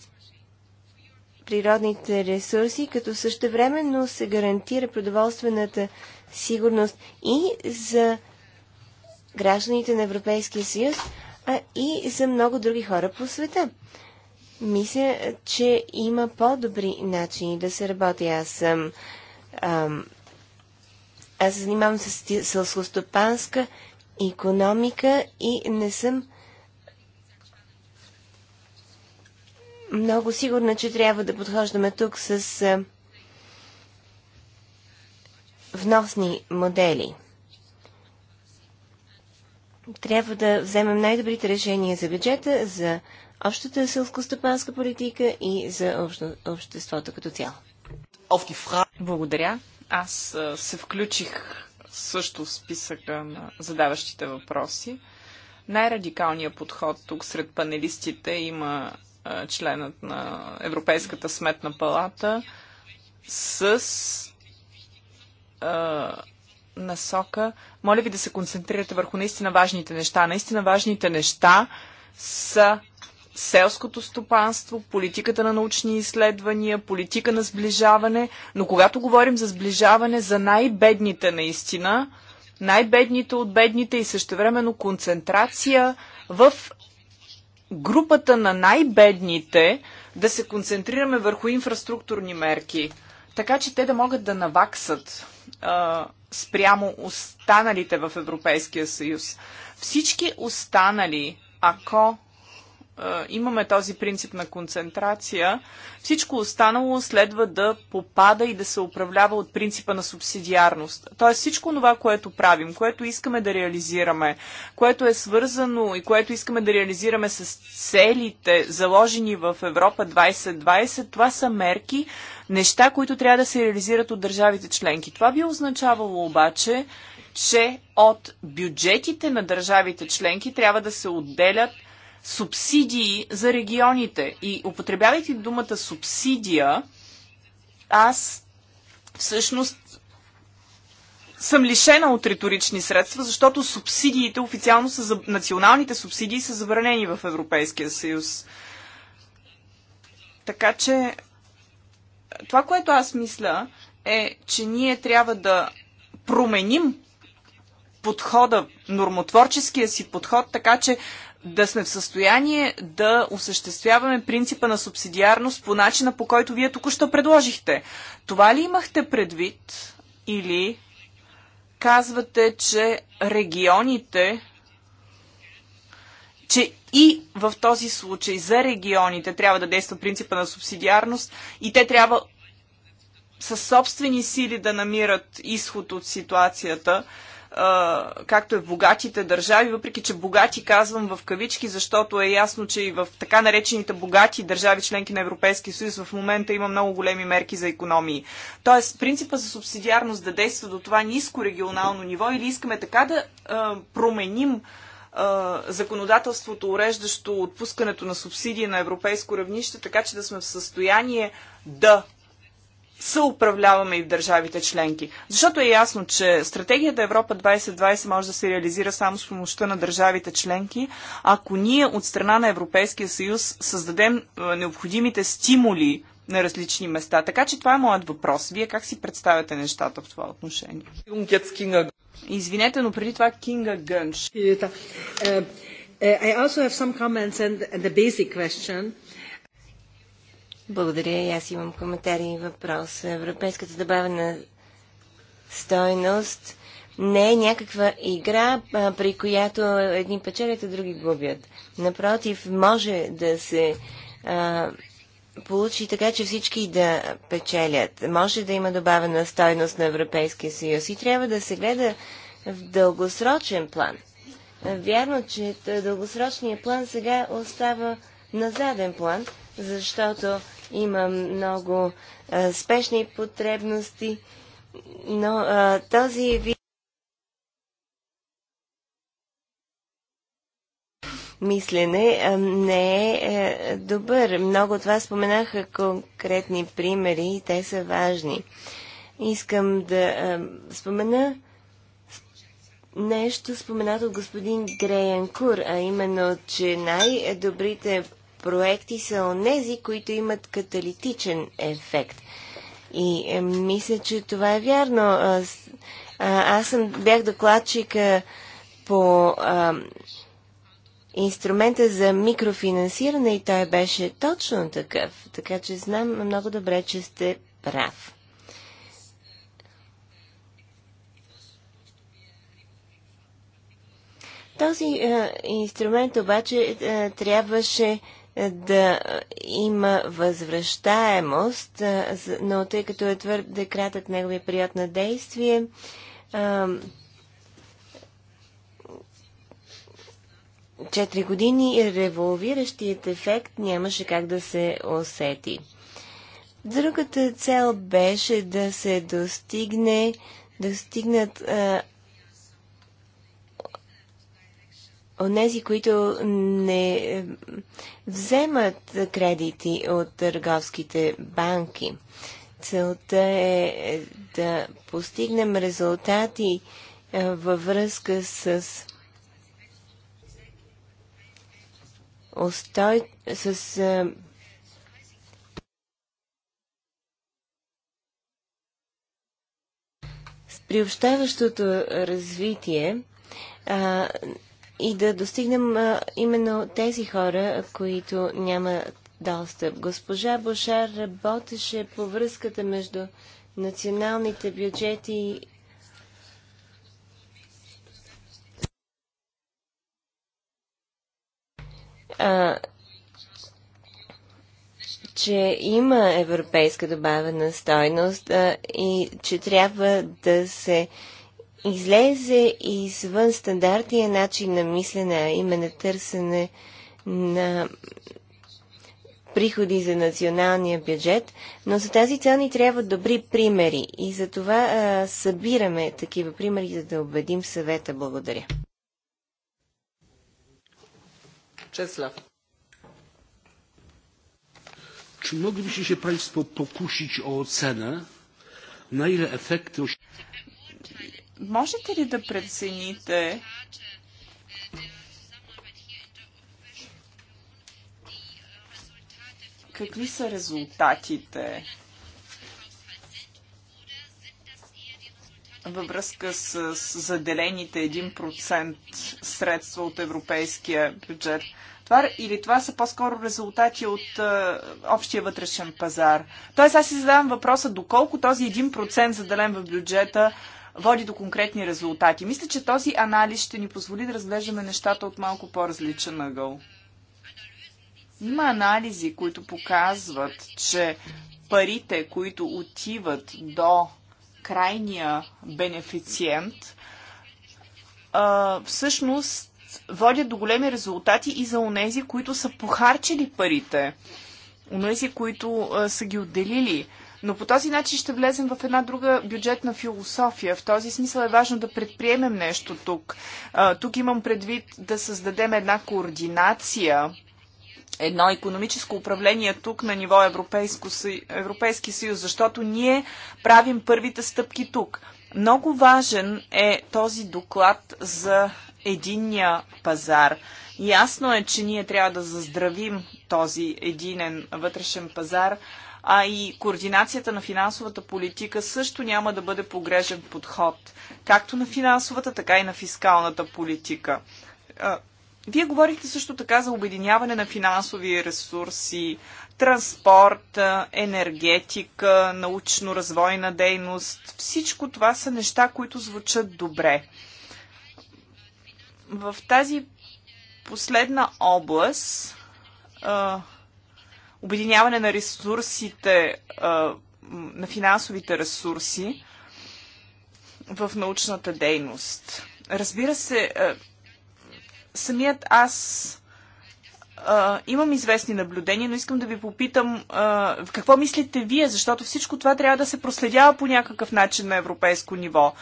природните ресурси, като същевременно се гарантира продоволствената сигурност и за гражданите на Европейския съюз, а и за много други хора по света. Мисля, че има по-добри начини да се работи. Аз съм. Ам, аз се занимавам с сълскостопанска економика и не съм много сигурна, че трябва да подхождаме тук с вносни модели трябва да вземем най-добрите решения за бюджета, за общата селскостъпанска политика и за общо, обществото като цяло. Благодаря. Аз се включих също в списъка на задаващите въпроси. Най-радикалният подход тук сред панелистите има членът на Европейската сметна палата с насока. Моля ви да се концентрирате върху наистина важните неща. Наистина важните неща са селското стопанство, политиката на научни изследвания, политика на сближаване, но когато говорим за сближаване за най-бедните наистина, най-бедните от бедните и същевременно концентрация в групата на най-бедните да се концентрираме върху инфраструктурни мерки, така че те да могат да наваксат а, спрямо останалите в Европейския съюз. Всички останали, ако имаме този принцип на концентрация, всичко останало следва да попада и да се управлява от принципа на субсидиарност. Тоест всичко това, което правим, което искаме да реализираме, което е свързано и което искаме да реализираме с целите, заложени в Европа 2020, това са мерки, неща, които трябва да се реализират от държавите членки. Това би означавало обаче, че от бюджетите на държавите членки трябва да се отделят – субсидии за регионите. И употребявайки думата субсидия, аз всъщност съм лишена от риторични средства, защото субсидиите официално са, националните субсидии са забранени в Европейския съюз. Така че това, което аз мисля, е, че ние трябва да променим подхода, нормотворческия си подход, така че да сме в състояние да осъществяваме принципа на субсидиарност по начина, по който вие току-що предложихте. Това ли имахте предвид или казвате, че регионите, че и в този случай за регионите трябва да действа принципа на субсидиарност и те трябва със собствени сили да намират изход от ситуацията, както е в богатите държави, въпреки че богати казвам в кавички, защото е ясно, че и в така наречените богати държави, членки на Европейския съюз, в момента има много големи мерки за економии. Тоест, принципа за субсидиарност да действа до това ниско регионално ниво или искаме така да а, променим законодателството, уреждащо отпускането на субсидии на европейско равнище, така че да сме в състояние да съуправляваме и в държавите членки. Защото е ясно, че стратегията Европа 2020 може да се реализира само с помощта на държавите членки, ако ние от страна на Европейския съюз създадем е, необходимите стимули на различни места. Така че това е моят въпрос. Вие как си представяте нещата в това отношение? Извинете, но преди това Кинга Гънш. Е, е, I also have some comments and the basic question. Uh, благодаря и аз имам коментари и въпрос. Европейската добавена стойност не е някаква игра, при която едни печелят, а други губят. Напротив, може да се а, получи така, че всички да печелят. Може да има добавена стойност на Европейския съюз и трябва да се гледа в дългосрочен план. Вярно, че дългосрочният план сега остава на заден план, защото има много а, спешни потребности, но а, този вид мислене а, не е, а, е, добър. Много от вас споменаха конкретни примери и те са важни. Искам да а, спомена нещо споменато от господин Греян Кур, а именно, че най-добрите проекти са онези, които имат каталитичен ефект. И е, мисля, че това е вярно. А, аз съм, бях докладчика по а, инструмента за микрофинансиране и той беше точно такъв. Така че знам много добре, че сте прав. Този а, инструмент обаче а, е, е, трябваше да има възвръщаемост, но тъй като е твърде кратък неговия период на действие, четири години револвиращият ефект нямаше как да се усети. Другата цел беше да се достигне, достигнат а, онези, които не е, вземат кредити от търговските банки. Целта е, е да постигнем резултати е, във връзка с устой... с приобщаващото развитие а, и да достигнем а, именно тези хора, които нямат достъп. Госпожа Бошар работеше по връзката между националните бюджети и че има европейска добавена стойност а, и че трябва да се а, излезе извън стандартния е начин на мислене, именно търсене на приходи за националния бюджет, но за тази цел ни трябват добри примери и за това а, събираме такива примери, за да убедим съвета. Благодаря. Чеслав. Czy moglibyście się Państwo pokusić o ocenę, na ile efekty можете ли да прецените какви са резултатите във връзка с, заделените 1% средства от европейския бюджет? Това, или това са по-скоро резултати от а, общия вътрешен пазар? Тоест аз си задавам въпроса доколко този 1% заделен в бюджета води до конкретни резултати. Мисля, че този анализ ще ни позволи да разглеждаме нещата от малко по-различен ъгъл. Има анализи, които показват, че парите, които отиват до крайния бенефициент, всъщност водят до големи резултати и за онези, които са похарчили парите, онези, които са ги отделили. Но по този начин ще влезем в една друга бюджетна философия. В този смисъл е важно да предприемем нещо тук. Тук имам предвид да създадем една координация едно економическо управление тук на ниво Европейско, Европейски съюз, защото ние правим първите стъпки тук. Много важен е този доклад за единния пазар. Ясно е, че ние трябва да заздравим този единен вътрешен пазар, а и координацията на финансовата политика също няма да бъде погрежен подход, както на финансовата, така и на фискалната политика. Вие говорихте също така за обединяване на финансови ресурси, транспорт, енергетика, научно-развойна дейност. Всичко това са неща, които звучат добре. В тази последна област обединяване на ресурсите, на финансовите ресурси в научната дейност. Разбира се, самият аз имам известни наблюдения, но искам да ви попитам какво мислите вие, защото всичко това трябва да се проследява по някакъв начин на европейско ниво.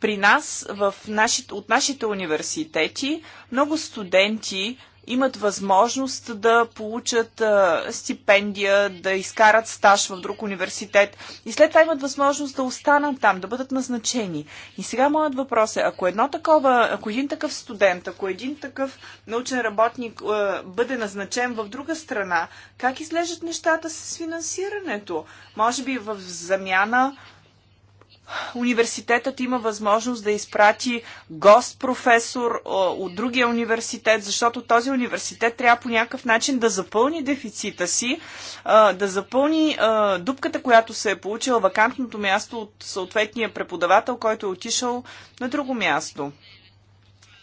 При нас, в нашите, от нашите университети, много студенти имат възможност да получат а, стипендия, да изкарат стаж в друг университет и след това имат възможност да останат там, да бъдат назначени. И сега моят въпрос е, ако едно такова, ако един такъв студент, ако един такъв научен работник а, бъде назначен в друга страна, как излежат нещата с финансирането? Може би в замяна университетът има възможност да изпрати гост професор от другия университет, защото този университет трябва по някакъв начин да запълни дефицита си, да запълни дупката, която се е получила вакантното място от съответния преподавател, който е отишъл на друго място.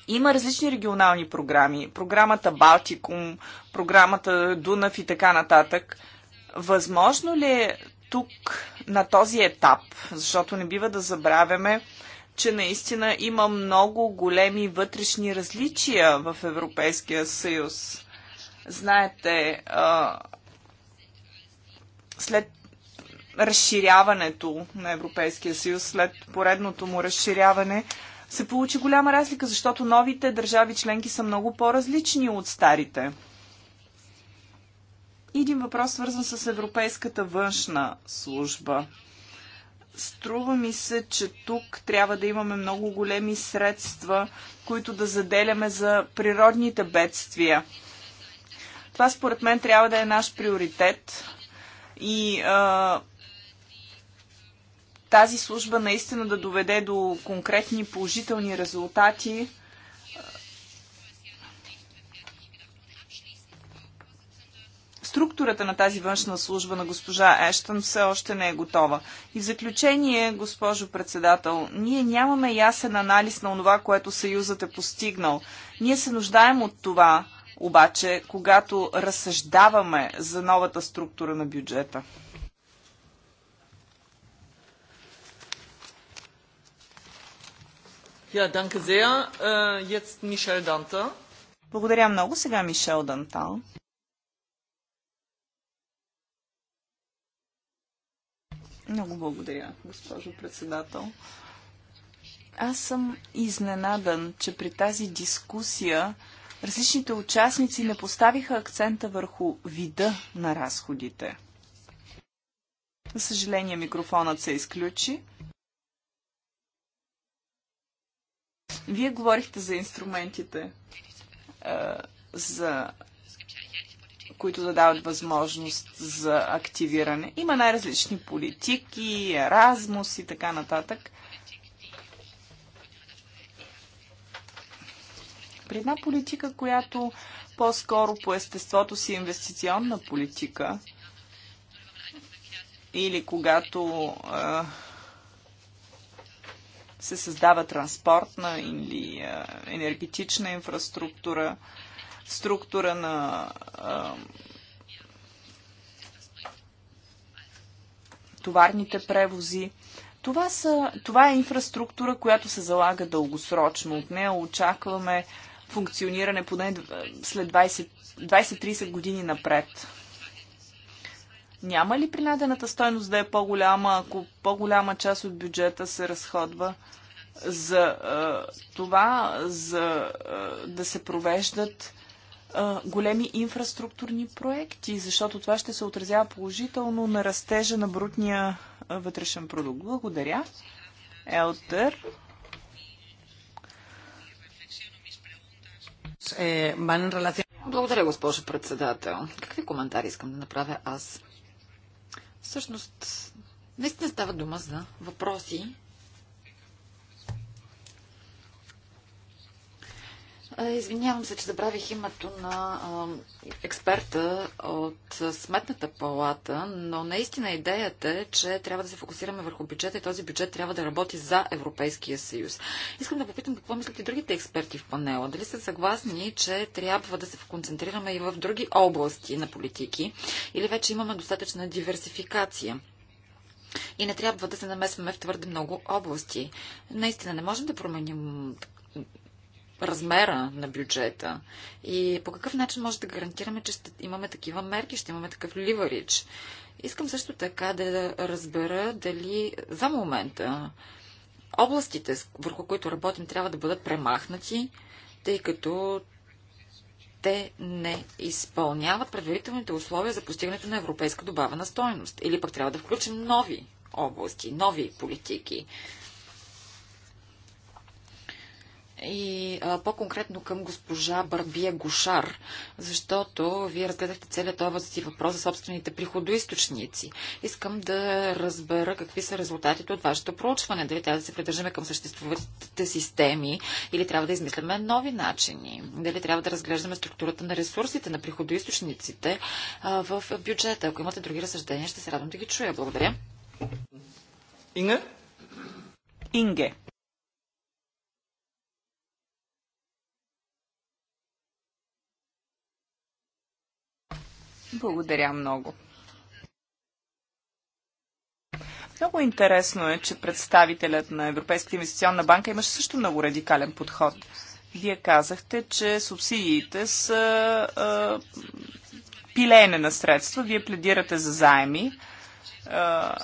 Има различни регионални програми. Програмата Балтикум, програмата Дунав и така нататък. Възможно ли е тук, на този етап, защото не бива да забравяме, че наистина има много големи вътрешни различия в Европейския съюз. Знаете, след разширяването на Европейския съюз, след поредното му разширяване, се получи голяма разлика, защото новите държави членки са много по-различни от старите един въпрос, свързан с Европейската външна служба. Струва ми се, че тук трябва да имаме много големи средства, които да заделяме за природните бедствия. Това според мен трябва да е наш приоритет и а, тази служба наистина да доведе до конкретни положителни резултати структурата на тази външна служба на госпожа Ештън все още не е готова. И в заключение, госпожо председател, ние нямаме ясен анализ на това, което Съюзът е постигнал. Ние се нуждаем от това, обаче, когато разсъждаваме за новата структура на бюджета. Ja, danke sehr. Uh, jetzt Michel Dantin. Благодаря много. Сега Мишел Дантал. Много благодаря, госпожо председател. Аз съм изненадан, че при тази дискусия различните участници не поставиха акцента върху вида на разходите. За съжаление, микрофонът се изключи. Вие говорихте за инструментите, за които да дават възможност за активиране. Има най-различни политики, Еразмус и така нататък. При една политика, която по-скоро по естеството си е инвестиционна политика, или когато се създава транспортна или енергетична инфраструктура, структура на а, товарните превози. Това, са, това е инфраструктура, която се залага дългосрочно. От нея очакваме функциониране поне след 20-30 години напред. Няма ли принадената стойност да е по-голяма, ако по-голяма част от бюджета се разходва за е, това, за е, да се провеждат големи инфраструктурни проекти, защото това ще се отразява положително на растежа на брутния вътрешен продукт. Благодаря. Елтер. Е, е Благодаря, госпожо председател. Какви коментари искам да направя аз? Всъщност, наистина става дума за въпроси, Извинявам се, че забравих името на експерта от Сметната палата, но наистина идеята е, че трябва да се фокусираме върху бюджета и този бюджет трябва да работи за Европейския съюз. Искам да попитам какво мислят и другите експерти в панела. Дали са съгласни, че трябва да се концентрираме и в други области на политики или вече имаме достатъчна диверсификация? И не трябва да се намесваме в твърде много области. Наистина не можем да променим размера на бюджета и по какъв начин може да гарантираме, че ще имаме такива мерки, ще имаме такъв ливарич. Искам също така да разбера дали за момента областите, върху които работим, трябва да бъдат премахнати, тъй като те не изпълняват предварителните условия за постигането на европейска добавена стойност. Или пък трябва да включим нови области, нови политики и по-конкретно към госпожа Барбия Гошар, защото вие разгледахте целият този си въпрос за собствените приходоисточници. Искам да разбера какви са резултатите от вашето проучване. Дали трябва да се придържаме към съществуващите системи или трябва да измисляме нови начини. Дали трябва да разглеждаме структурата на ресурсите, на приходоисточниците в бюджета. Ако имате други разсъждения, ще се радвам да ги чуя. Благодаря. Инга? Инге. Благодаря много. Много интересно е, че представителят на Европейската инвестиционна банка имаше също много радикален подход. Вие казахте, че субсидиите са а, пилеене на средства. Вие пледирате за заеми. А,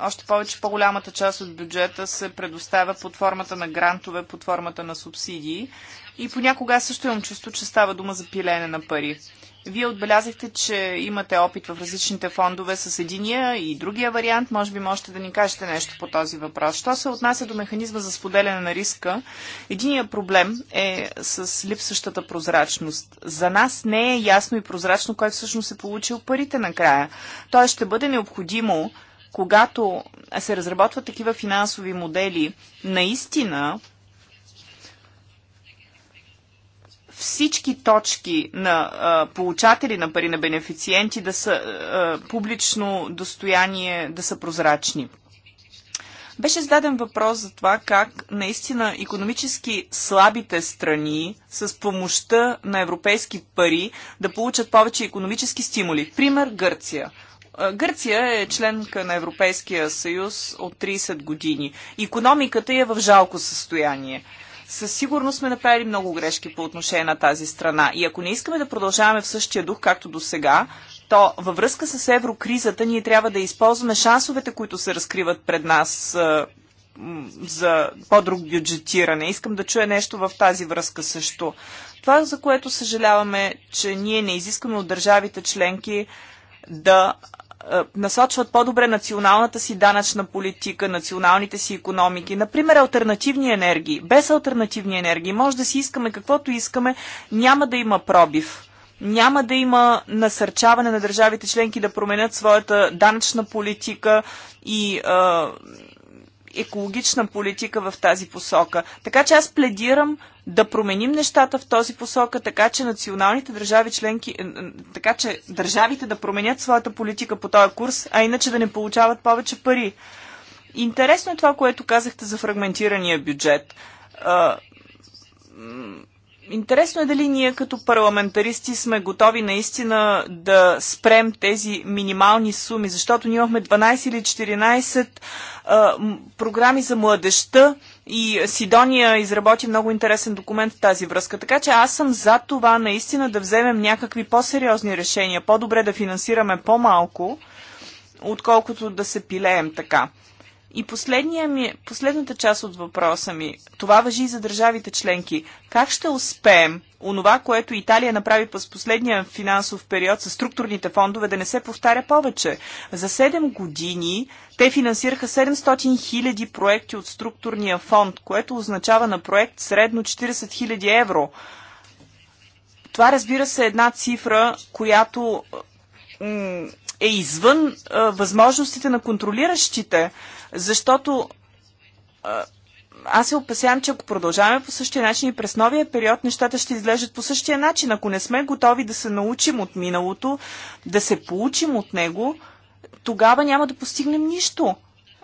още повече по-голямата част от бюджета се предоставя под формата на грантове, под формата на субсидии. И понякога също имам чувство, че става дума за пилеене на пари. Вие отбелязахте, че имате опит в различните фондове с единия и другия вариант. Може би можете да ни кажете нещо по този въпрос. Що се отнася до механизма за споделяне на риска, единия проблем е с липсващата прозрачност. За нас не е ясно и прозрачно кой всъщност е получил парите накрая. Тоест ще бъде необходимо, когато се разработват такива финансови модели, наистина всички точки на а, получатели на пари на бенефициенти да са а, публично достояние, да са прозрачни. Беше зададен въпрос за това как наистина економически слабите страни с помощта на европейски пари да получат повече економически стимули. Пример Гърция. Гърция е членка на Европейския съюз от 30 години. Економиката е в жалко състояние. Със сигурност сме направили много грешки по отношение на тази страна. И ако не искаме да продължаваме в същия дух, както до сега, то във връзка с еврокризата ние трябва да използваме шансовете, които се разкриват пред нас за по-друг бюджетиране. Искам да чуя нещо в тази връзка също. Това, за което съжаляваме, че ние не изискваме от държавите членки да е, насочват по-добре националната си данъчна политика, националните си економики. Например, альтернативни енергии. Без альтернативни енергии може да си искаме каквото искаме, няма да има пробив. Няма да има насърчаване на държавите членки да променят своята данъчна политика и е, екологична политика в тази посока. Така че аз пледирам да променим нещата в този посока, така че националните държави членки, така че държавите да променят своята политика по този курс, а иначе да не получават повече пари. Интересно е това, което казахте за фрагментирания бюджет. Интересно е дали ние като парламентаристи сме готови наистина да спрем тези минимални суми, защото ние имахме 12 или 14 а, програми за младеща и Сидония изработи много интересен документ в тази връзка. Така че аз съм за това наистина да вземем някакви по-сериозни решения. По-добре да финансираме по-малко, отколкото да се пилеем така. И ми, последната част от въпроса ми, това въжи и за държавите членки. Как ще успеем онова, което Италия направи през последния финансов период с структурните фондове, да не се повтаря повече? За 7 години те финансираха 700 хиляди проекти от структурния фонд, което означава на проект средно 40 хиляди евро. Това разбира се е една цифра, която е извън възможностите на контролиращите. Защото аз се опасявам, че ако продължаваме по същия начин и през новия период, нещата ще изглеждат по същия начин. Ако не сме готови да се научим от миналото, да се получим от него, тогава няма да постигнем нищо.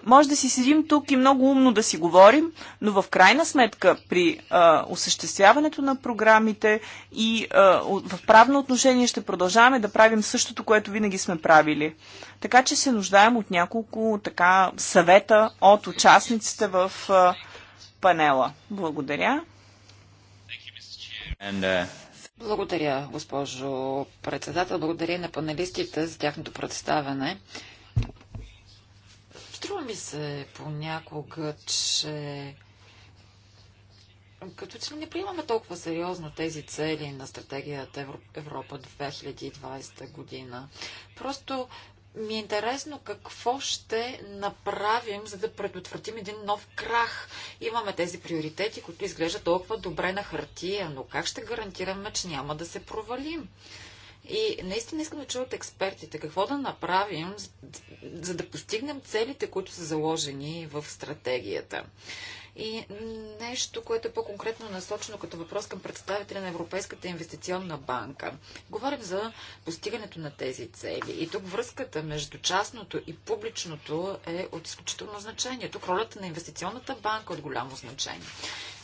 Може да си седим тук и много умно да си говорим, но в крайна сметка при а, осъществяването на програмите и а, в правно отношение ще продължаваме да правим същото, което винаги сме правили. Така че се нуждаем от няколко така съвета от участниците в а, панела. Благодаря. Uh, Благодаря, госпожо председател. Благодаря на панелистите за тяхното представяне. Струва ми се понякога, че като че не приемаме толкова сериозно тези цели на стратегията Европа 2020 година. Просто ми е интересно какво ще направим, за да предотвратим един нов крах. Имаме тези приоритети, които изглеждат толкова добре на хартия, но как ще гарантираме, че няма да се провалим? И наистина искам да чуя от експертите какво да направим, за да постигнем целите, които са заложени в стратегията. И нещо, което е по-конкретно насочено като въпрос към представителя на Европейската инвестиционна банка. Говорим за постигането на тези цели. И тук връзката между частното и публичното е от изключително значение. Тук ролята на инвестиционната банка е от голямо значение.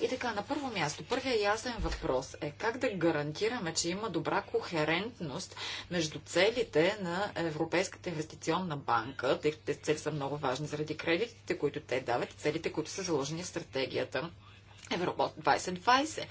И така, на първо място, първият ясен въпрос е как да гарантираме, че има добра кохерентност между целите на Европейската инвестиционна банка, тъй като тези цели са много важни заради кредитите, които те дават и целите, които са заложени в стратегията Евробот 2020.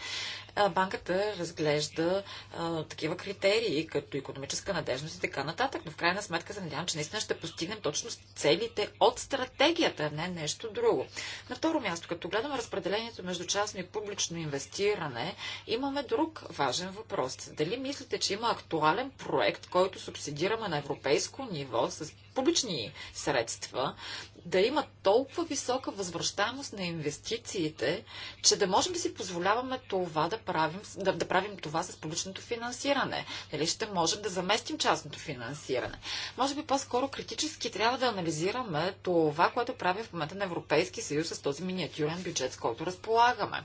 Банката разглежда а, такива критерии, като економическа надежност и така нататък, но в крайна сметка се надявам, че наистина ще постигнем точно целите от стратегията, а не нещо друго. На второ място, като гледаме разпределението между частно и публично инвестиране, имаме друг важен въпрос. Дали мислите, че има актуален проект, който субсидираме на европейско ниво с публични средства, да има толкова висока възвръщаемост на инвестициите, че да можем да си позволяваме това да правим, да, да правим това с публичното финансиране. Дали ще можем да заместим частното финансиране? Може би по-скоро критически трябва да анализираме това, което прави в момента на Европейски съюз с този миниатюрен бюджет, с който разполагаме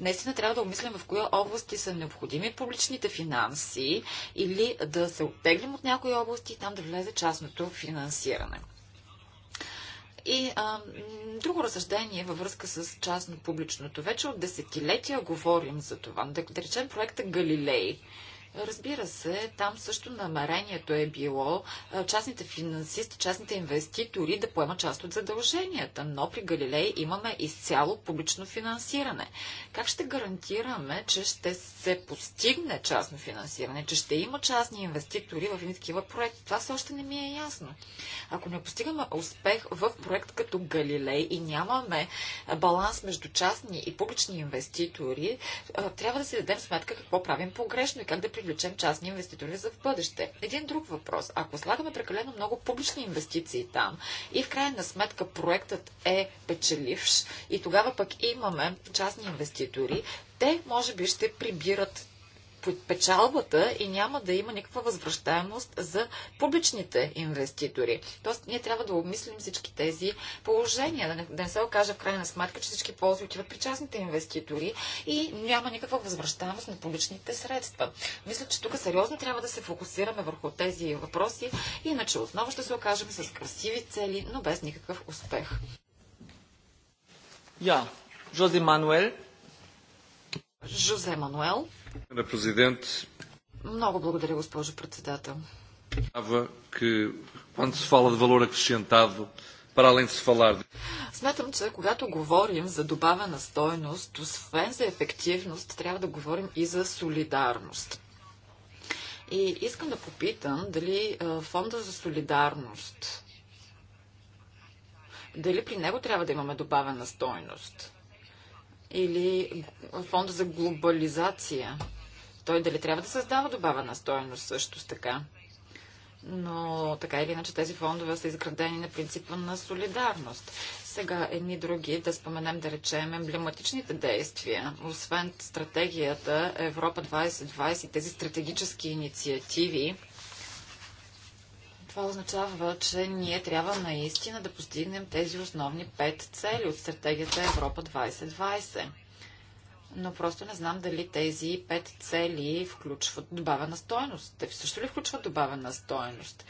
наистина трябва да обмислим в кои области са необходими публичните финанси или да се оттеглим от някои области и там да влезе частното финансиране. И а, друго разсъждение във връзка с частно-публичното. Вече от десетилетия говорим за това. Да, да речем проекта Галилей. Разбира се, там също намерението е било частните финансисти, частните инвеститори да поемат част от задълженията, но при Галилей имаме изцяло публично финансиране. Как ще гарантираме, че ще се постигне частно финансиране, че ще има частни инвеститори в едни такива проекти? Това все още не ми е ясно. Ако не постигаме успех в проект като Галилей и нямаме баланс между частни и публични инвеститори, трябва да си дадем сметка какво правим погрешно и как да привлечем частни инвеститори за в бъдеще. Един друг въпрос. Ако слагаме прекалено много публични инвестиции там и в крайна сметка проектът е печеливш и тогава пък имаме частни инвеститори, те може би ще прибират печалбата и няма да има никаква възвръщаемост за публичните инвеститори. Тоест, ние трябва да обмислим всички тези положения, да не, да не се окаже в крайна сметка, че всички ползи отиват при частните инвеститори и няма никаква възвръщаемост на публичните средства. Мисля, че тук сериозно трябва да се фокусираме върху тези въпроси, иначе отново ще се окажем с красиви цели, но без никакъв успех. Ja, José Manuel. Жозе Мануел. На президент. Много благодаря, госпожо председател. Смятам, че когато говорим за добавена стойност, освен за ефективност, трябва да говорим и за солидарност. И искам да попитам дали фонда за солидарност, дали при него трябва да имаме добавена стойност или фонда за глобализация. Той дали трябва да създава добавена стоеност също така. Но така или иначе тези фондове са изградени на принципа на солидарност. Сега едни други, да споменем, да речем, емблематичните действия, освен стратегията Европа 2020, тези стратегически инициативи, това означава, че ние трябва наистина да постигнем тези основни пет цели от стратегията Европа 2020. Но просто не знам дали тези пет цели включват добавена стойност. Те също ли включват добавена стойност?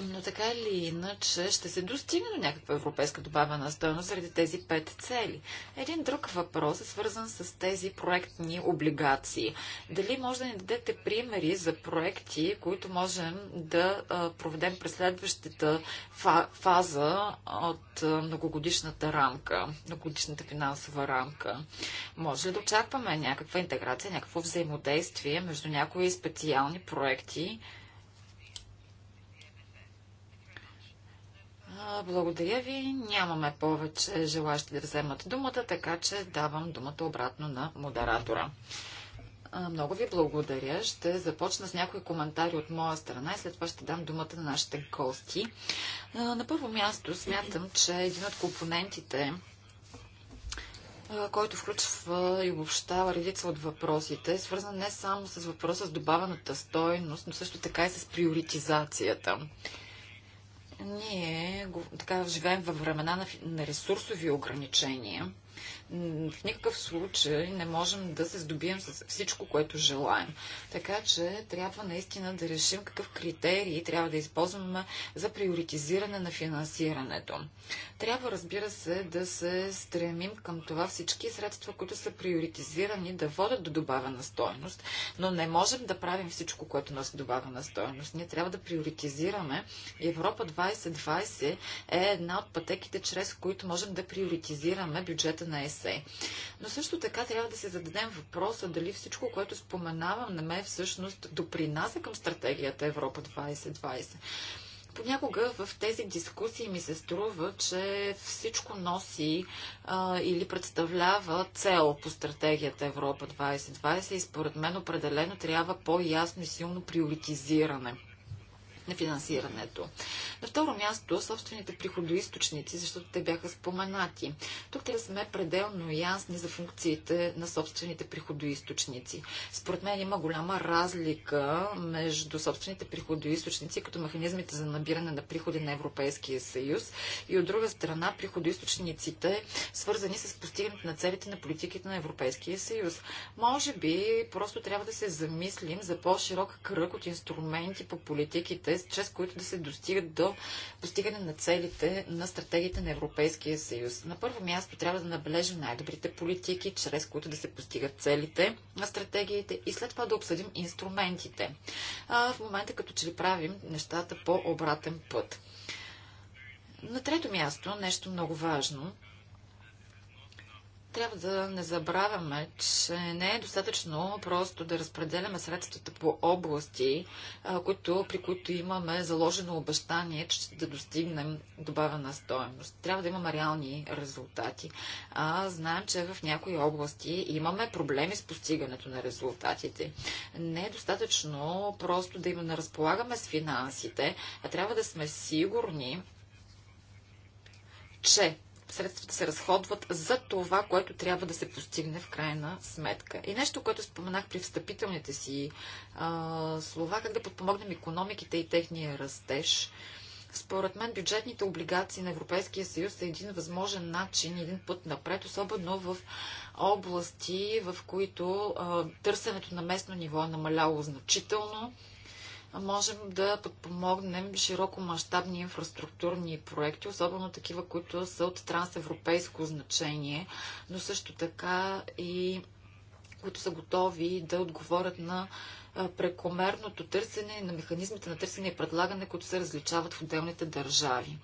Но така или иначе ще се достигне до някаква европейска добавена стоеност заради тези пет цели. Един друг въпрос е свързан с тези проектни облигации. Дали може да ни дадете примери за проекти, които можем да проведем през следващата фаза от многогодишната рамка, многогодишната финансова рамка? Може ли да очакваме някаква интеграция, някакво взаимодействие между някои специални проекти, Благодаря ви. Нямаме повече желащи да вземат думата, така че давам думата обратно на модератора. Много ви благодаря. Ще започна с някои коментари от моя страна и след това ще дам думата на нашите гости. На първо място смятам, че един от компонентите който включва и обобщава редица от въпросите, е свързан не само с въпроса с добавената стойност, но също така и с приоритизацията. Ние така живеем във времена на, на ресурсови ограничения в никакъв случай не можем да се здобием с всичко, което желаем. Така че трябва наистина да решим какъв критерий трябва да използваме за приоритизиране на финансирането. Трябва, разбира се, да се стремим към това всички средства, които са приоритизирани, да водят до добавена стойност, но не можем да правим всичко, което носи добавена стойност. Ние трябва да приоритизираме. Европа 2020 е една от пътеките, чрез които можем да приоритизираме бюджета на ЕС се. Но също така трябва да се зададем въпроса дали всичко, което споменавам на мен всъщност допринася към стратегията Европа 2020. Понякога в тези дискусии ми се струва, че всичко носи а, или представлява цел по стратегията Европа 2020 и според мен определено трябва по-ясно и силно приоритизиране на финансирането. На второ място, собствените приходоисточници, защото те бяха споменати. Тук трябва да сме пределно ясни за функциите на собствените приходоисточници. Според мен има голяма разлика между собствените приходоисточници като механизмите за набиране на приходи на Европейския съюз и от друга страна приходоисточниците, свързани с постигането на целите на политиките на Европейския съюз. Може би просто трябва да се замислим за по-широк кръг от инструменти по политиките, мерките, чрез които да се достигат до постигане на целите на стратегията на Европейския съюз. На първо място трябва да набележим най-добрите политики, чрез които да се постигат целите на стратегиите и след това да обсъдим инструментите. А, в момента като че ли правим нещата по обратен път. На трето място, нещо много важно – трябва да не забравяме, че не е достатъчно просто да разпределяме средствата по области, които, при които имаме заложено обещание, че ще да достигнем добавена стоеност. Трябва да имаме реални резултати. А, знаем, че в някои области имаме проблеми с постигането на резултатите. Не е достатъчно просто да им разполагаме с финансите, а трябва да сме сигурни, че средствата се разходват за това, което трябва да се постигне в крайна сметка. И нещо, което споменах при встъпителните си а, слова, как да подпомогнем економиките и техния растеж. Според мен бюджетните облигации на Европейския съюз са един възможен начин, един път напред, особено в области, в които а, търсенето на местно ниво е намаляло значително можем да подпомогнем широко мащабни инфраструктурни проекти, особено такива, които са от трансевропейско значение, но също така и които са готови да отговорят на прекомерното търсене, на механизмите на търсене и предлагане, които се различават в отделните държави.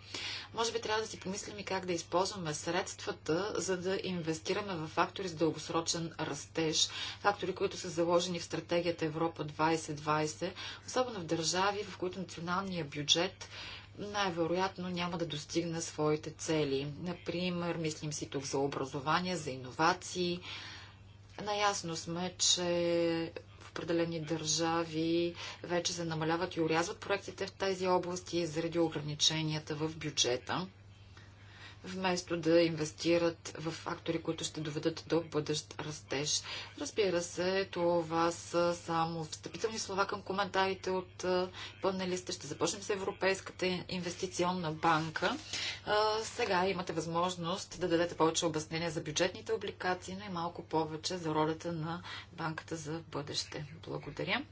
Може би трябва да си помислим и как да използваме средствата, за да инвестираме в фактори с дългосрочен растеж, фактори, които са заложени в стратегията Европа 2020, особено в държави, в които националният бюджет най-вероятно няма да достигне своите цели. Например, мислим си тук за образование, за иновации, Наясно сме, че в определени държави вече се намаляват и урязват проектите в тези области заради ограниченията в бюджета вместо да инвестират в фактори, които ще доведат до бъдещ растеж. Разбира се, това са само встъпителни слова към коментарите от панелиста. Ще започнем с Европейската инвестиционна банка. Сега имате възможност да дадете повече обяснения за бюджетните обликации, но и малко повече за ролята на банката за бъдеще. Благодаря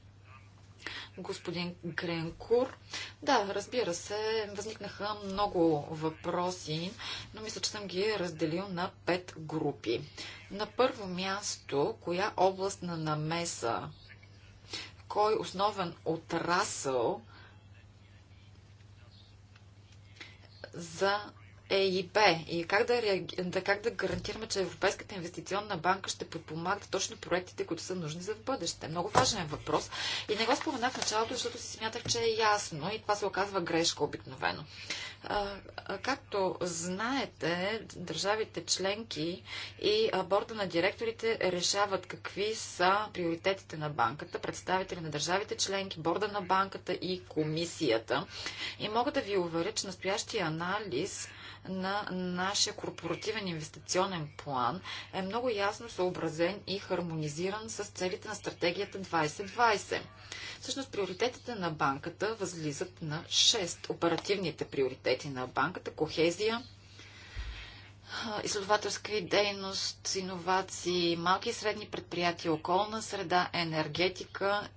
господин Гренкур. Да, разбира се, възникнаха много въпроси, но мисля, че съм ги разделил на пет групи. На първо място, коя област на намеса, кой основен отрасъл за ЕИП и как да, реаги... да, как да гарантираме, че Европейската инвестиционна банка ще подпомага точно проектите, които са нужни за в бъдеще. Много важен е въпрос и не го споменах в началото, защото си смятах, че е ясно и това се оказва грешка обикновено. както знаете, държавите членки и борда на директорите решават какви са приоритетите на банката, представители на държавите членки, борда на банката и комисията. И мога да ви уверя, че настоящия анализ на нашия корпоративен инвестиционен план е много ясно съобразен и хармонизиран с целите на стратегията 2020. Всъщност приоритетите на банката възлизат на 6 оперативните приоритети на банката – кохезия, изследователска дейност, иновации, малки и средни предприятия, околна среда, енергетика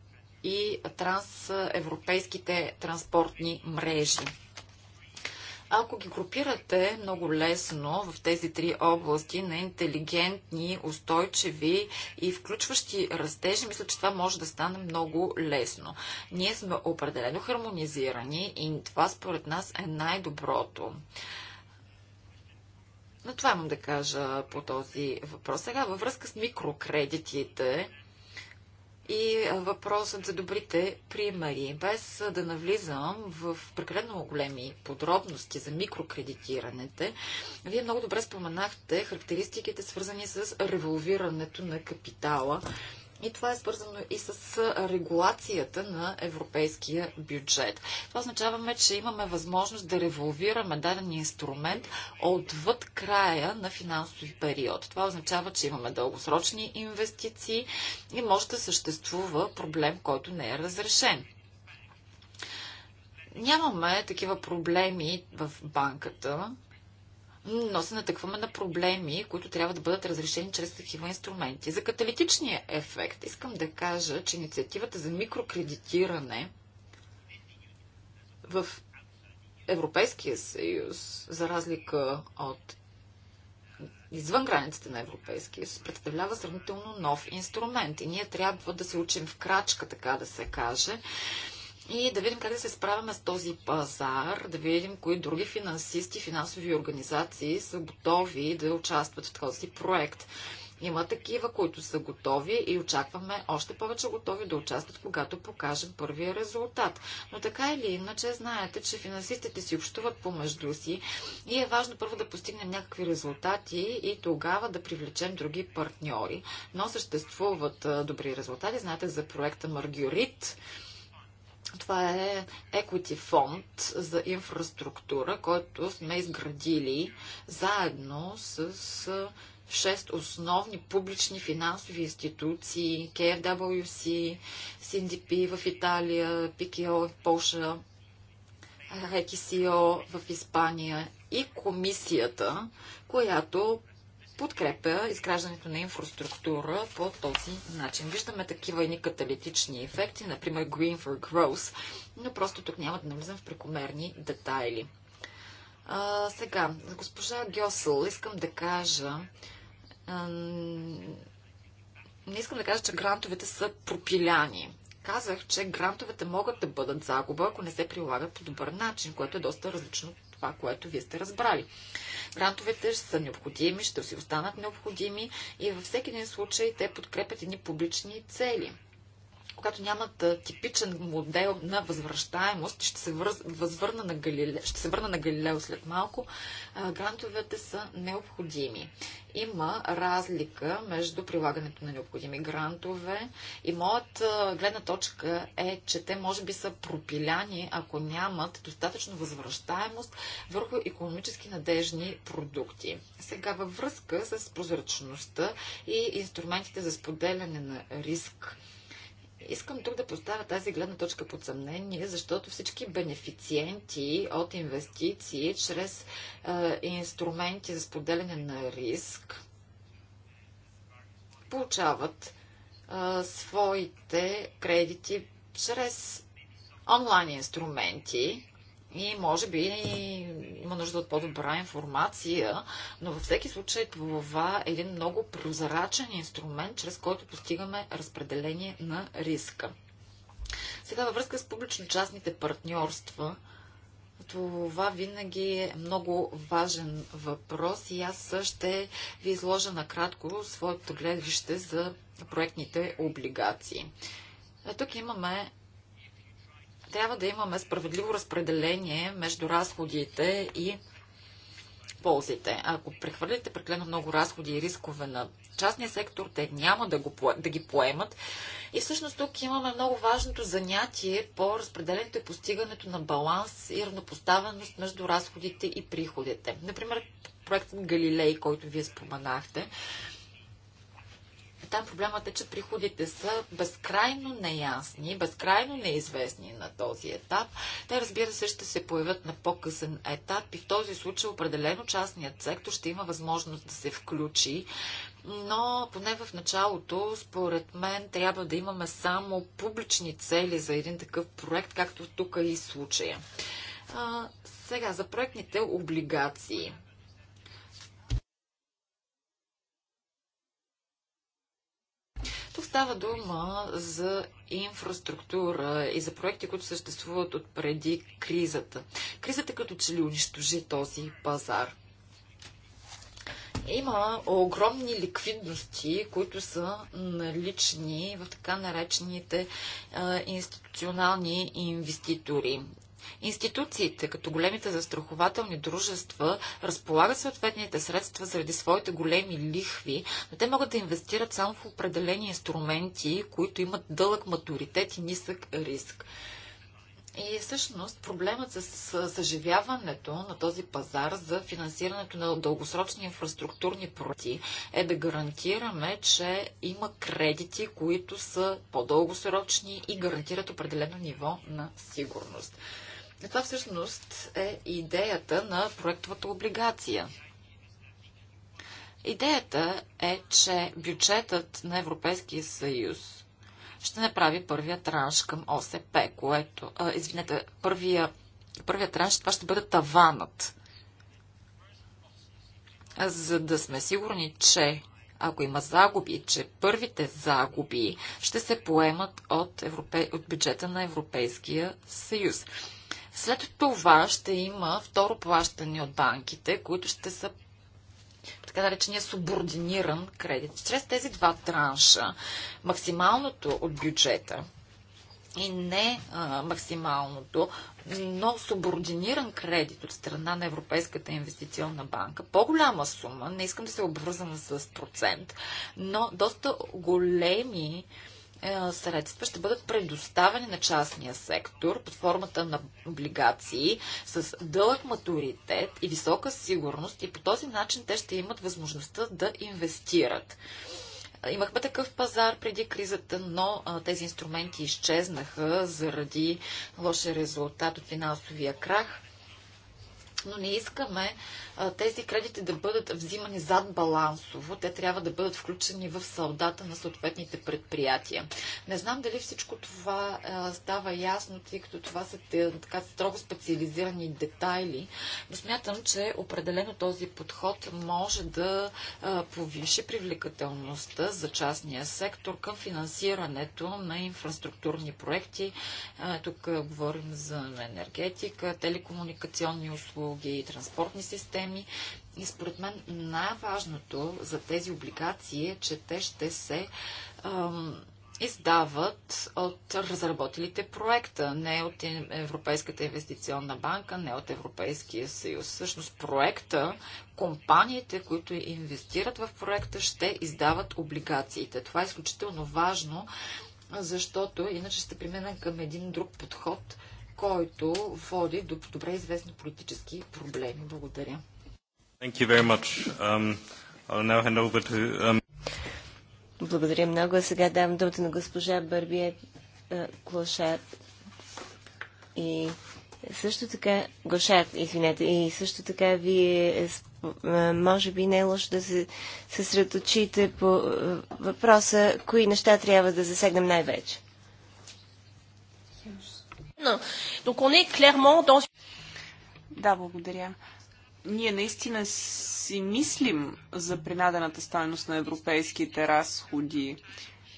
и трансевропейските транспортни мрежи. Ако ги групирате много лесно в тези три области на интелигентни, устойчиви и включващи растежи, мисля, че това може да стане много лесно. Ние сме определено хармонизирани и това според нас е най-доброто. Но това имам да кажа по този въпрос. Сега във връзка с микрокредитите, и е, въпросът за добрите примери. Без да навлизам в прекалено големи подробности за микрокредитирането, вие много добре споменахте характеристиките, свързани с револвирането на капитала и това е свързано и с регулацията на европейския бюджет. Това означаваме, че имаме възможност да револвираме даден инструмент отвъд края на финансови период. Това означава, че имаме дългосрочни инвестиции и може да съществува проблем, който не е разрешен нямаме такива проблеми в банката, но такваме натъкваме на проблеми, които трябва да бъдат разрешени чрез такива инструменти. За каталитичния ефект искам да кажа, че инициативата за микрокредитиране в Европейския съюз, за разлика от извън границите на Европейския съюз, представлява сравнително нов инструмент. И ние трябва да се учим в крачка, така да се каже, и да видим как да се справяме с този пазар, да видим кои други финансисти, финансови организации са готови да участват в този проект. Има такива, които са готови и очакваме още повече готови да участват, когато покажем първия резултат. Но така или иначе, знаете, че финансистите си общуват помежду си и е важно първо да постигнем някакви резултати и тогава да привлечем други партньори. Но съществуват добри резултати. Знаете за проекта Маргюрит, това е Equity фонд за инфраструктура, който сме изградили заедно с шест основни публични финансови институции, KFWC, CDP в Италия, PKO в Польша, РКСИО в Испания и комисията, която подкрепя изграждането на инфраструктура по този начин. Виждаме такива едни каталитични ефекти, например Green for Growth, но просто тук няма да навлизам в прекомерни детайли. А, сега, госпожа Гьосъл, искам да кажа, а, не искам да кажа, че грантовете са пропиляни. Казах, че грантовете могат да бъдат загуба, ако не се прилагат по добър начин, което е доста различно това, което вие сте разбрали. Грантовете ще са необходими, ще си останат необходими и във всеки един случай те подкрепят едни публични цели когато нямат типичен модел на възвръщаемост, ще се, връз, възвърна на Галиле, ще се върна на Галилео след малко, грантовете са необходими. Има разлика между прилагането на необходими грантове и моят гледна точка е, че те може би са пропиляни, ако нямат достатъчно възвръщаемост върху економически надежни продукти. Сега във връзка с прозрачността и инструментите за споделяне на риск Искам тук да поставя тази гледна точка под съмнение, защото всички бенефициенти от инвестиции чрез е, инструменти за споделяне на риск получават е, своите кредити чрез онлайн инструменти, и може би има нужда от по-добра информация, но във всеки случай това е един много прозрачен инструмент, чрез който постигаме разпределение на риска. Сега във връзка с публично-частните партньорства, това винаги е много важен въпрос и аз ще ви изложа накратко своето гледаще за проектните облигации. Тук имаме трябва да имаме справедливо разпределение между разходите и ползите. Ако прехвърлите преклено много разходи и рискове на частния сектор, те няма да, го, да ги поемат. И всъщност тук имаме много важното занятие по разпределението и постигането на баланс и равнопоставеност между разходите и приходите. Например, проектът Галилей, който вие споменахте, да, проблемът е, че приходите са безкрайно неясни, безкрайно неизвестни на този етап. Те, разбира се, ще се появят на по-късен етап и в този случай определено частният сектор ще има възможност да се включи но поне в началото, според мен, трябва да имаме само публични цели за един такъв проект, както тук е и случая. А, сега, за проектните облигации. Тук става дума за инфраструктура и за проекти, които съществуват от преди кризата. Кризата като че ли унищожи този пазар. Има огромни ликвидности, които са налични в така наречените институционални инвеститори. Институциите, като големите застрахователни дружества, разполагат съответните средства заради своите големи лихви, но те могат да инвестират само в определени инструменти, които имат дълъг матуритет и нисък риск. И всъщност проблемът с съживяването на този пазар за финансирането на дългосрочни инфраструктурни проекти е да гарантираме, че има кредити, които са по-дългосрочни и гарантират определено ниво на сигурност. Е, това всъщност е идеята на проектовата облигация. Идеята е, че бюджетът на Европейския съюз ще направи първия транш към ОСП, което... А, извинете, първия, първия транш, това ще бъде таванът. За да сме сигурни, че ако има загуби, че първите загуби ще се поемат от, европе... от бюджета на Европейския съюз. След това ще има второ плащане от банките, които ще са така наречения субординиран кредит. Чрез тези два транша, максималното от бюджета и не а, максималното, но субординиран кредит от страна на Европейската инвестиционна банка, по-голяма сума, не искам да се обвързана с процент, но доста големи а, е, средства ще бъдат предоставени на частния сектор под формата на облигации с дълъг матуритет и висока сигурност и по този начин те ще имат възможността да инвестират. Имахме такъв пазар преди кризата, но а, тези инструменти изчезнаха заради лошия резултат от финансовия крах. Но не искаме тези кредити да бъдат взимани зад балансово. Те трябва да бъдат включени в салдата на съответните предприятия. Не знам дали всичко това става ясно, тъй като това са така строго специализирани детайли, но смятам, че определено този подход може да повиши привлекателността за частния сектор към финансирането на инфраструктурни проекти. Тук говорим за енергетика, телекомуникационни услуги, транспортни системи теми. И според мен най-важното за тези облигации е, че те ще се ам, издават от разработилите проекта, не от Европейската инвестиционна банка, не от Европейския съюз. Всъщност проекта, компаниите, които инвестират в проекта, ще издават облигациите. Това е изключително важно, защото иначе ще преминем към един друг подход, който води до добре известни политически проблеми. Благодаря. Um, to, um... Благодаря много. А сега давам думата на госпожа Бърбие Клошат и също така, Гошат, извинете, и също така вие може би не е лошо да се съсредоточите по въпроса, кои неща трябва да засегнем най-вече. Е да, благодаря ние наистина си мислим за принадената стойност на европейските разходи.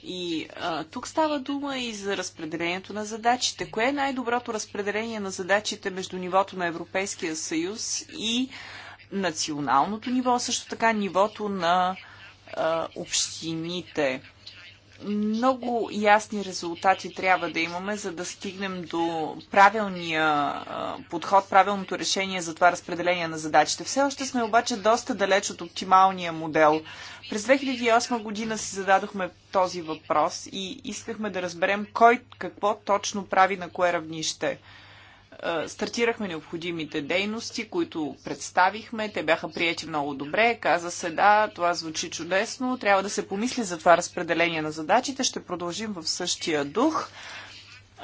И а, тук става дума и за разпределението на задачите. Кое е най-доброто разпределение на задачите между нивото на Европейския съюз и националното ниво, също така нивото на а, общините? много ясни резултати трябва да имаме, за да стигнем до правилния подход, правилното решение за това разпределение на задачите. Все още сме обаче доста далеч от оптималния модел. През 2008 година си зададохме този въпрос и искахме да разберем кой какво точно прави на кое равнище. Е, стартирахме необходимите дейности, които представихме. Те бяха прияти много добре. Каза се, да, това звучи чудесно. Трябва да се помисли за това разпределение на задачите. Ще продължим в същия дух.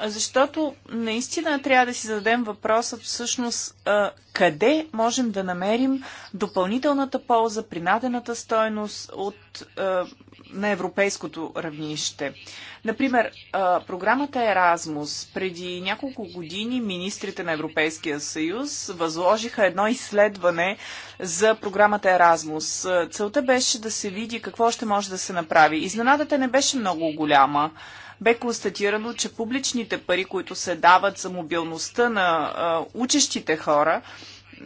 Защото наистина трябва да си зададем въпроса всъщност е, къде можем да намерим допълнителната полза, принадената стойност от е, на европейското равнище. Например, програмата Еразмус. Преди няколко години министрите на Европейския съюз възложиха едно изследване за програмата Еразмус. Целта беше да се види какво ще може да се направи. Изненадата не беше много голяма бе констатирано, че публичните пари, които се дават за мобилността на а, учещите хора,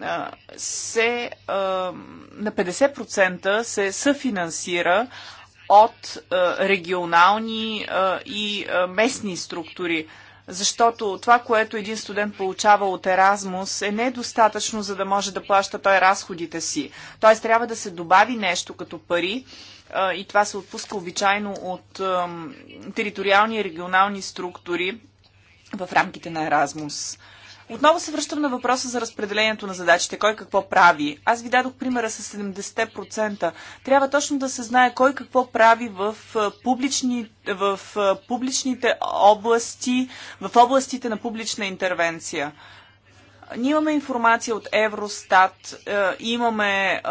а, се, а, на 50% се съфинансира от е, регионални е, и е, местни структури. Защото това, което един студент получава от Еразмус, е недостатъчно, за да може да плаща той разходите си. Т.е. трябва да се добави нещо като пари и това се отпуска обичайно от териториални и регионални структури в рамките на Еразмус. Отново се връщам на въпроса за разпределението на задачите, кой какво прави. Аз ви дадох примера с 70%. Трябва точно да се знае кой какво прави в, публични, в публичните области, в областите на публична интервенция. Ние имаме информация от Евростат, имаме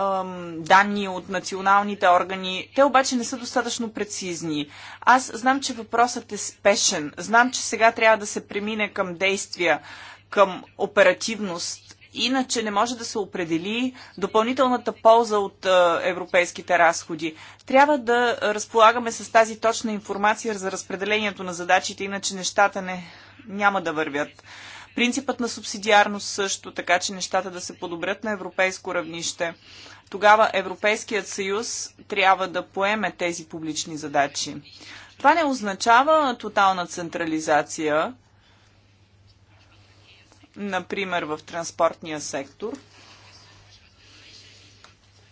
данни от националните органи, те обаче не са достатъчно прецизни. Аз знам, че въпросът е спешен, знам, че сега трябва да се премине към действия към оперативност. Иначе не може да се определи допълнителната полза от европейските разходи. Трябва да разполагаме с тази точна информация за разпределението на задачите, иначе нещата не, няма да вървят. Принципът на субсидиарност също, така че нещата да се подобрят на европейско равнище. Тогава Европейският съюз трябва да поеме тези публични задачи. Това не означава тотална централизация, например в транспортния сектор,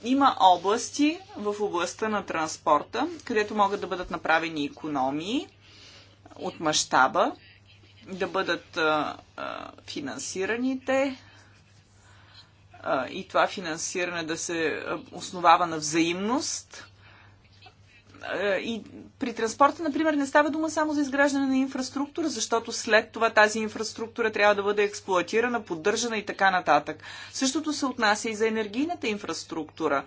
има области в областта на транспорта, където могат да бъдат направени економии от мащаба, да бъдат а, а, финансирани те а, и това финансиране да се основава на взаимност е, и при транспорта, например, не става дума само за изграждане на инфраструктура, защото след това тази инфраструктура трябва да бъде експлуатирана, поддържана и така нататък. Същото се отнася и за енергийната инфраструктура.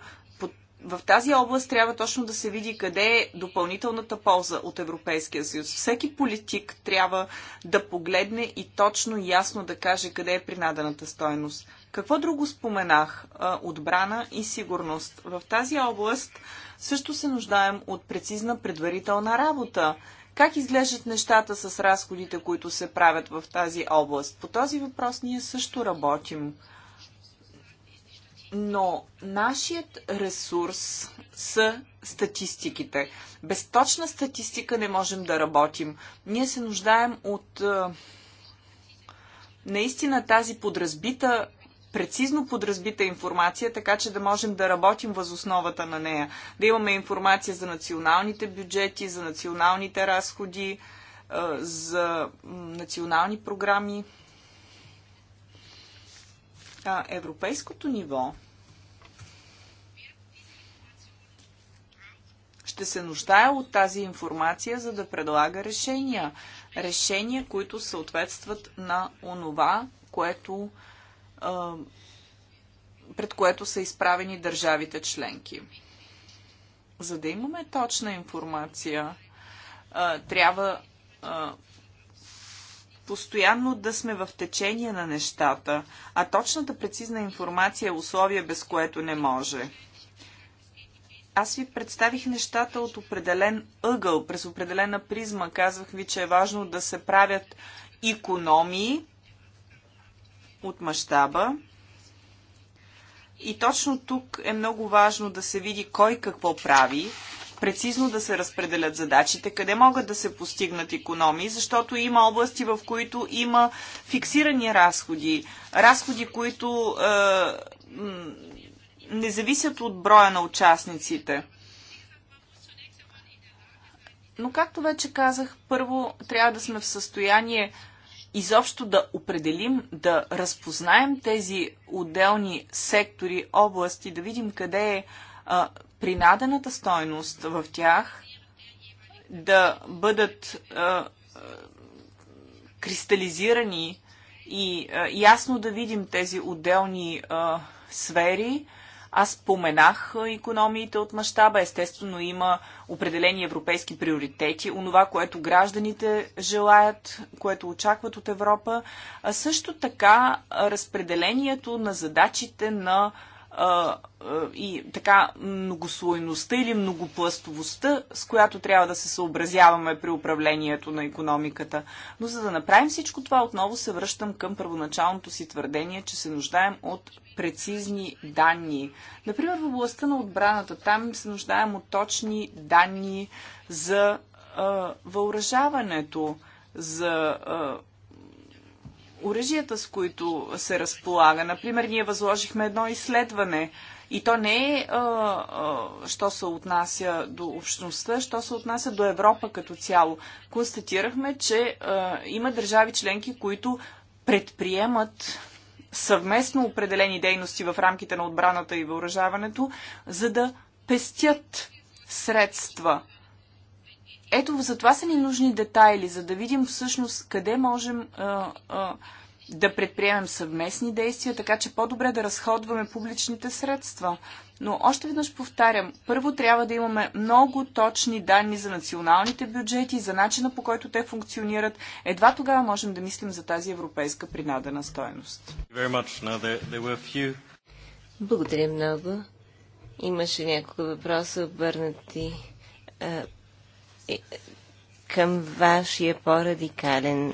В тази област трябва точно да се види къде е допълнителната полза от Европейския съюз. Всеки политик трябва да погледне и точно ясно да каже къде е принадената стоеност. Какво друго споменах? Отбрана и сигурност. В тази област също се нуждаем от прецизна предварителна работа. Как изглеждат нещата с разходите, които се правят в тази област? По този въпрос ние също работим. Но нашият ресурс са статистиките. Без точна статистика не можем да работим. Ние се нуждаем от наистина тази подразбита прецизно подразбита информация, така че да можем да работим въз основата на нея. Да имаме информация за националните бюджети, за националните разходи, е, за национални програми. А, европейското ниво ще се нуждае от тази информация, за да предлага решения. Решения, които съответстват на онова, което пред което са изправени държавите членки. За да имаме точна информация, трябва постоянно да сме в течение на нещата, а точната прецизна информация е условие, без което не може. Аз ви представих нещата от определен ъгъл, през определена призма. Казвах ви, че е важно да се правят икономии, от мащаба. И точно тук е много важно да се види кой какво прави, прецизно да се разпределят задачите, къде могат да се постигнат економии, защото има области, в които има фиксирани разходи, разходи, които е, не зависят от броя на участниците. Но както вече казах, първо трябва да сме в състояние изобщо да определим, да разпознаем тези отделни сектори, области, да видим къде е а, принадената стойност в тях, да бъдат а, а, кристализирани и а, ясно да видим тези отделни а, сфери, аз споменах економиите от мащаба. Естествено има определени европейски приоритети. Онова, което гражданите желаят, което очакват от Европа. А също така разпределението на задачите на и така многослойността или многопластовостта, с която трябва да се съобразяваме при управлението на економиката. Но за да направим всичко това, отново се връщам към първоначалното си твърдение, че се нуждаем от прецизни данни. Например, в областта на отбраната, там се нуждаем от точни данни за а, въоръжаването, за а, оръжията, с които се разполага. Например, ние възложихме едно изследване и то не е, а, а, що се отнася до общността, що се отнася до Европа като цяло. Констатирахме, че а, има държави членки, които предприемат съвместно определени дейности в рамките на отбраната и въоръжаването, за да пестят средства ето, за това са ни нужни детайли, за да видим всъщност къде можем а, а, да предприемем съвместни действия, така че по-добре да разходваме публичните средства. Но още веднъж повтарям, първо трябва да имаме много точни данни за националните бюджети, за начина по който те функционират. Едва тогава можем да мислим за тази европейска принадена стоеност. Благодаря много. Имаше няколко въпроса обърнати е, към вашия по-радикален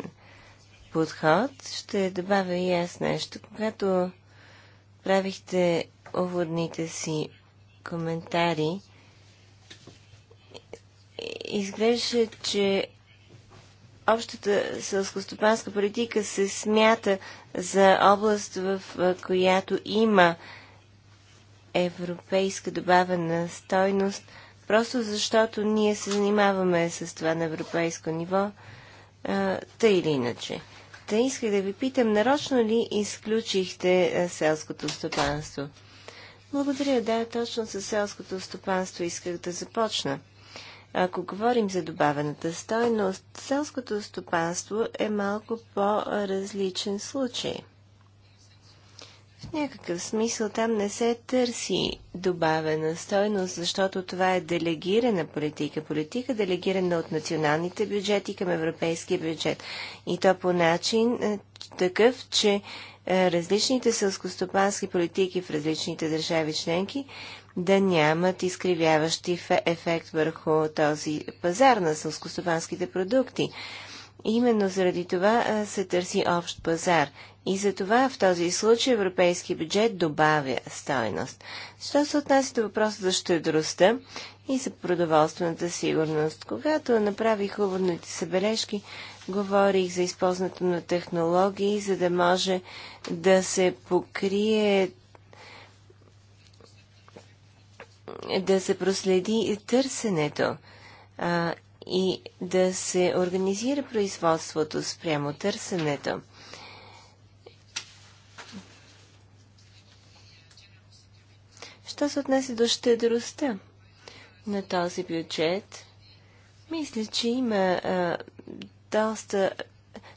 подход. Ще добавя и аз нещо. Когато правихте уводните си коментари, изглеждаше, че общата селскостопанска политика се смята за област, в която има европейска добавена стойност – Просто защото ние се занимаваме с това на европейско ниво, та или иначе. Та исках да ви питам, нарочно ли изключихте селското стопанство? Благодаря, да, точно с селското стопанство исках да започна. Ако говорим за добавената стойност, селското стопанство е малко по-различен случай. В някакъв смисъл там не се търси добавена стойност, защото това е делегирана политика. Политика делегирана от националните бюджети към европейския бюджет. И то по начин е, такъв, че е, различните сълскостопански политики в различните държави членки да нямат изкривяващи ефект върху този пазар на сълскостопанските продукти. Именно заради това е, се търси общ пазар. И за това в този случай европейски бюджет добавя стойност. Що се отнася до въпроса за щедростта и за продоволствената сигурност? Когато направих уводните събележки, говорих за използването на технологии, за да може да се покрие да се проследи търсенето а, и да се организира производството спрямо търсенето. Що се отнесе до щедростта на този бюджет, мисля, че има а, доста.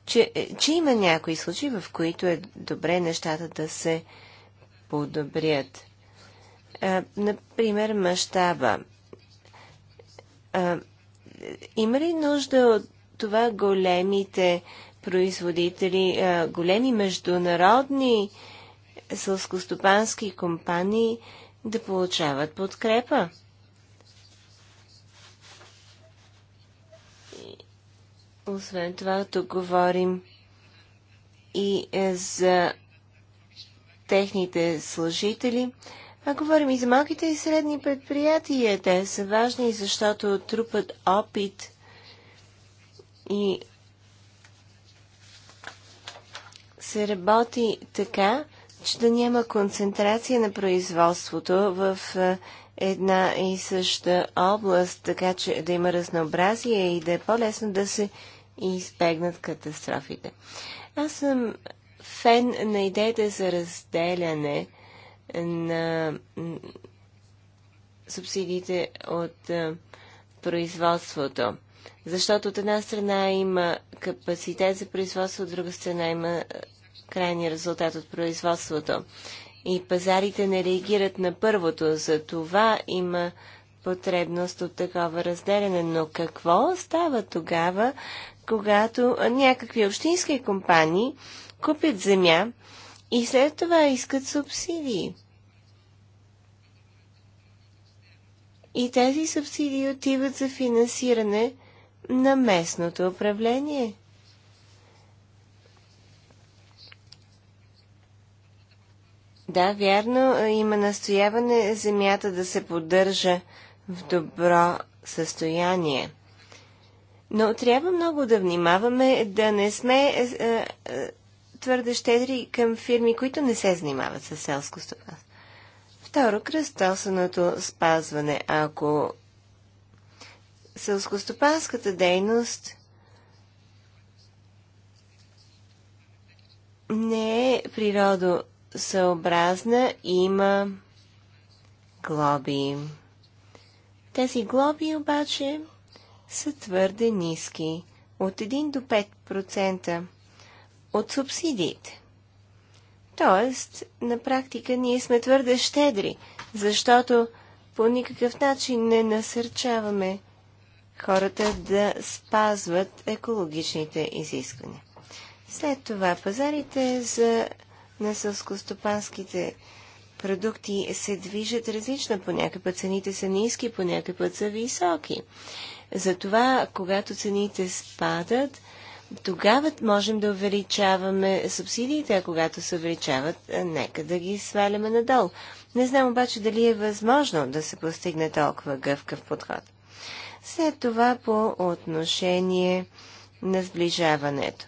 Че, е, че има някои случаи, в които е добре нещата да се подобрят. А, например, мащаба. Има ли нужда от това големите производители, а, големи международни сълскостопански компании да получават подкрепа. Освен това, тук говорим и е, за техните служители, а говорим и за малките и средни предприятия. Те са важни, защото трупат опит и се работи така, че да няма концентрация на производството в е, една и съща област, така че да има разнообразие и да е по-лесно да се избегнат катастрофите. Аз съм фен на идеята за разделяне на субсидиите от е, производството. Защото от една страна има капацитет за производство, от друга страна има е, крайния резултат от производството. И пазарите не реагират на първото, за това има потребност от такова разделяне. Но какво става тогава, когато някакви общински компании купят земя и след това искат субсидии? И тези субсидии отиват за финансиране на местното управление. Да, вярно, има настояване земята да се поддържа в добро състояние. Но трябва много да внимаваме да не сме е, е, твърде щедри към фирми, които не се занимават с селско стопанство. Второ, кръстосаното спазване. Ако селскостопанската дейност не е природо съобразна има глоби. Тези глоби обаче са твърде ниски, от 1 до 5% от субсидиите. Тоест, на практика ние сме твърде щедри, защото по никакъв начин не насърчаваме хората да спазват екологичните изисквания. След това пазарите за на сълскостопанските продукти се движат различно. По път цените са ниски, по път са високи. Затова, когато цените спадат, тогава можем да увеличаваме субсидиите, а когато се увеличават, е, нека да ги сваляме надолу. Не знам обаче дали е възможно да се постигне толкова гъвкав подход. След това по отношение на сближаването.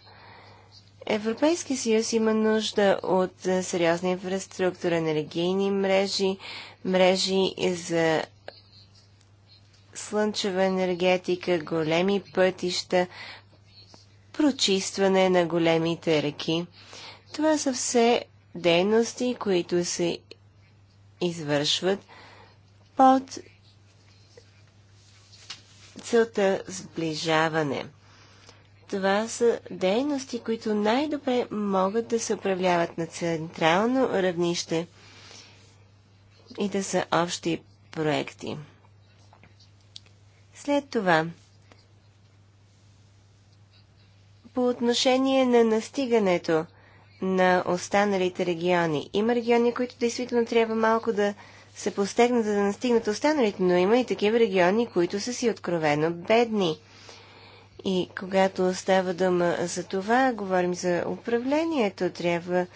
Европейски съюз има нужда от сериозна инфраструктура, енергийни мрежи, мрежи за слънчева енергетика, големи пътища, прочистване на големите реки. Това са все дейности, които се извършват под целта сближаване. Това са дейности, които най-добре могат да се управляват на централно равнище и да са общи проекти. След това, по отношение на настигането на останалите региони, има региони, които действително трябва малко да се постегнат, за да настигнат останалите, но има и такива региони, които са си откровено бедни – и когато става дума за това, говорим за управлението, трябва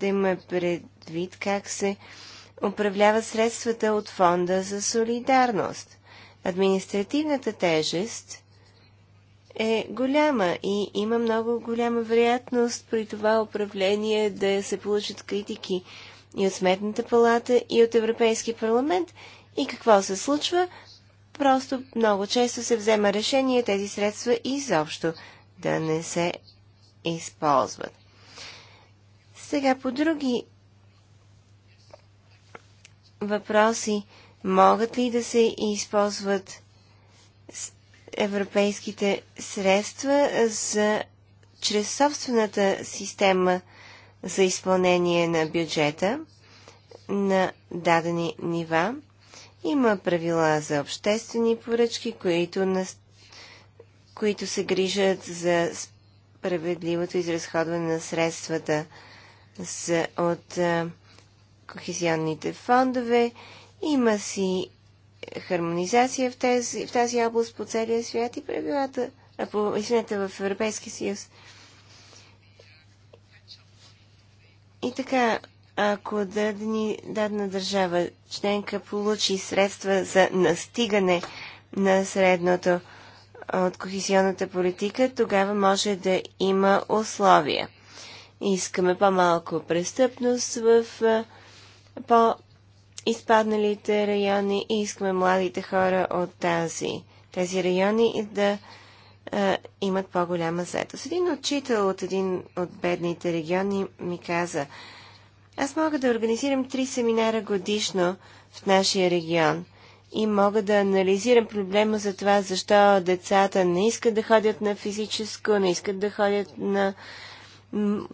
да има предвид как се управляват средствата от фонда за солидарност. Административната тежест е голяма и има много голяма вероятност при това управление да се получат критики и от Сметната палата, и от Европейски парламент. И какво се случва? просто много често се взема решение тези средства изобщо да не се използват. Сега по други въпроси. Могат ли да се използват европейските средства за, чрез собствената система за изпълнение на бюджета на дадени нива? Има правила за обществени поръчки, които, на... които се грижат за справедливото изразходване на средствата с... от а, кохезионните фондове. Има си хармонизация в тази, в тази област по целия свят и правилата, а по, извинете, в Европейския съюз. И така, ако дадени, дадена държава членка получи средства за настигане на средното от кохесионната политика, тогава може да има условия. Искаме по-малко престъпност в по-изпадналите райони и искаме младите хора от тази, тези райони да а, имат по-голяма заедост. Един учител от един от бедните региони ми каза, аз мога да организирам три семинара годишно в нашия регион и мога да анализирам проблема за това, защо децата не искат да ходят на физическо, не искат да ходят на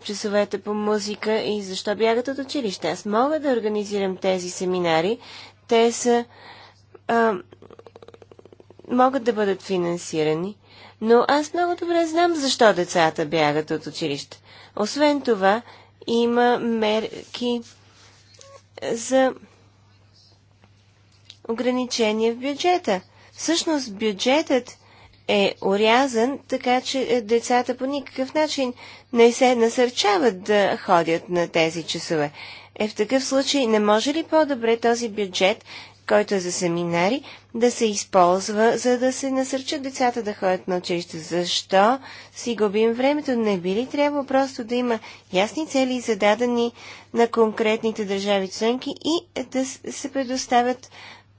часовете по музика и защо бягат от училище. Аз мога да организирам тези семинари. Те са... А, могат да бъдат финансирани. Но аз много добре знам защо децата бягат от училище. Освен това, има мерки за ограничения в бюджета. Всъщност бюджетът е урязан, така че децата по никакъв начин не се насърчават да ходят на тези часове. Е в такъв случай не може ли по-добре този бюджет който е за семинари, да се използва, за да се насърчат децата да ходят на училище. Защо си губим времето? Не би ли трябва просто да има ясни цели, зададени на конкретните държави членки и да се предоставят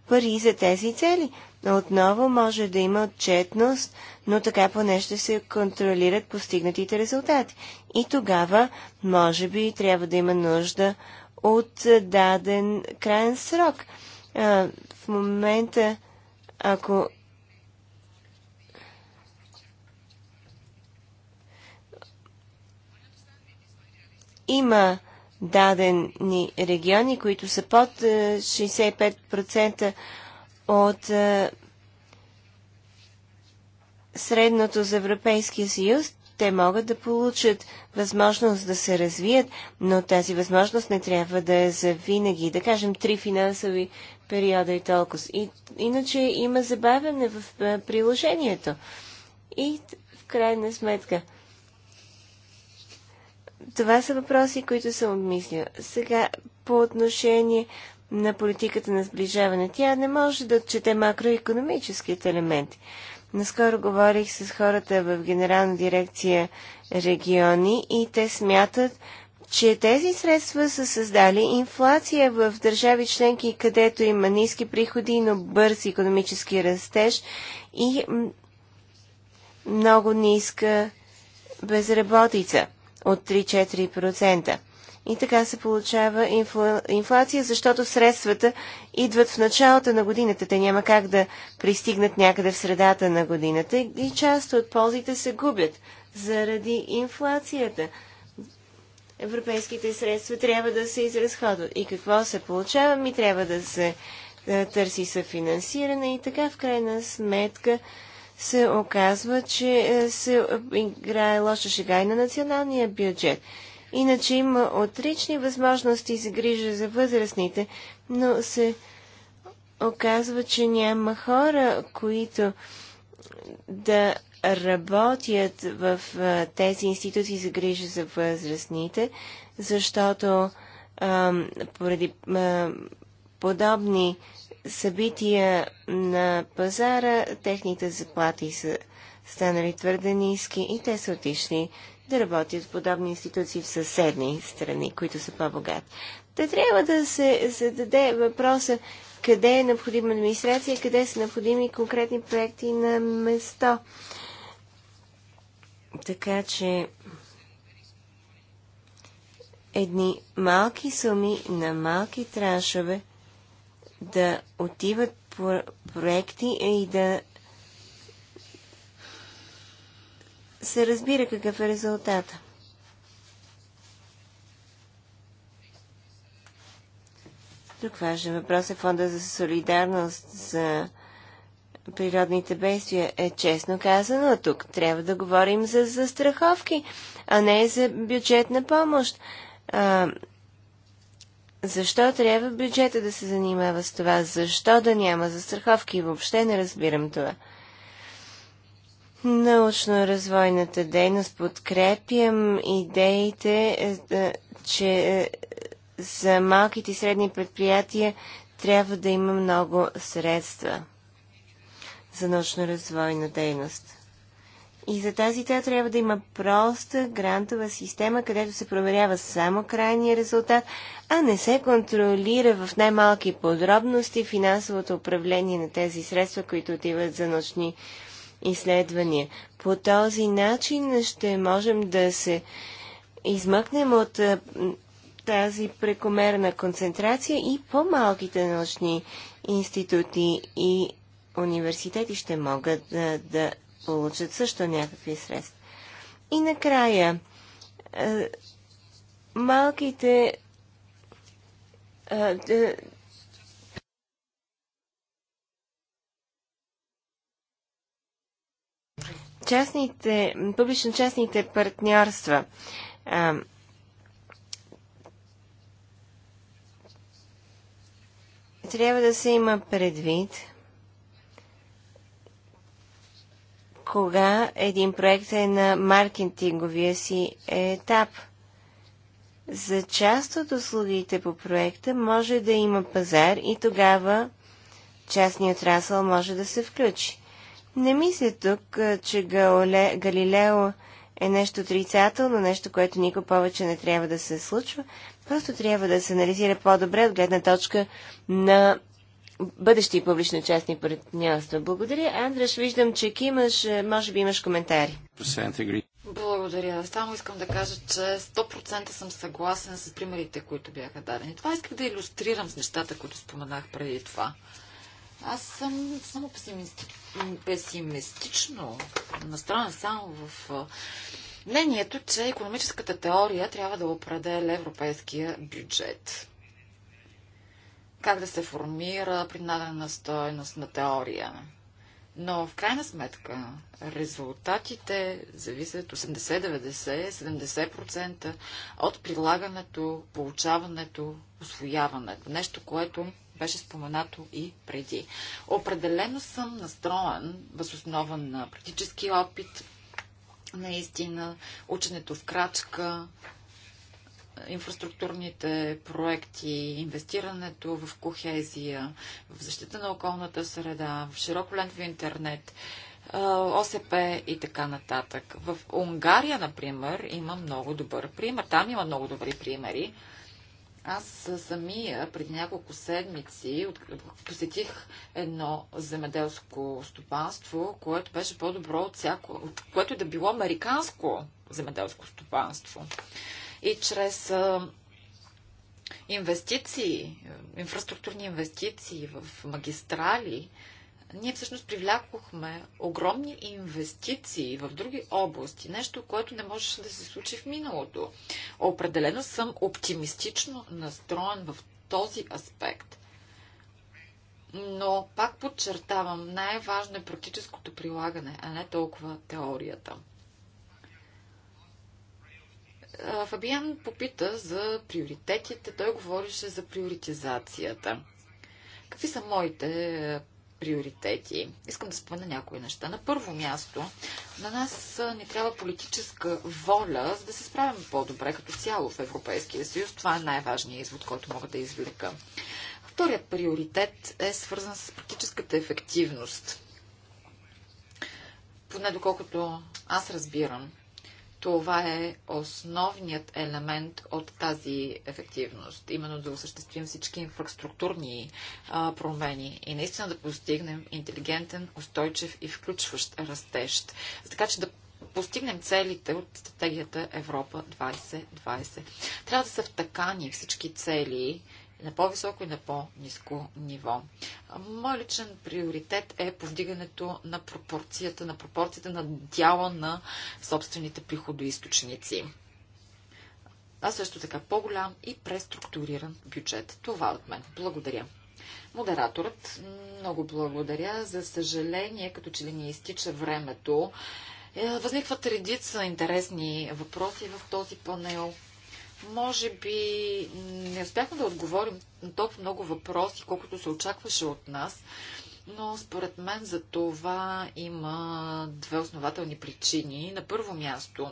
пари за тези цели? Отново може да има отчетност, но така поне ще се контролират постигнатите резултати. И тогава, може би, трябва да има нужда от даден крайен срок – в момента, ако има дадени региони, които са под 65% от средното за Европейския съюз, те могат да получат възможност да се развият, но тази възможност не трябва да е за винаги. Да кажем, три финансови периода и толкова. И, иначе има забавяне в приложението. И в крайна сметка. Това са въпроси, които съм обмислила. Сега, по отношение на политиката на сближаване, тя не може да отчете макроекономическите елементи. Наскоро говорих с хората в Генерална дирекция региони и те смятат, че тези средства са създали инфлация в държави членки, където има ниски приходи, но бърз економически растеж и много ниска безработица от 3-4%. И така се получава инфла... инфлация, защото средствата идват в началото на годината. Те няма как да пристигнат някъде в средата на годината и част от ползите се губят заради инфлацията европейските средства трябва да се изразходват. И какво се получава? Ми трябва да се да търси съфинансиране и така в крайна сметка се оказва, че е, се играе лоша шега и на националния бюджет. Иначе има отлични възможности за грижа за възрастните, но се оказва, че няма хора, които да работят в тези институции за грижа за възрастните, защото поради подобни събития на пазара, техните заплати са станали твърде ниски и те са отишли да работят в подобни институции в съседни страни, които са по-богати. Те трябва да се зададе въпроса къде е необходима администрация, къде са необходими конкретни проекти на место. Така че едни малки суми на малки траншове да отиват по проекти и да се разбира какъв е резултата. Друг важен въпрос е фонда за солидарност за природните бедствия е честно казано. а Тук трябва да говорим за застраховки, а не за бюджетна помощ. А, защо трябва бюджета да се занимава с това? Защо да няма застраховки? Въобще не разбирам това. Научно-развойната дейност подкрепям идеите, е, е, че е, за малките и средни предприятия трябва да има много средства за научно-развойна дейност. И за тази цел трябва да има проста грантова система, където се проверява само крайния резултат, а не се контролира в най-малки подробности финансовото управление на тези средства, които отиват за научни изследвания. По този начин ще можем да се измъкнем от тази прекомерна концентрация и по-малките научни институти и университети ще могат да, да получат също някакви средства. И накрая, е, малките е, е, частните, публично-частните партньорства. трябва да се има предвид, кога един проект е на маркетинговия си етап. За част от услугите по проекта може да има пазар и тогава частният отрасъл може да се включи. Не мисля тук, че Галилео е нещо отрицателно, нещо, което никога повече не трябва да се случва. Просто трябва да се анализира по-добре от гледна точка на бъдещи публично-частни партньорства. Благодаря. Андреш, виждам, че имаш, е, може би имаш коментари. Благодаря. Само искам да кажа, че 100% съм съгласен с примерите, които бяха дадени. Това исках да иллюстрирам с нещата, които споменах преди това. Аз съм само песимисти... песимистично настроен само в мнението, че економическата теория трябва да определя европейския бюджет как да се формира принадена стоеност на теория. Но в крайна сметка резултатите зависят 80-90-70% от прилагането, получаването, освояването. Нещо, което беше споменато и преди. Определено съм настроен, възоснова на практически опит, наистина, ученето в крачка, инфраструктурните проекти, инвестирането в кохезия, в защита на околната среда, в широколентови интернет, ОСП и така нататък. В Унгария, например, има много добър пример. Там има много добри примери. Аз самия преди няколко седмици посетих едно земеделско стопанство, което беше по-добро от всяко, от което е да било американско земеделско стопанство и чрез инвестиции, инфраструктурни инвестиции в магистрали, ние всъщност привлякохме огромни инвестиции в други области, нещо, което не можеше да се случи в миналото. Определено съм оптимистично настроен в този аспект. Но, пак подчертавам, най-важно е практическото прилагане, а не толкова теорията. Фабиан попита за приоритетите. Той говореше за приоритизацията. Какви са моите е, приоритети. Искам да спомена някои неща. На първо място, на нас е, ни трябва политическа воля, за да се справим по-добре като цяло в Европейския съюз. Това е най-важният извод, който мога да извлека. Вторият приоритет е свързан с практическата ефективност. Поне доколкото аз разбирам, това е основният елемент от тази ефективност. Именно да осъществим всички инфраструктурни а, промени и наистина да постигнем интелигентен, устойчив и включващ растеж. Така че да постигнем целите от стратегията Европа 2020. Трябва да са втакани всички цели, на по-високо и на по-низко ниво. Мой личен приоритет е повдигането на пропорцията, на пропорцията на дяла на собствените приходоисточници. А също така по-голям и преструктуриран бюджет. Това е от мен. Благодаря. Модераторът, много благодаря. За съжаление, като че ли ни изтича времето, е, възникват редица интересни въпроси в този панел. Може би не успяхме да отговорим на толкова много въпроси, колкото се очакваше от нас, но според мен за това има две основателни причини. На първо място,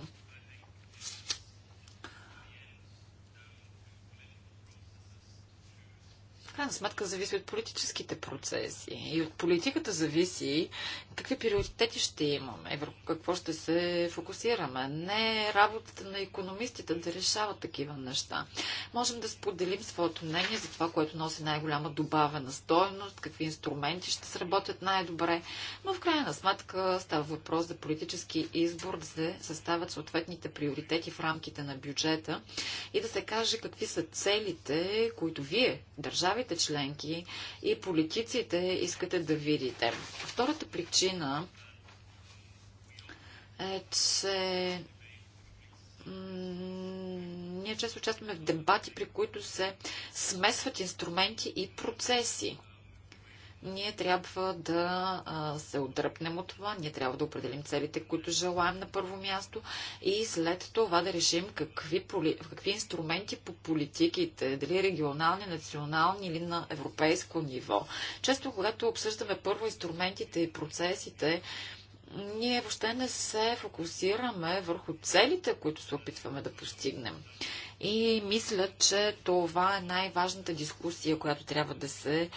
крайна сметка зависи от политическите процеси и от политиката зависи какви приоритети ще имаме, върху какво ще се фокусираме. Не е работата на економистите да решават такива неща. Можем да споделим своето мнение за това, което носи най-голяма добавена стоеност, какви инструменти ще сработят най-добре, но в крайна сметка става въпрос за политически избор, да се съставят съответните приоритети в рамките на бюджета и да се каже какви са целите, които вие, държавите членки и политиците искате да видите. Втората причина причина е, че ние често участваме в дебати, при които се смесват инструменти и процеси. Ние трябва да се отдръпнем от това, ние трябва да определим целите, които желаем на първо място и след това да решим какви, поли... какви инструменти по политиките, дали регионални, национални или на европейско ниво. Често, когато обсъждаме първо инструментите и процесите, ние въобще не се фокусираме върху целите, които се опитваме да постигнем. И мисля, че това е най-важната дискусия, която трябва да се е,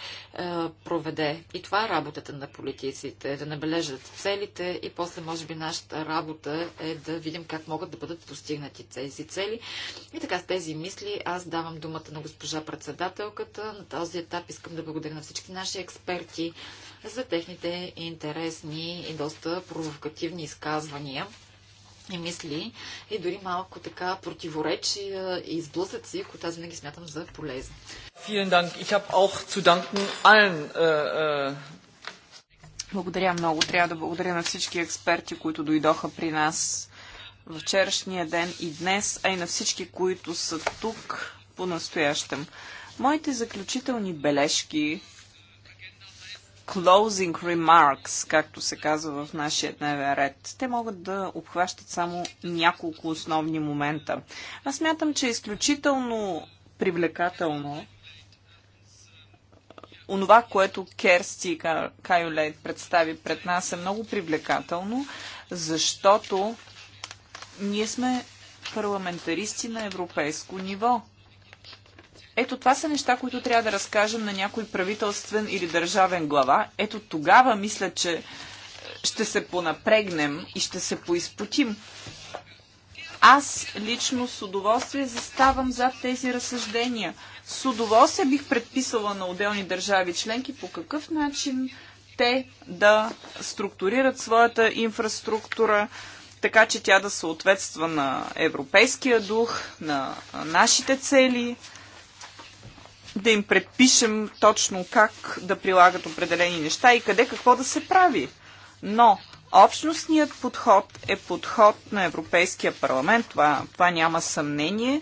проведе. И това е работата на политиците, да набележат целите и после, може би, нашата работа е да видим как могат да бъдат постигнати тези цели. И така, с тези мисли аз давам думата на госпожа председателката. На този етап искам да благодаря на всички наши експерти, за техните интересни и доста провокативни изказвания и мисли и дори малко така противоречия и изблъсъци, които аз винаги смятам за полезни. Äh, äh, благодаря много. Трябва да благодаря на всички експерти, които дойдоха при нас вчерашния ден и днес, а и на всички, които са тук по-настоящем. Моите заключителни бележки closing remarks, както се казва в нашия дневен ред. Те могат да обхващат само няколко основни момента. Аз мятам, че е изключително привлекателно онова, което Керсти Кайолейт представи пред нас е много привлекателно, защото ние сме парламентаристи на европейско ниво. Ето това са неща, които трябва да разкажем на някой правителствен или държавен глава. Ето тогава мисля, че е, ще се понапрегнем и ще се поизпотим. Аз лично с удоволствие заставам зад тези разсъждения. С удоволствие бих предписала на отделни държави членки по какъв начин те да структурират своята инфраструктура, така че тя да съответства на европейския дух, на нашите цели, да им предпишем точно как да прилагат определени неща и къде какво да се прави. Но общностният подход е подход на Европейския парламент, това, това няма съмнение,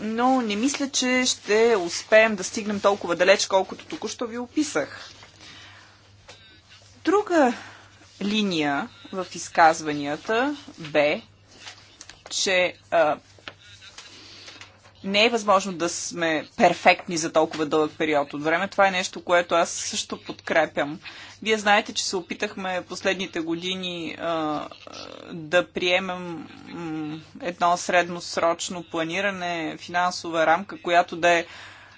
но не мисля, че ще успеем да стигнем толкова далеч, колкото току-що ви описах. Друга линия в изказванията бе, че а, не е възможно да сме перфектни за толкова дълъг период от време. Това е нещо, което аз също подкрепям. Вие знаете, че се опитахме последните години а, да приемем едно средносрочно планиране, финансова рамка, която да е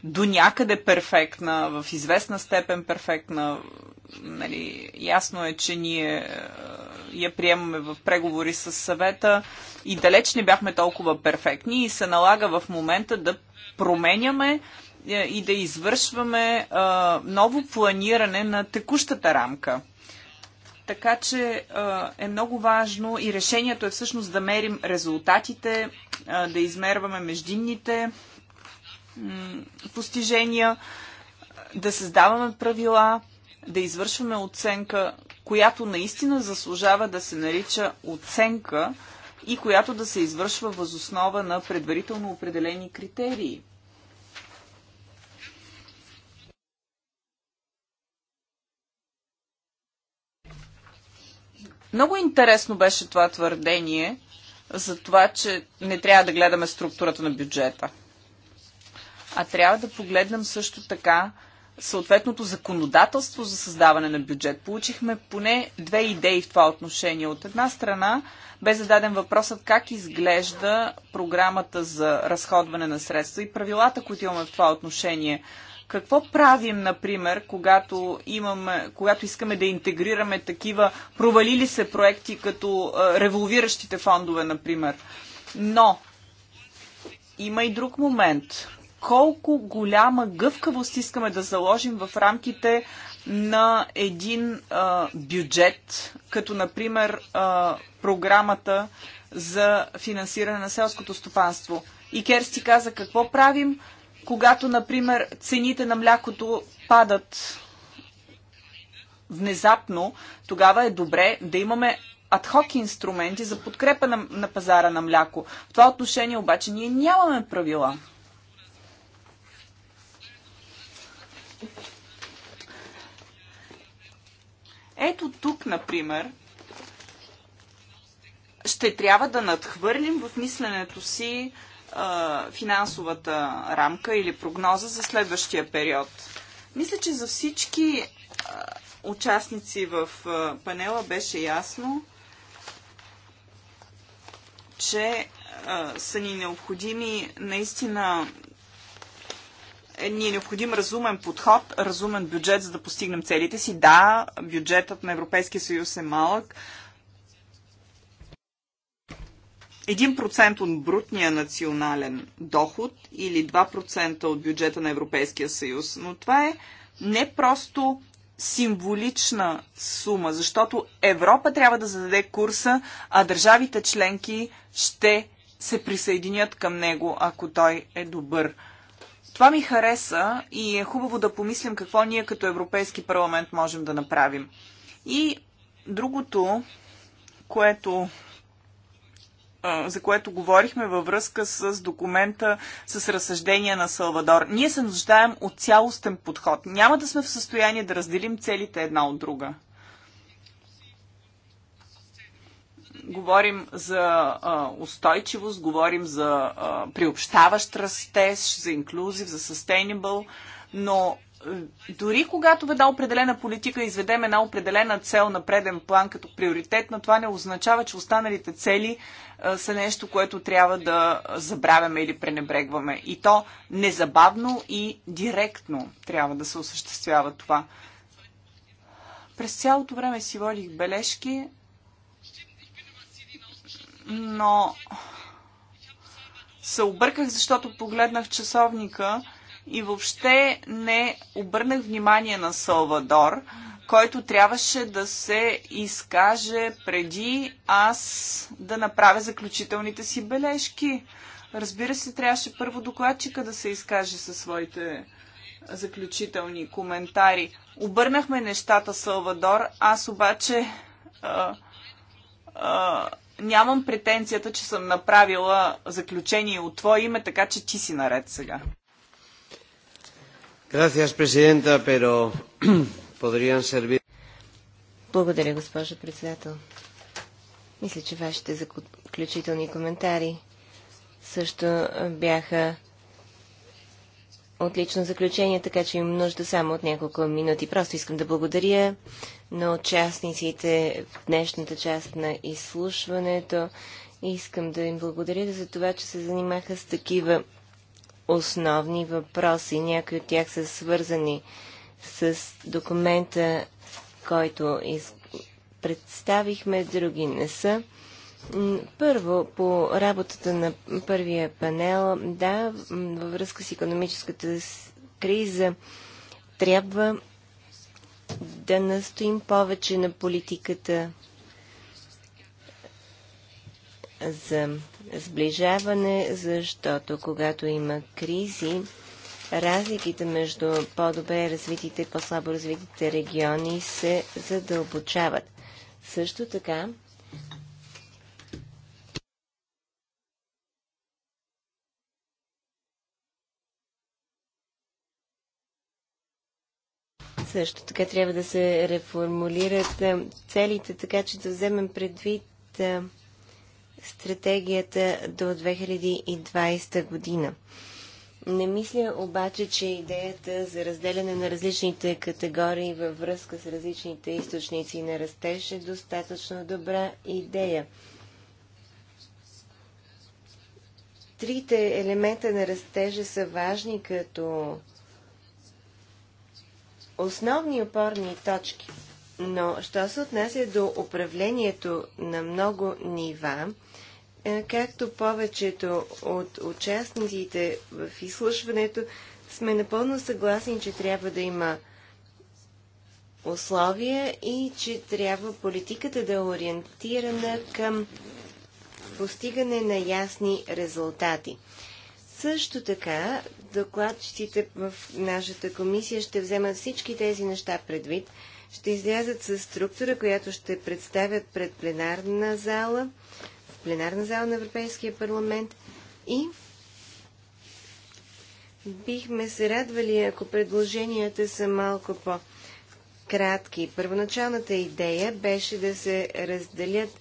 до някъде перфектна, в известна степен перфектна. Нали, ясно е, че ние я приемаме в преговори с съвета и далеч не бяхме толкова перфектни и се налага в момента да променяме е, и да извършваме а, е, ново планиране на текущата рамка. Така че а, е, е много важно и решението е всъщност да мерим резултатите, а, да измерваме междинните постижения, да създаваме правила, да извършваме оценка която наистина заслужава да се нарича оценка и която да се извършва възоснова на предварително определени критерии. Много интересно беше това твърдение за това, че не трябва да гледаме структурата на бюджета. А трябва да погледнем също така съответното законодателство за създаване на бюджет. Получихме поне две идеи в това отношение. От една страна бе зададен въпросът как изглежда програмата за разходване на средства и правилата, които имаме в това отношение. Какво правим, например, когато, имаме, когато искаме да интегрираме такива провалили се проекти, като револвиращите фондове, например? Но има и друг момент – колко голяма гъвкавост искаме да заложим в рамките на един а, бюджет, като например а, програмата за финансиране на селското стопанство. И Керсти каза какво правим, когато, например, цените на млякото падат внезапно, тогава е добре да имаме адхок инструменти за подкрепа на, на пазара на мляко. В това отношение обаче ние нямаме правила. Ето тук, например, ще трябва да надхвърлим в мисленето си а, финансовата рамка или прогноза за следващия период. Мисля, че за всички а, участници в а, панела беше ясно, че а, са ни необходими наистина ни е необходим разумен подход, разумен бюджет, за да постигнем целите си. Да, бюджетът на Европейския съюз е малък. 1% от брутния национален доход или 2% от бюджета на Европейския съюз. Но това е не просто символична сума, защото Европа трябва да зададе курса, а държавите членки ще се присъединят към него, ако той е добър. Това ми хареса и е хубаво да помислим какво ние като Европейски парламент можем да направим. И другото, което за което говорихме във връзка с документа с разсъждения на Салвадор. Ние се нуждаем от цялостен подход. Няма да сме в състояние да разделим целите една от друга. Говорим за устойчивост, говорим за приобщаващ растеж, за инклюзив, за sustainable, но дори когато веда определена политика и изведем една определена цел на преден план като приоритет, но това не означава, че останалите цели а, са нещо, което трябва да забравяме или пренебрегваме. И то незабавно и директно трябва да се осъществява това. През цялото време си водих бележки, но се обърках, защото погледнах часовника и въобще не обърнах внимание на Салвадор, който трябваше да се изкаже преди аз да направя заключителните си бележки. Разбира се, трябваше първо докладчика да се изкаже със своите заключителни коментари. Обърнахме нещата, Салвадор. Аз обаче а, а, нямам претенцията, че съм направила заключение от твое име, така че ти си наред сега. Благодаря, госпожо председател. Мисля, че вашите заключителни коментари също бяха отлично заключение, така че имам нужда само от няколко минути. Просто искам да благодаря на участниците в днешната част на изслушването. Искам да им благодаря за това, че се занимаха с такива основни въпроси. Някои от тях са свързани с документа, който из... представихме, други не са. Първо, по работата на първия панел, да, във връзка с економическата криза, трябва да настоим повече на политиката за сближаване, защото когато има кризи, разликите между по-добре развитите и по-слабо развитите региони се задълбочават. Също така, Също така трябва да се реформулират целите, така че да вземем предвид стратегията до 2020 година. Не мисля обаче, че идеята за разделяне на различните категории във връзка с различните източници на растеж е достатъчно добра идея. Трите елемента на растежа са важни като основни опорни точки. Но, що се отнася до управлението на много нива, е, както повечето от участниците в изслушването, сме напълно съгласни, че трябва да има условия и че трябва политиката да е ориентирана към постигане на ясни резултати. Също така докладчиците в нашата комисия ще вземат всички тези неща предвид, ще излязат с структура, която ще представят пред пленарна зала, в пленарна зала на Европейския парламент и бихме се радвали, ако предложенията са малко по-кратки. Първоначалната идея беше да се разделят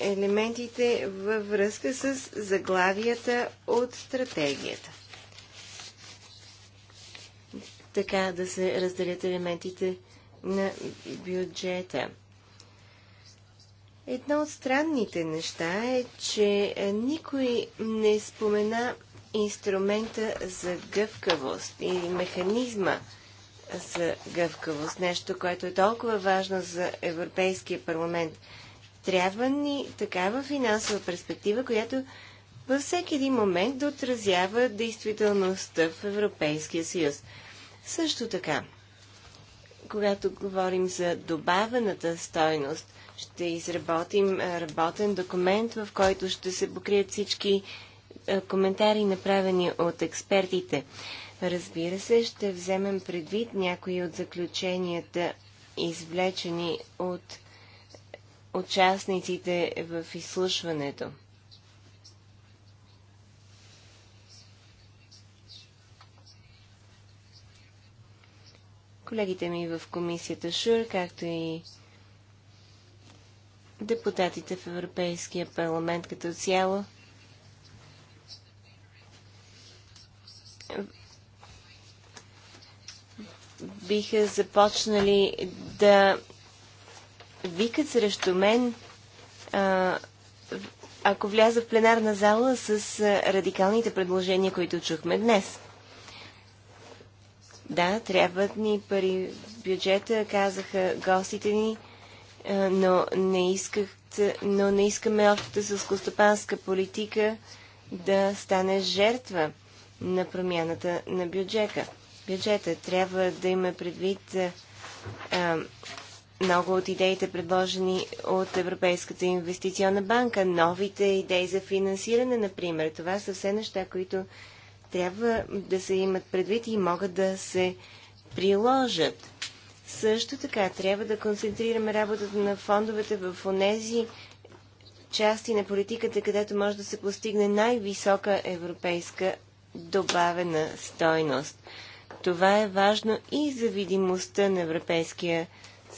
елементите във връзка с заглавията от стратегията. Така да се разделят елементите на бюджета. Едно от странните неща е, че никой не спомена инструмента за гъвкавост и механизма за гъвкавост, нещо, което е толкова важно за Европейския парламент – трябва ни такава финансова перспектива, която във всеки един момент да отразява действителността в Европейския съюз. Също така, когато говорим за добавената стойност, ще изработим работен документ, в който ще се покрият всички коментари, направени от експертите. Разбира се, ще вземем предвид някои от заключенията, извлечени от участниците в изслушването. Колегите ми в комисията ШУР, както и депутатите в Европейския парламент като цяло, биха започнали да викат срещу мен, а, ако вляза в пленарна зала с радикалните предложения, които чухме днес. Да, трябват ни пари в бюджета, казаха гостите ни, но не, исках, но не искаме общата костопанска политика да стане жертва на промяната на бюджета. Бюджета трябва да има предвид а, много от идеите, предложени от Европейската инвестиционна банка, новите идеи за финансиране, например. Това са все неща, които трябва да се имат предвид и могат да се приложат. Също така трябва да концентрираме работата на фондовете в онези части на политиката, където може да се постигне най-висока европейска добавена стойност. Това е важно и за видимостта на Европейския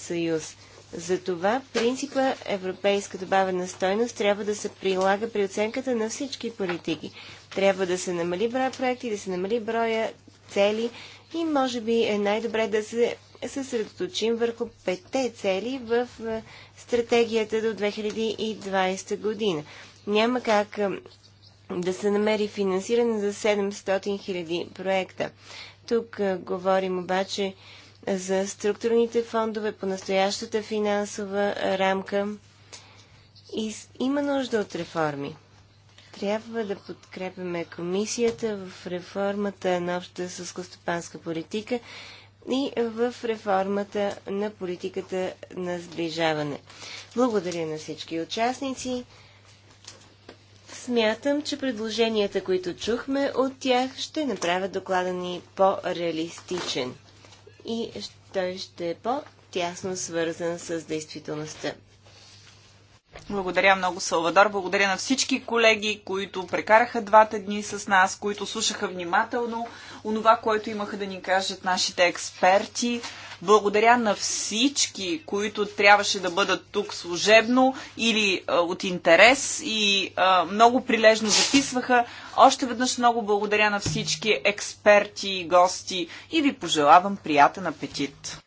съюз. Затова принципа европейска добавена стойност трябва да се прилага при оценката на всички политики. Трябва да се намали броя проекти, да се намали броя цели и може би е най-добре да се съсредоточим върху петте цели в е, стратегията до 2020 година. Няма как е, да се намери финансиране за 700 000 проекта. Тук е, говорим обаче за структурните фондове по настоящата финансова рамка и има нужда от реформи. Трябва да подкрепяме комисията в реформата на общата съскостопанска политика и в реформата на политиката на сближаване. Благодаря на всички участници. Смятам, че предложенията, които чухме от тях, ще направят доклада ни по-реалистичен и той ще е по-тясно свързан с действителността. Благодаря много, Салвадор. Благодаря на всички колеги, които прекараха двата дни с нас, които слушаха внимателно онова, което имаха да ни кажат нашите експерти. Благодаря на всички, които трябваше да бъдат тук служебно или а, от интерес и а, много прилежно записваха. Още веднъж много благодаря на всички експерти и гости и ви пожелавам приятен апетит!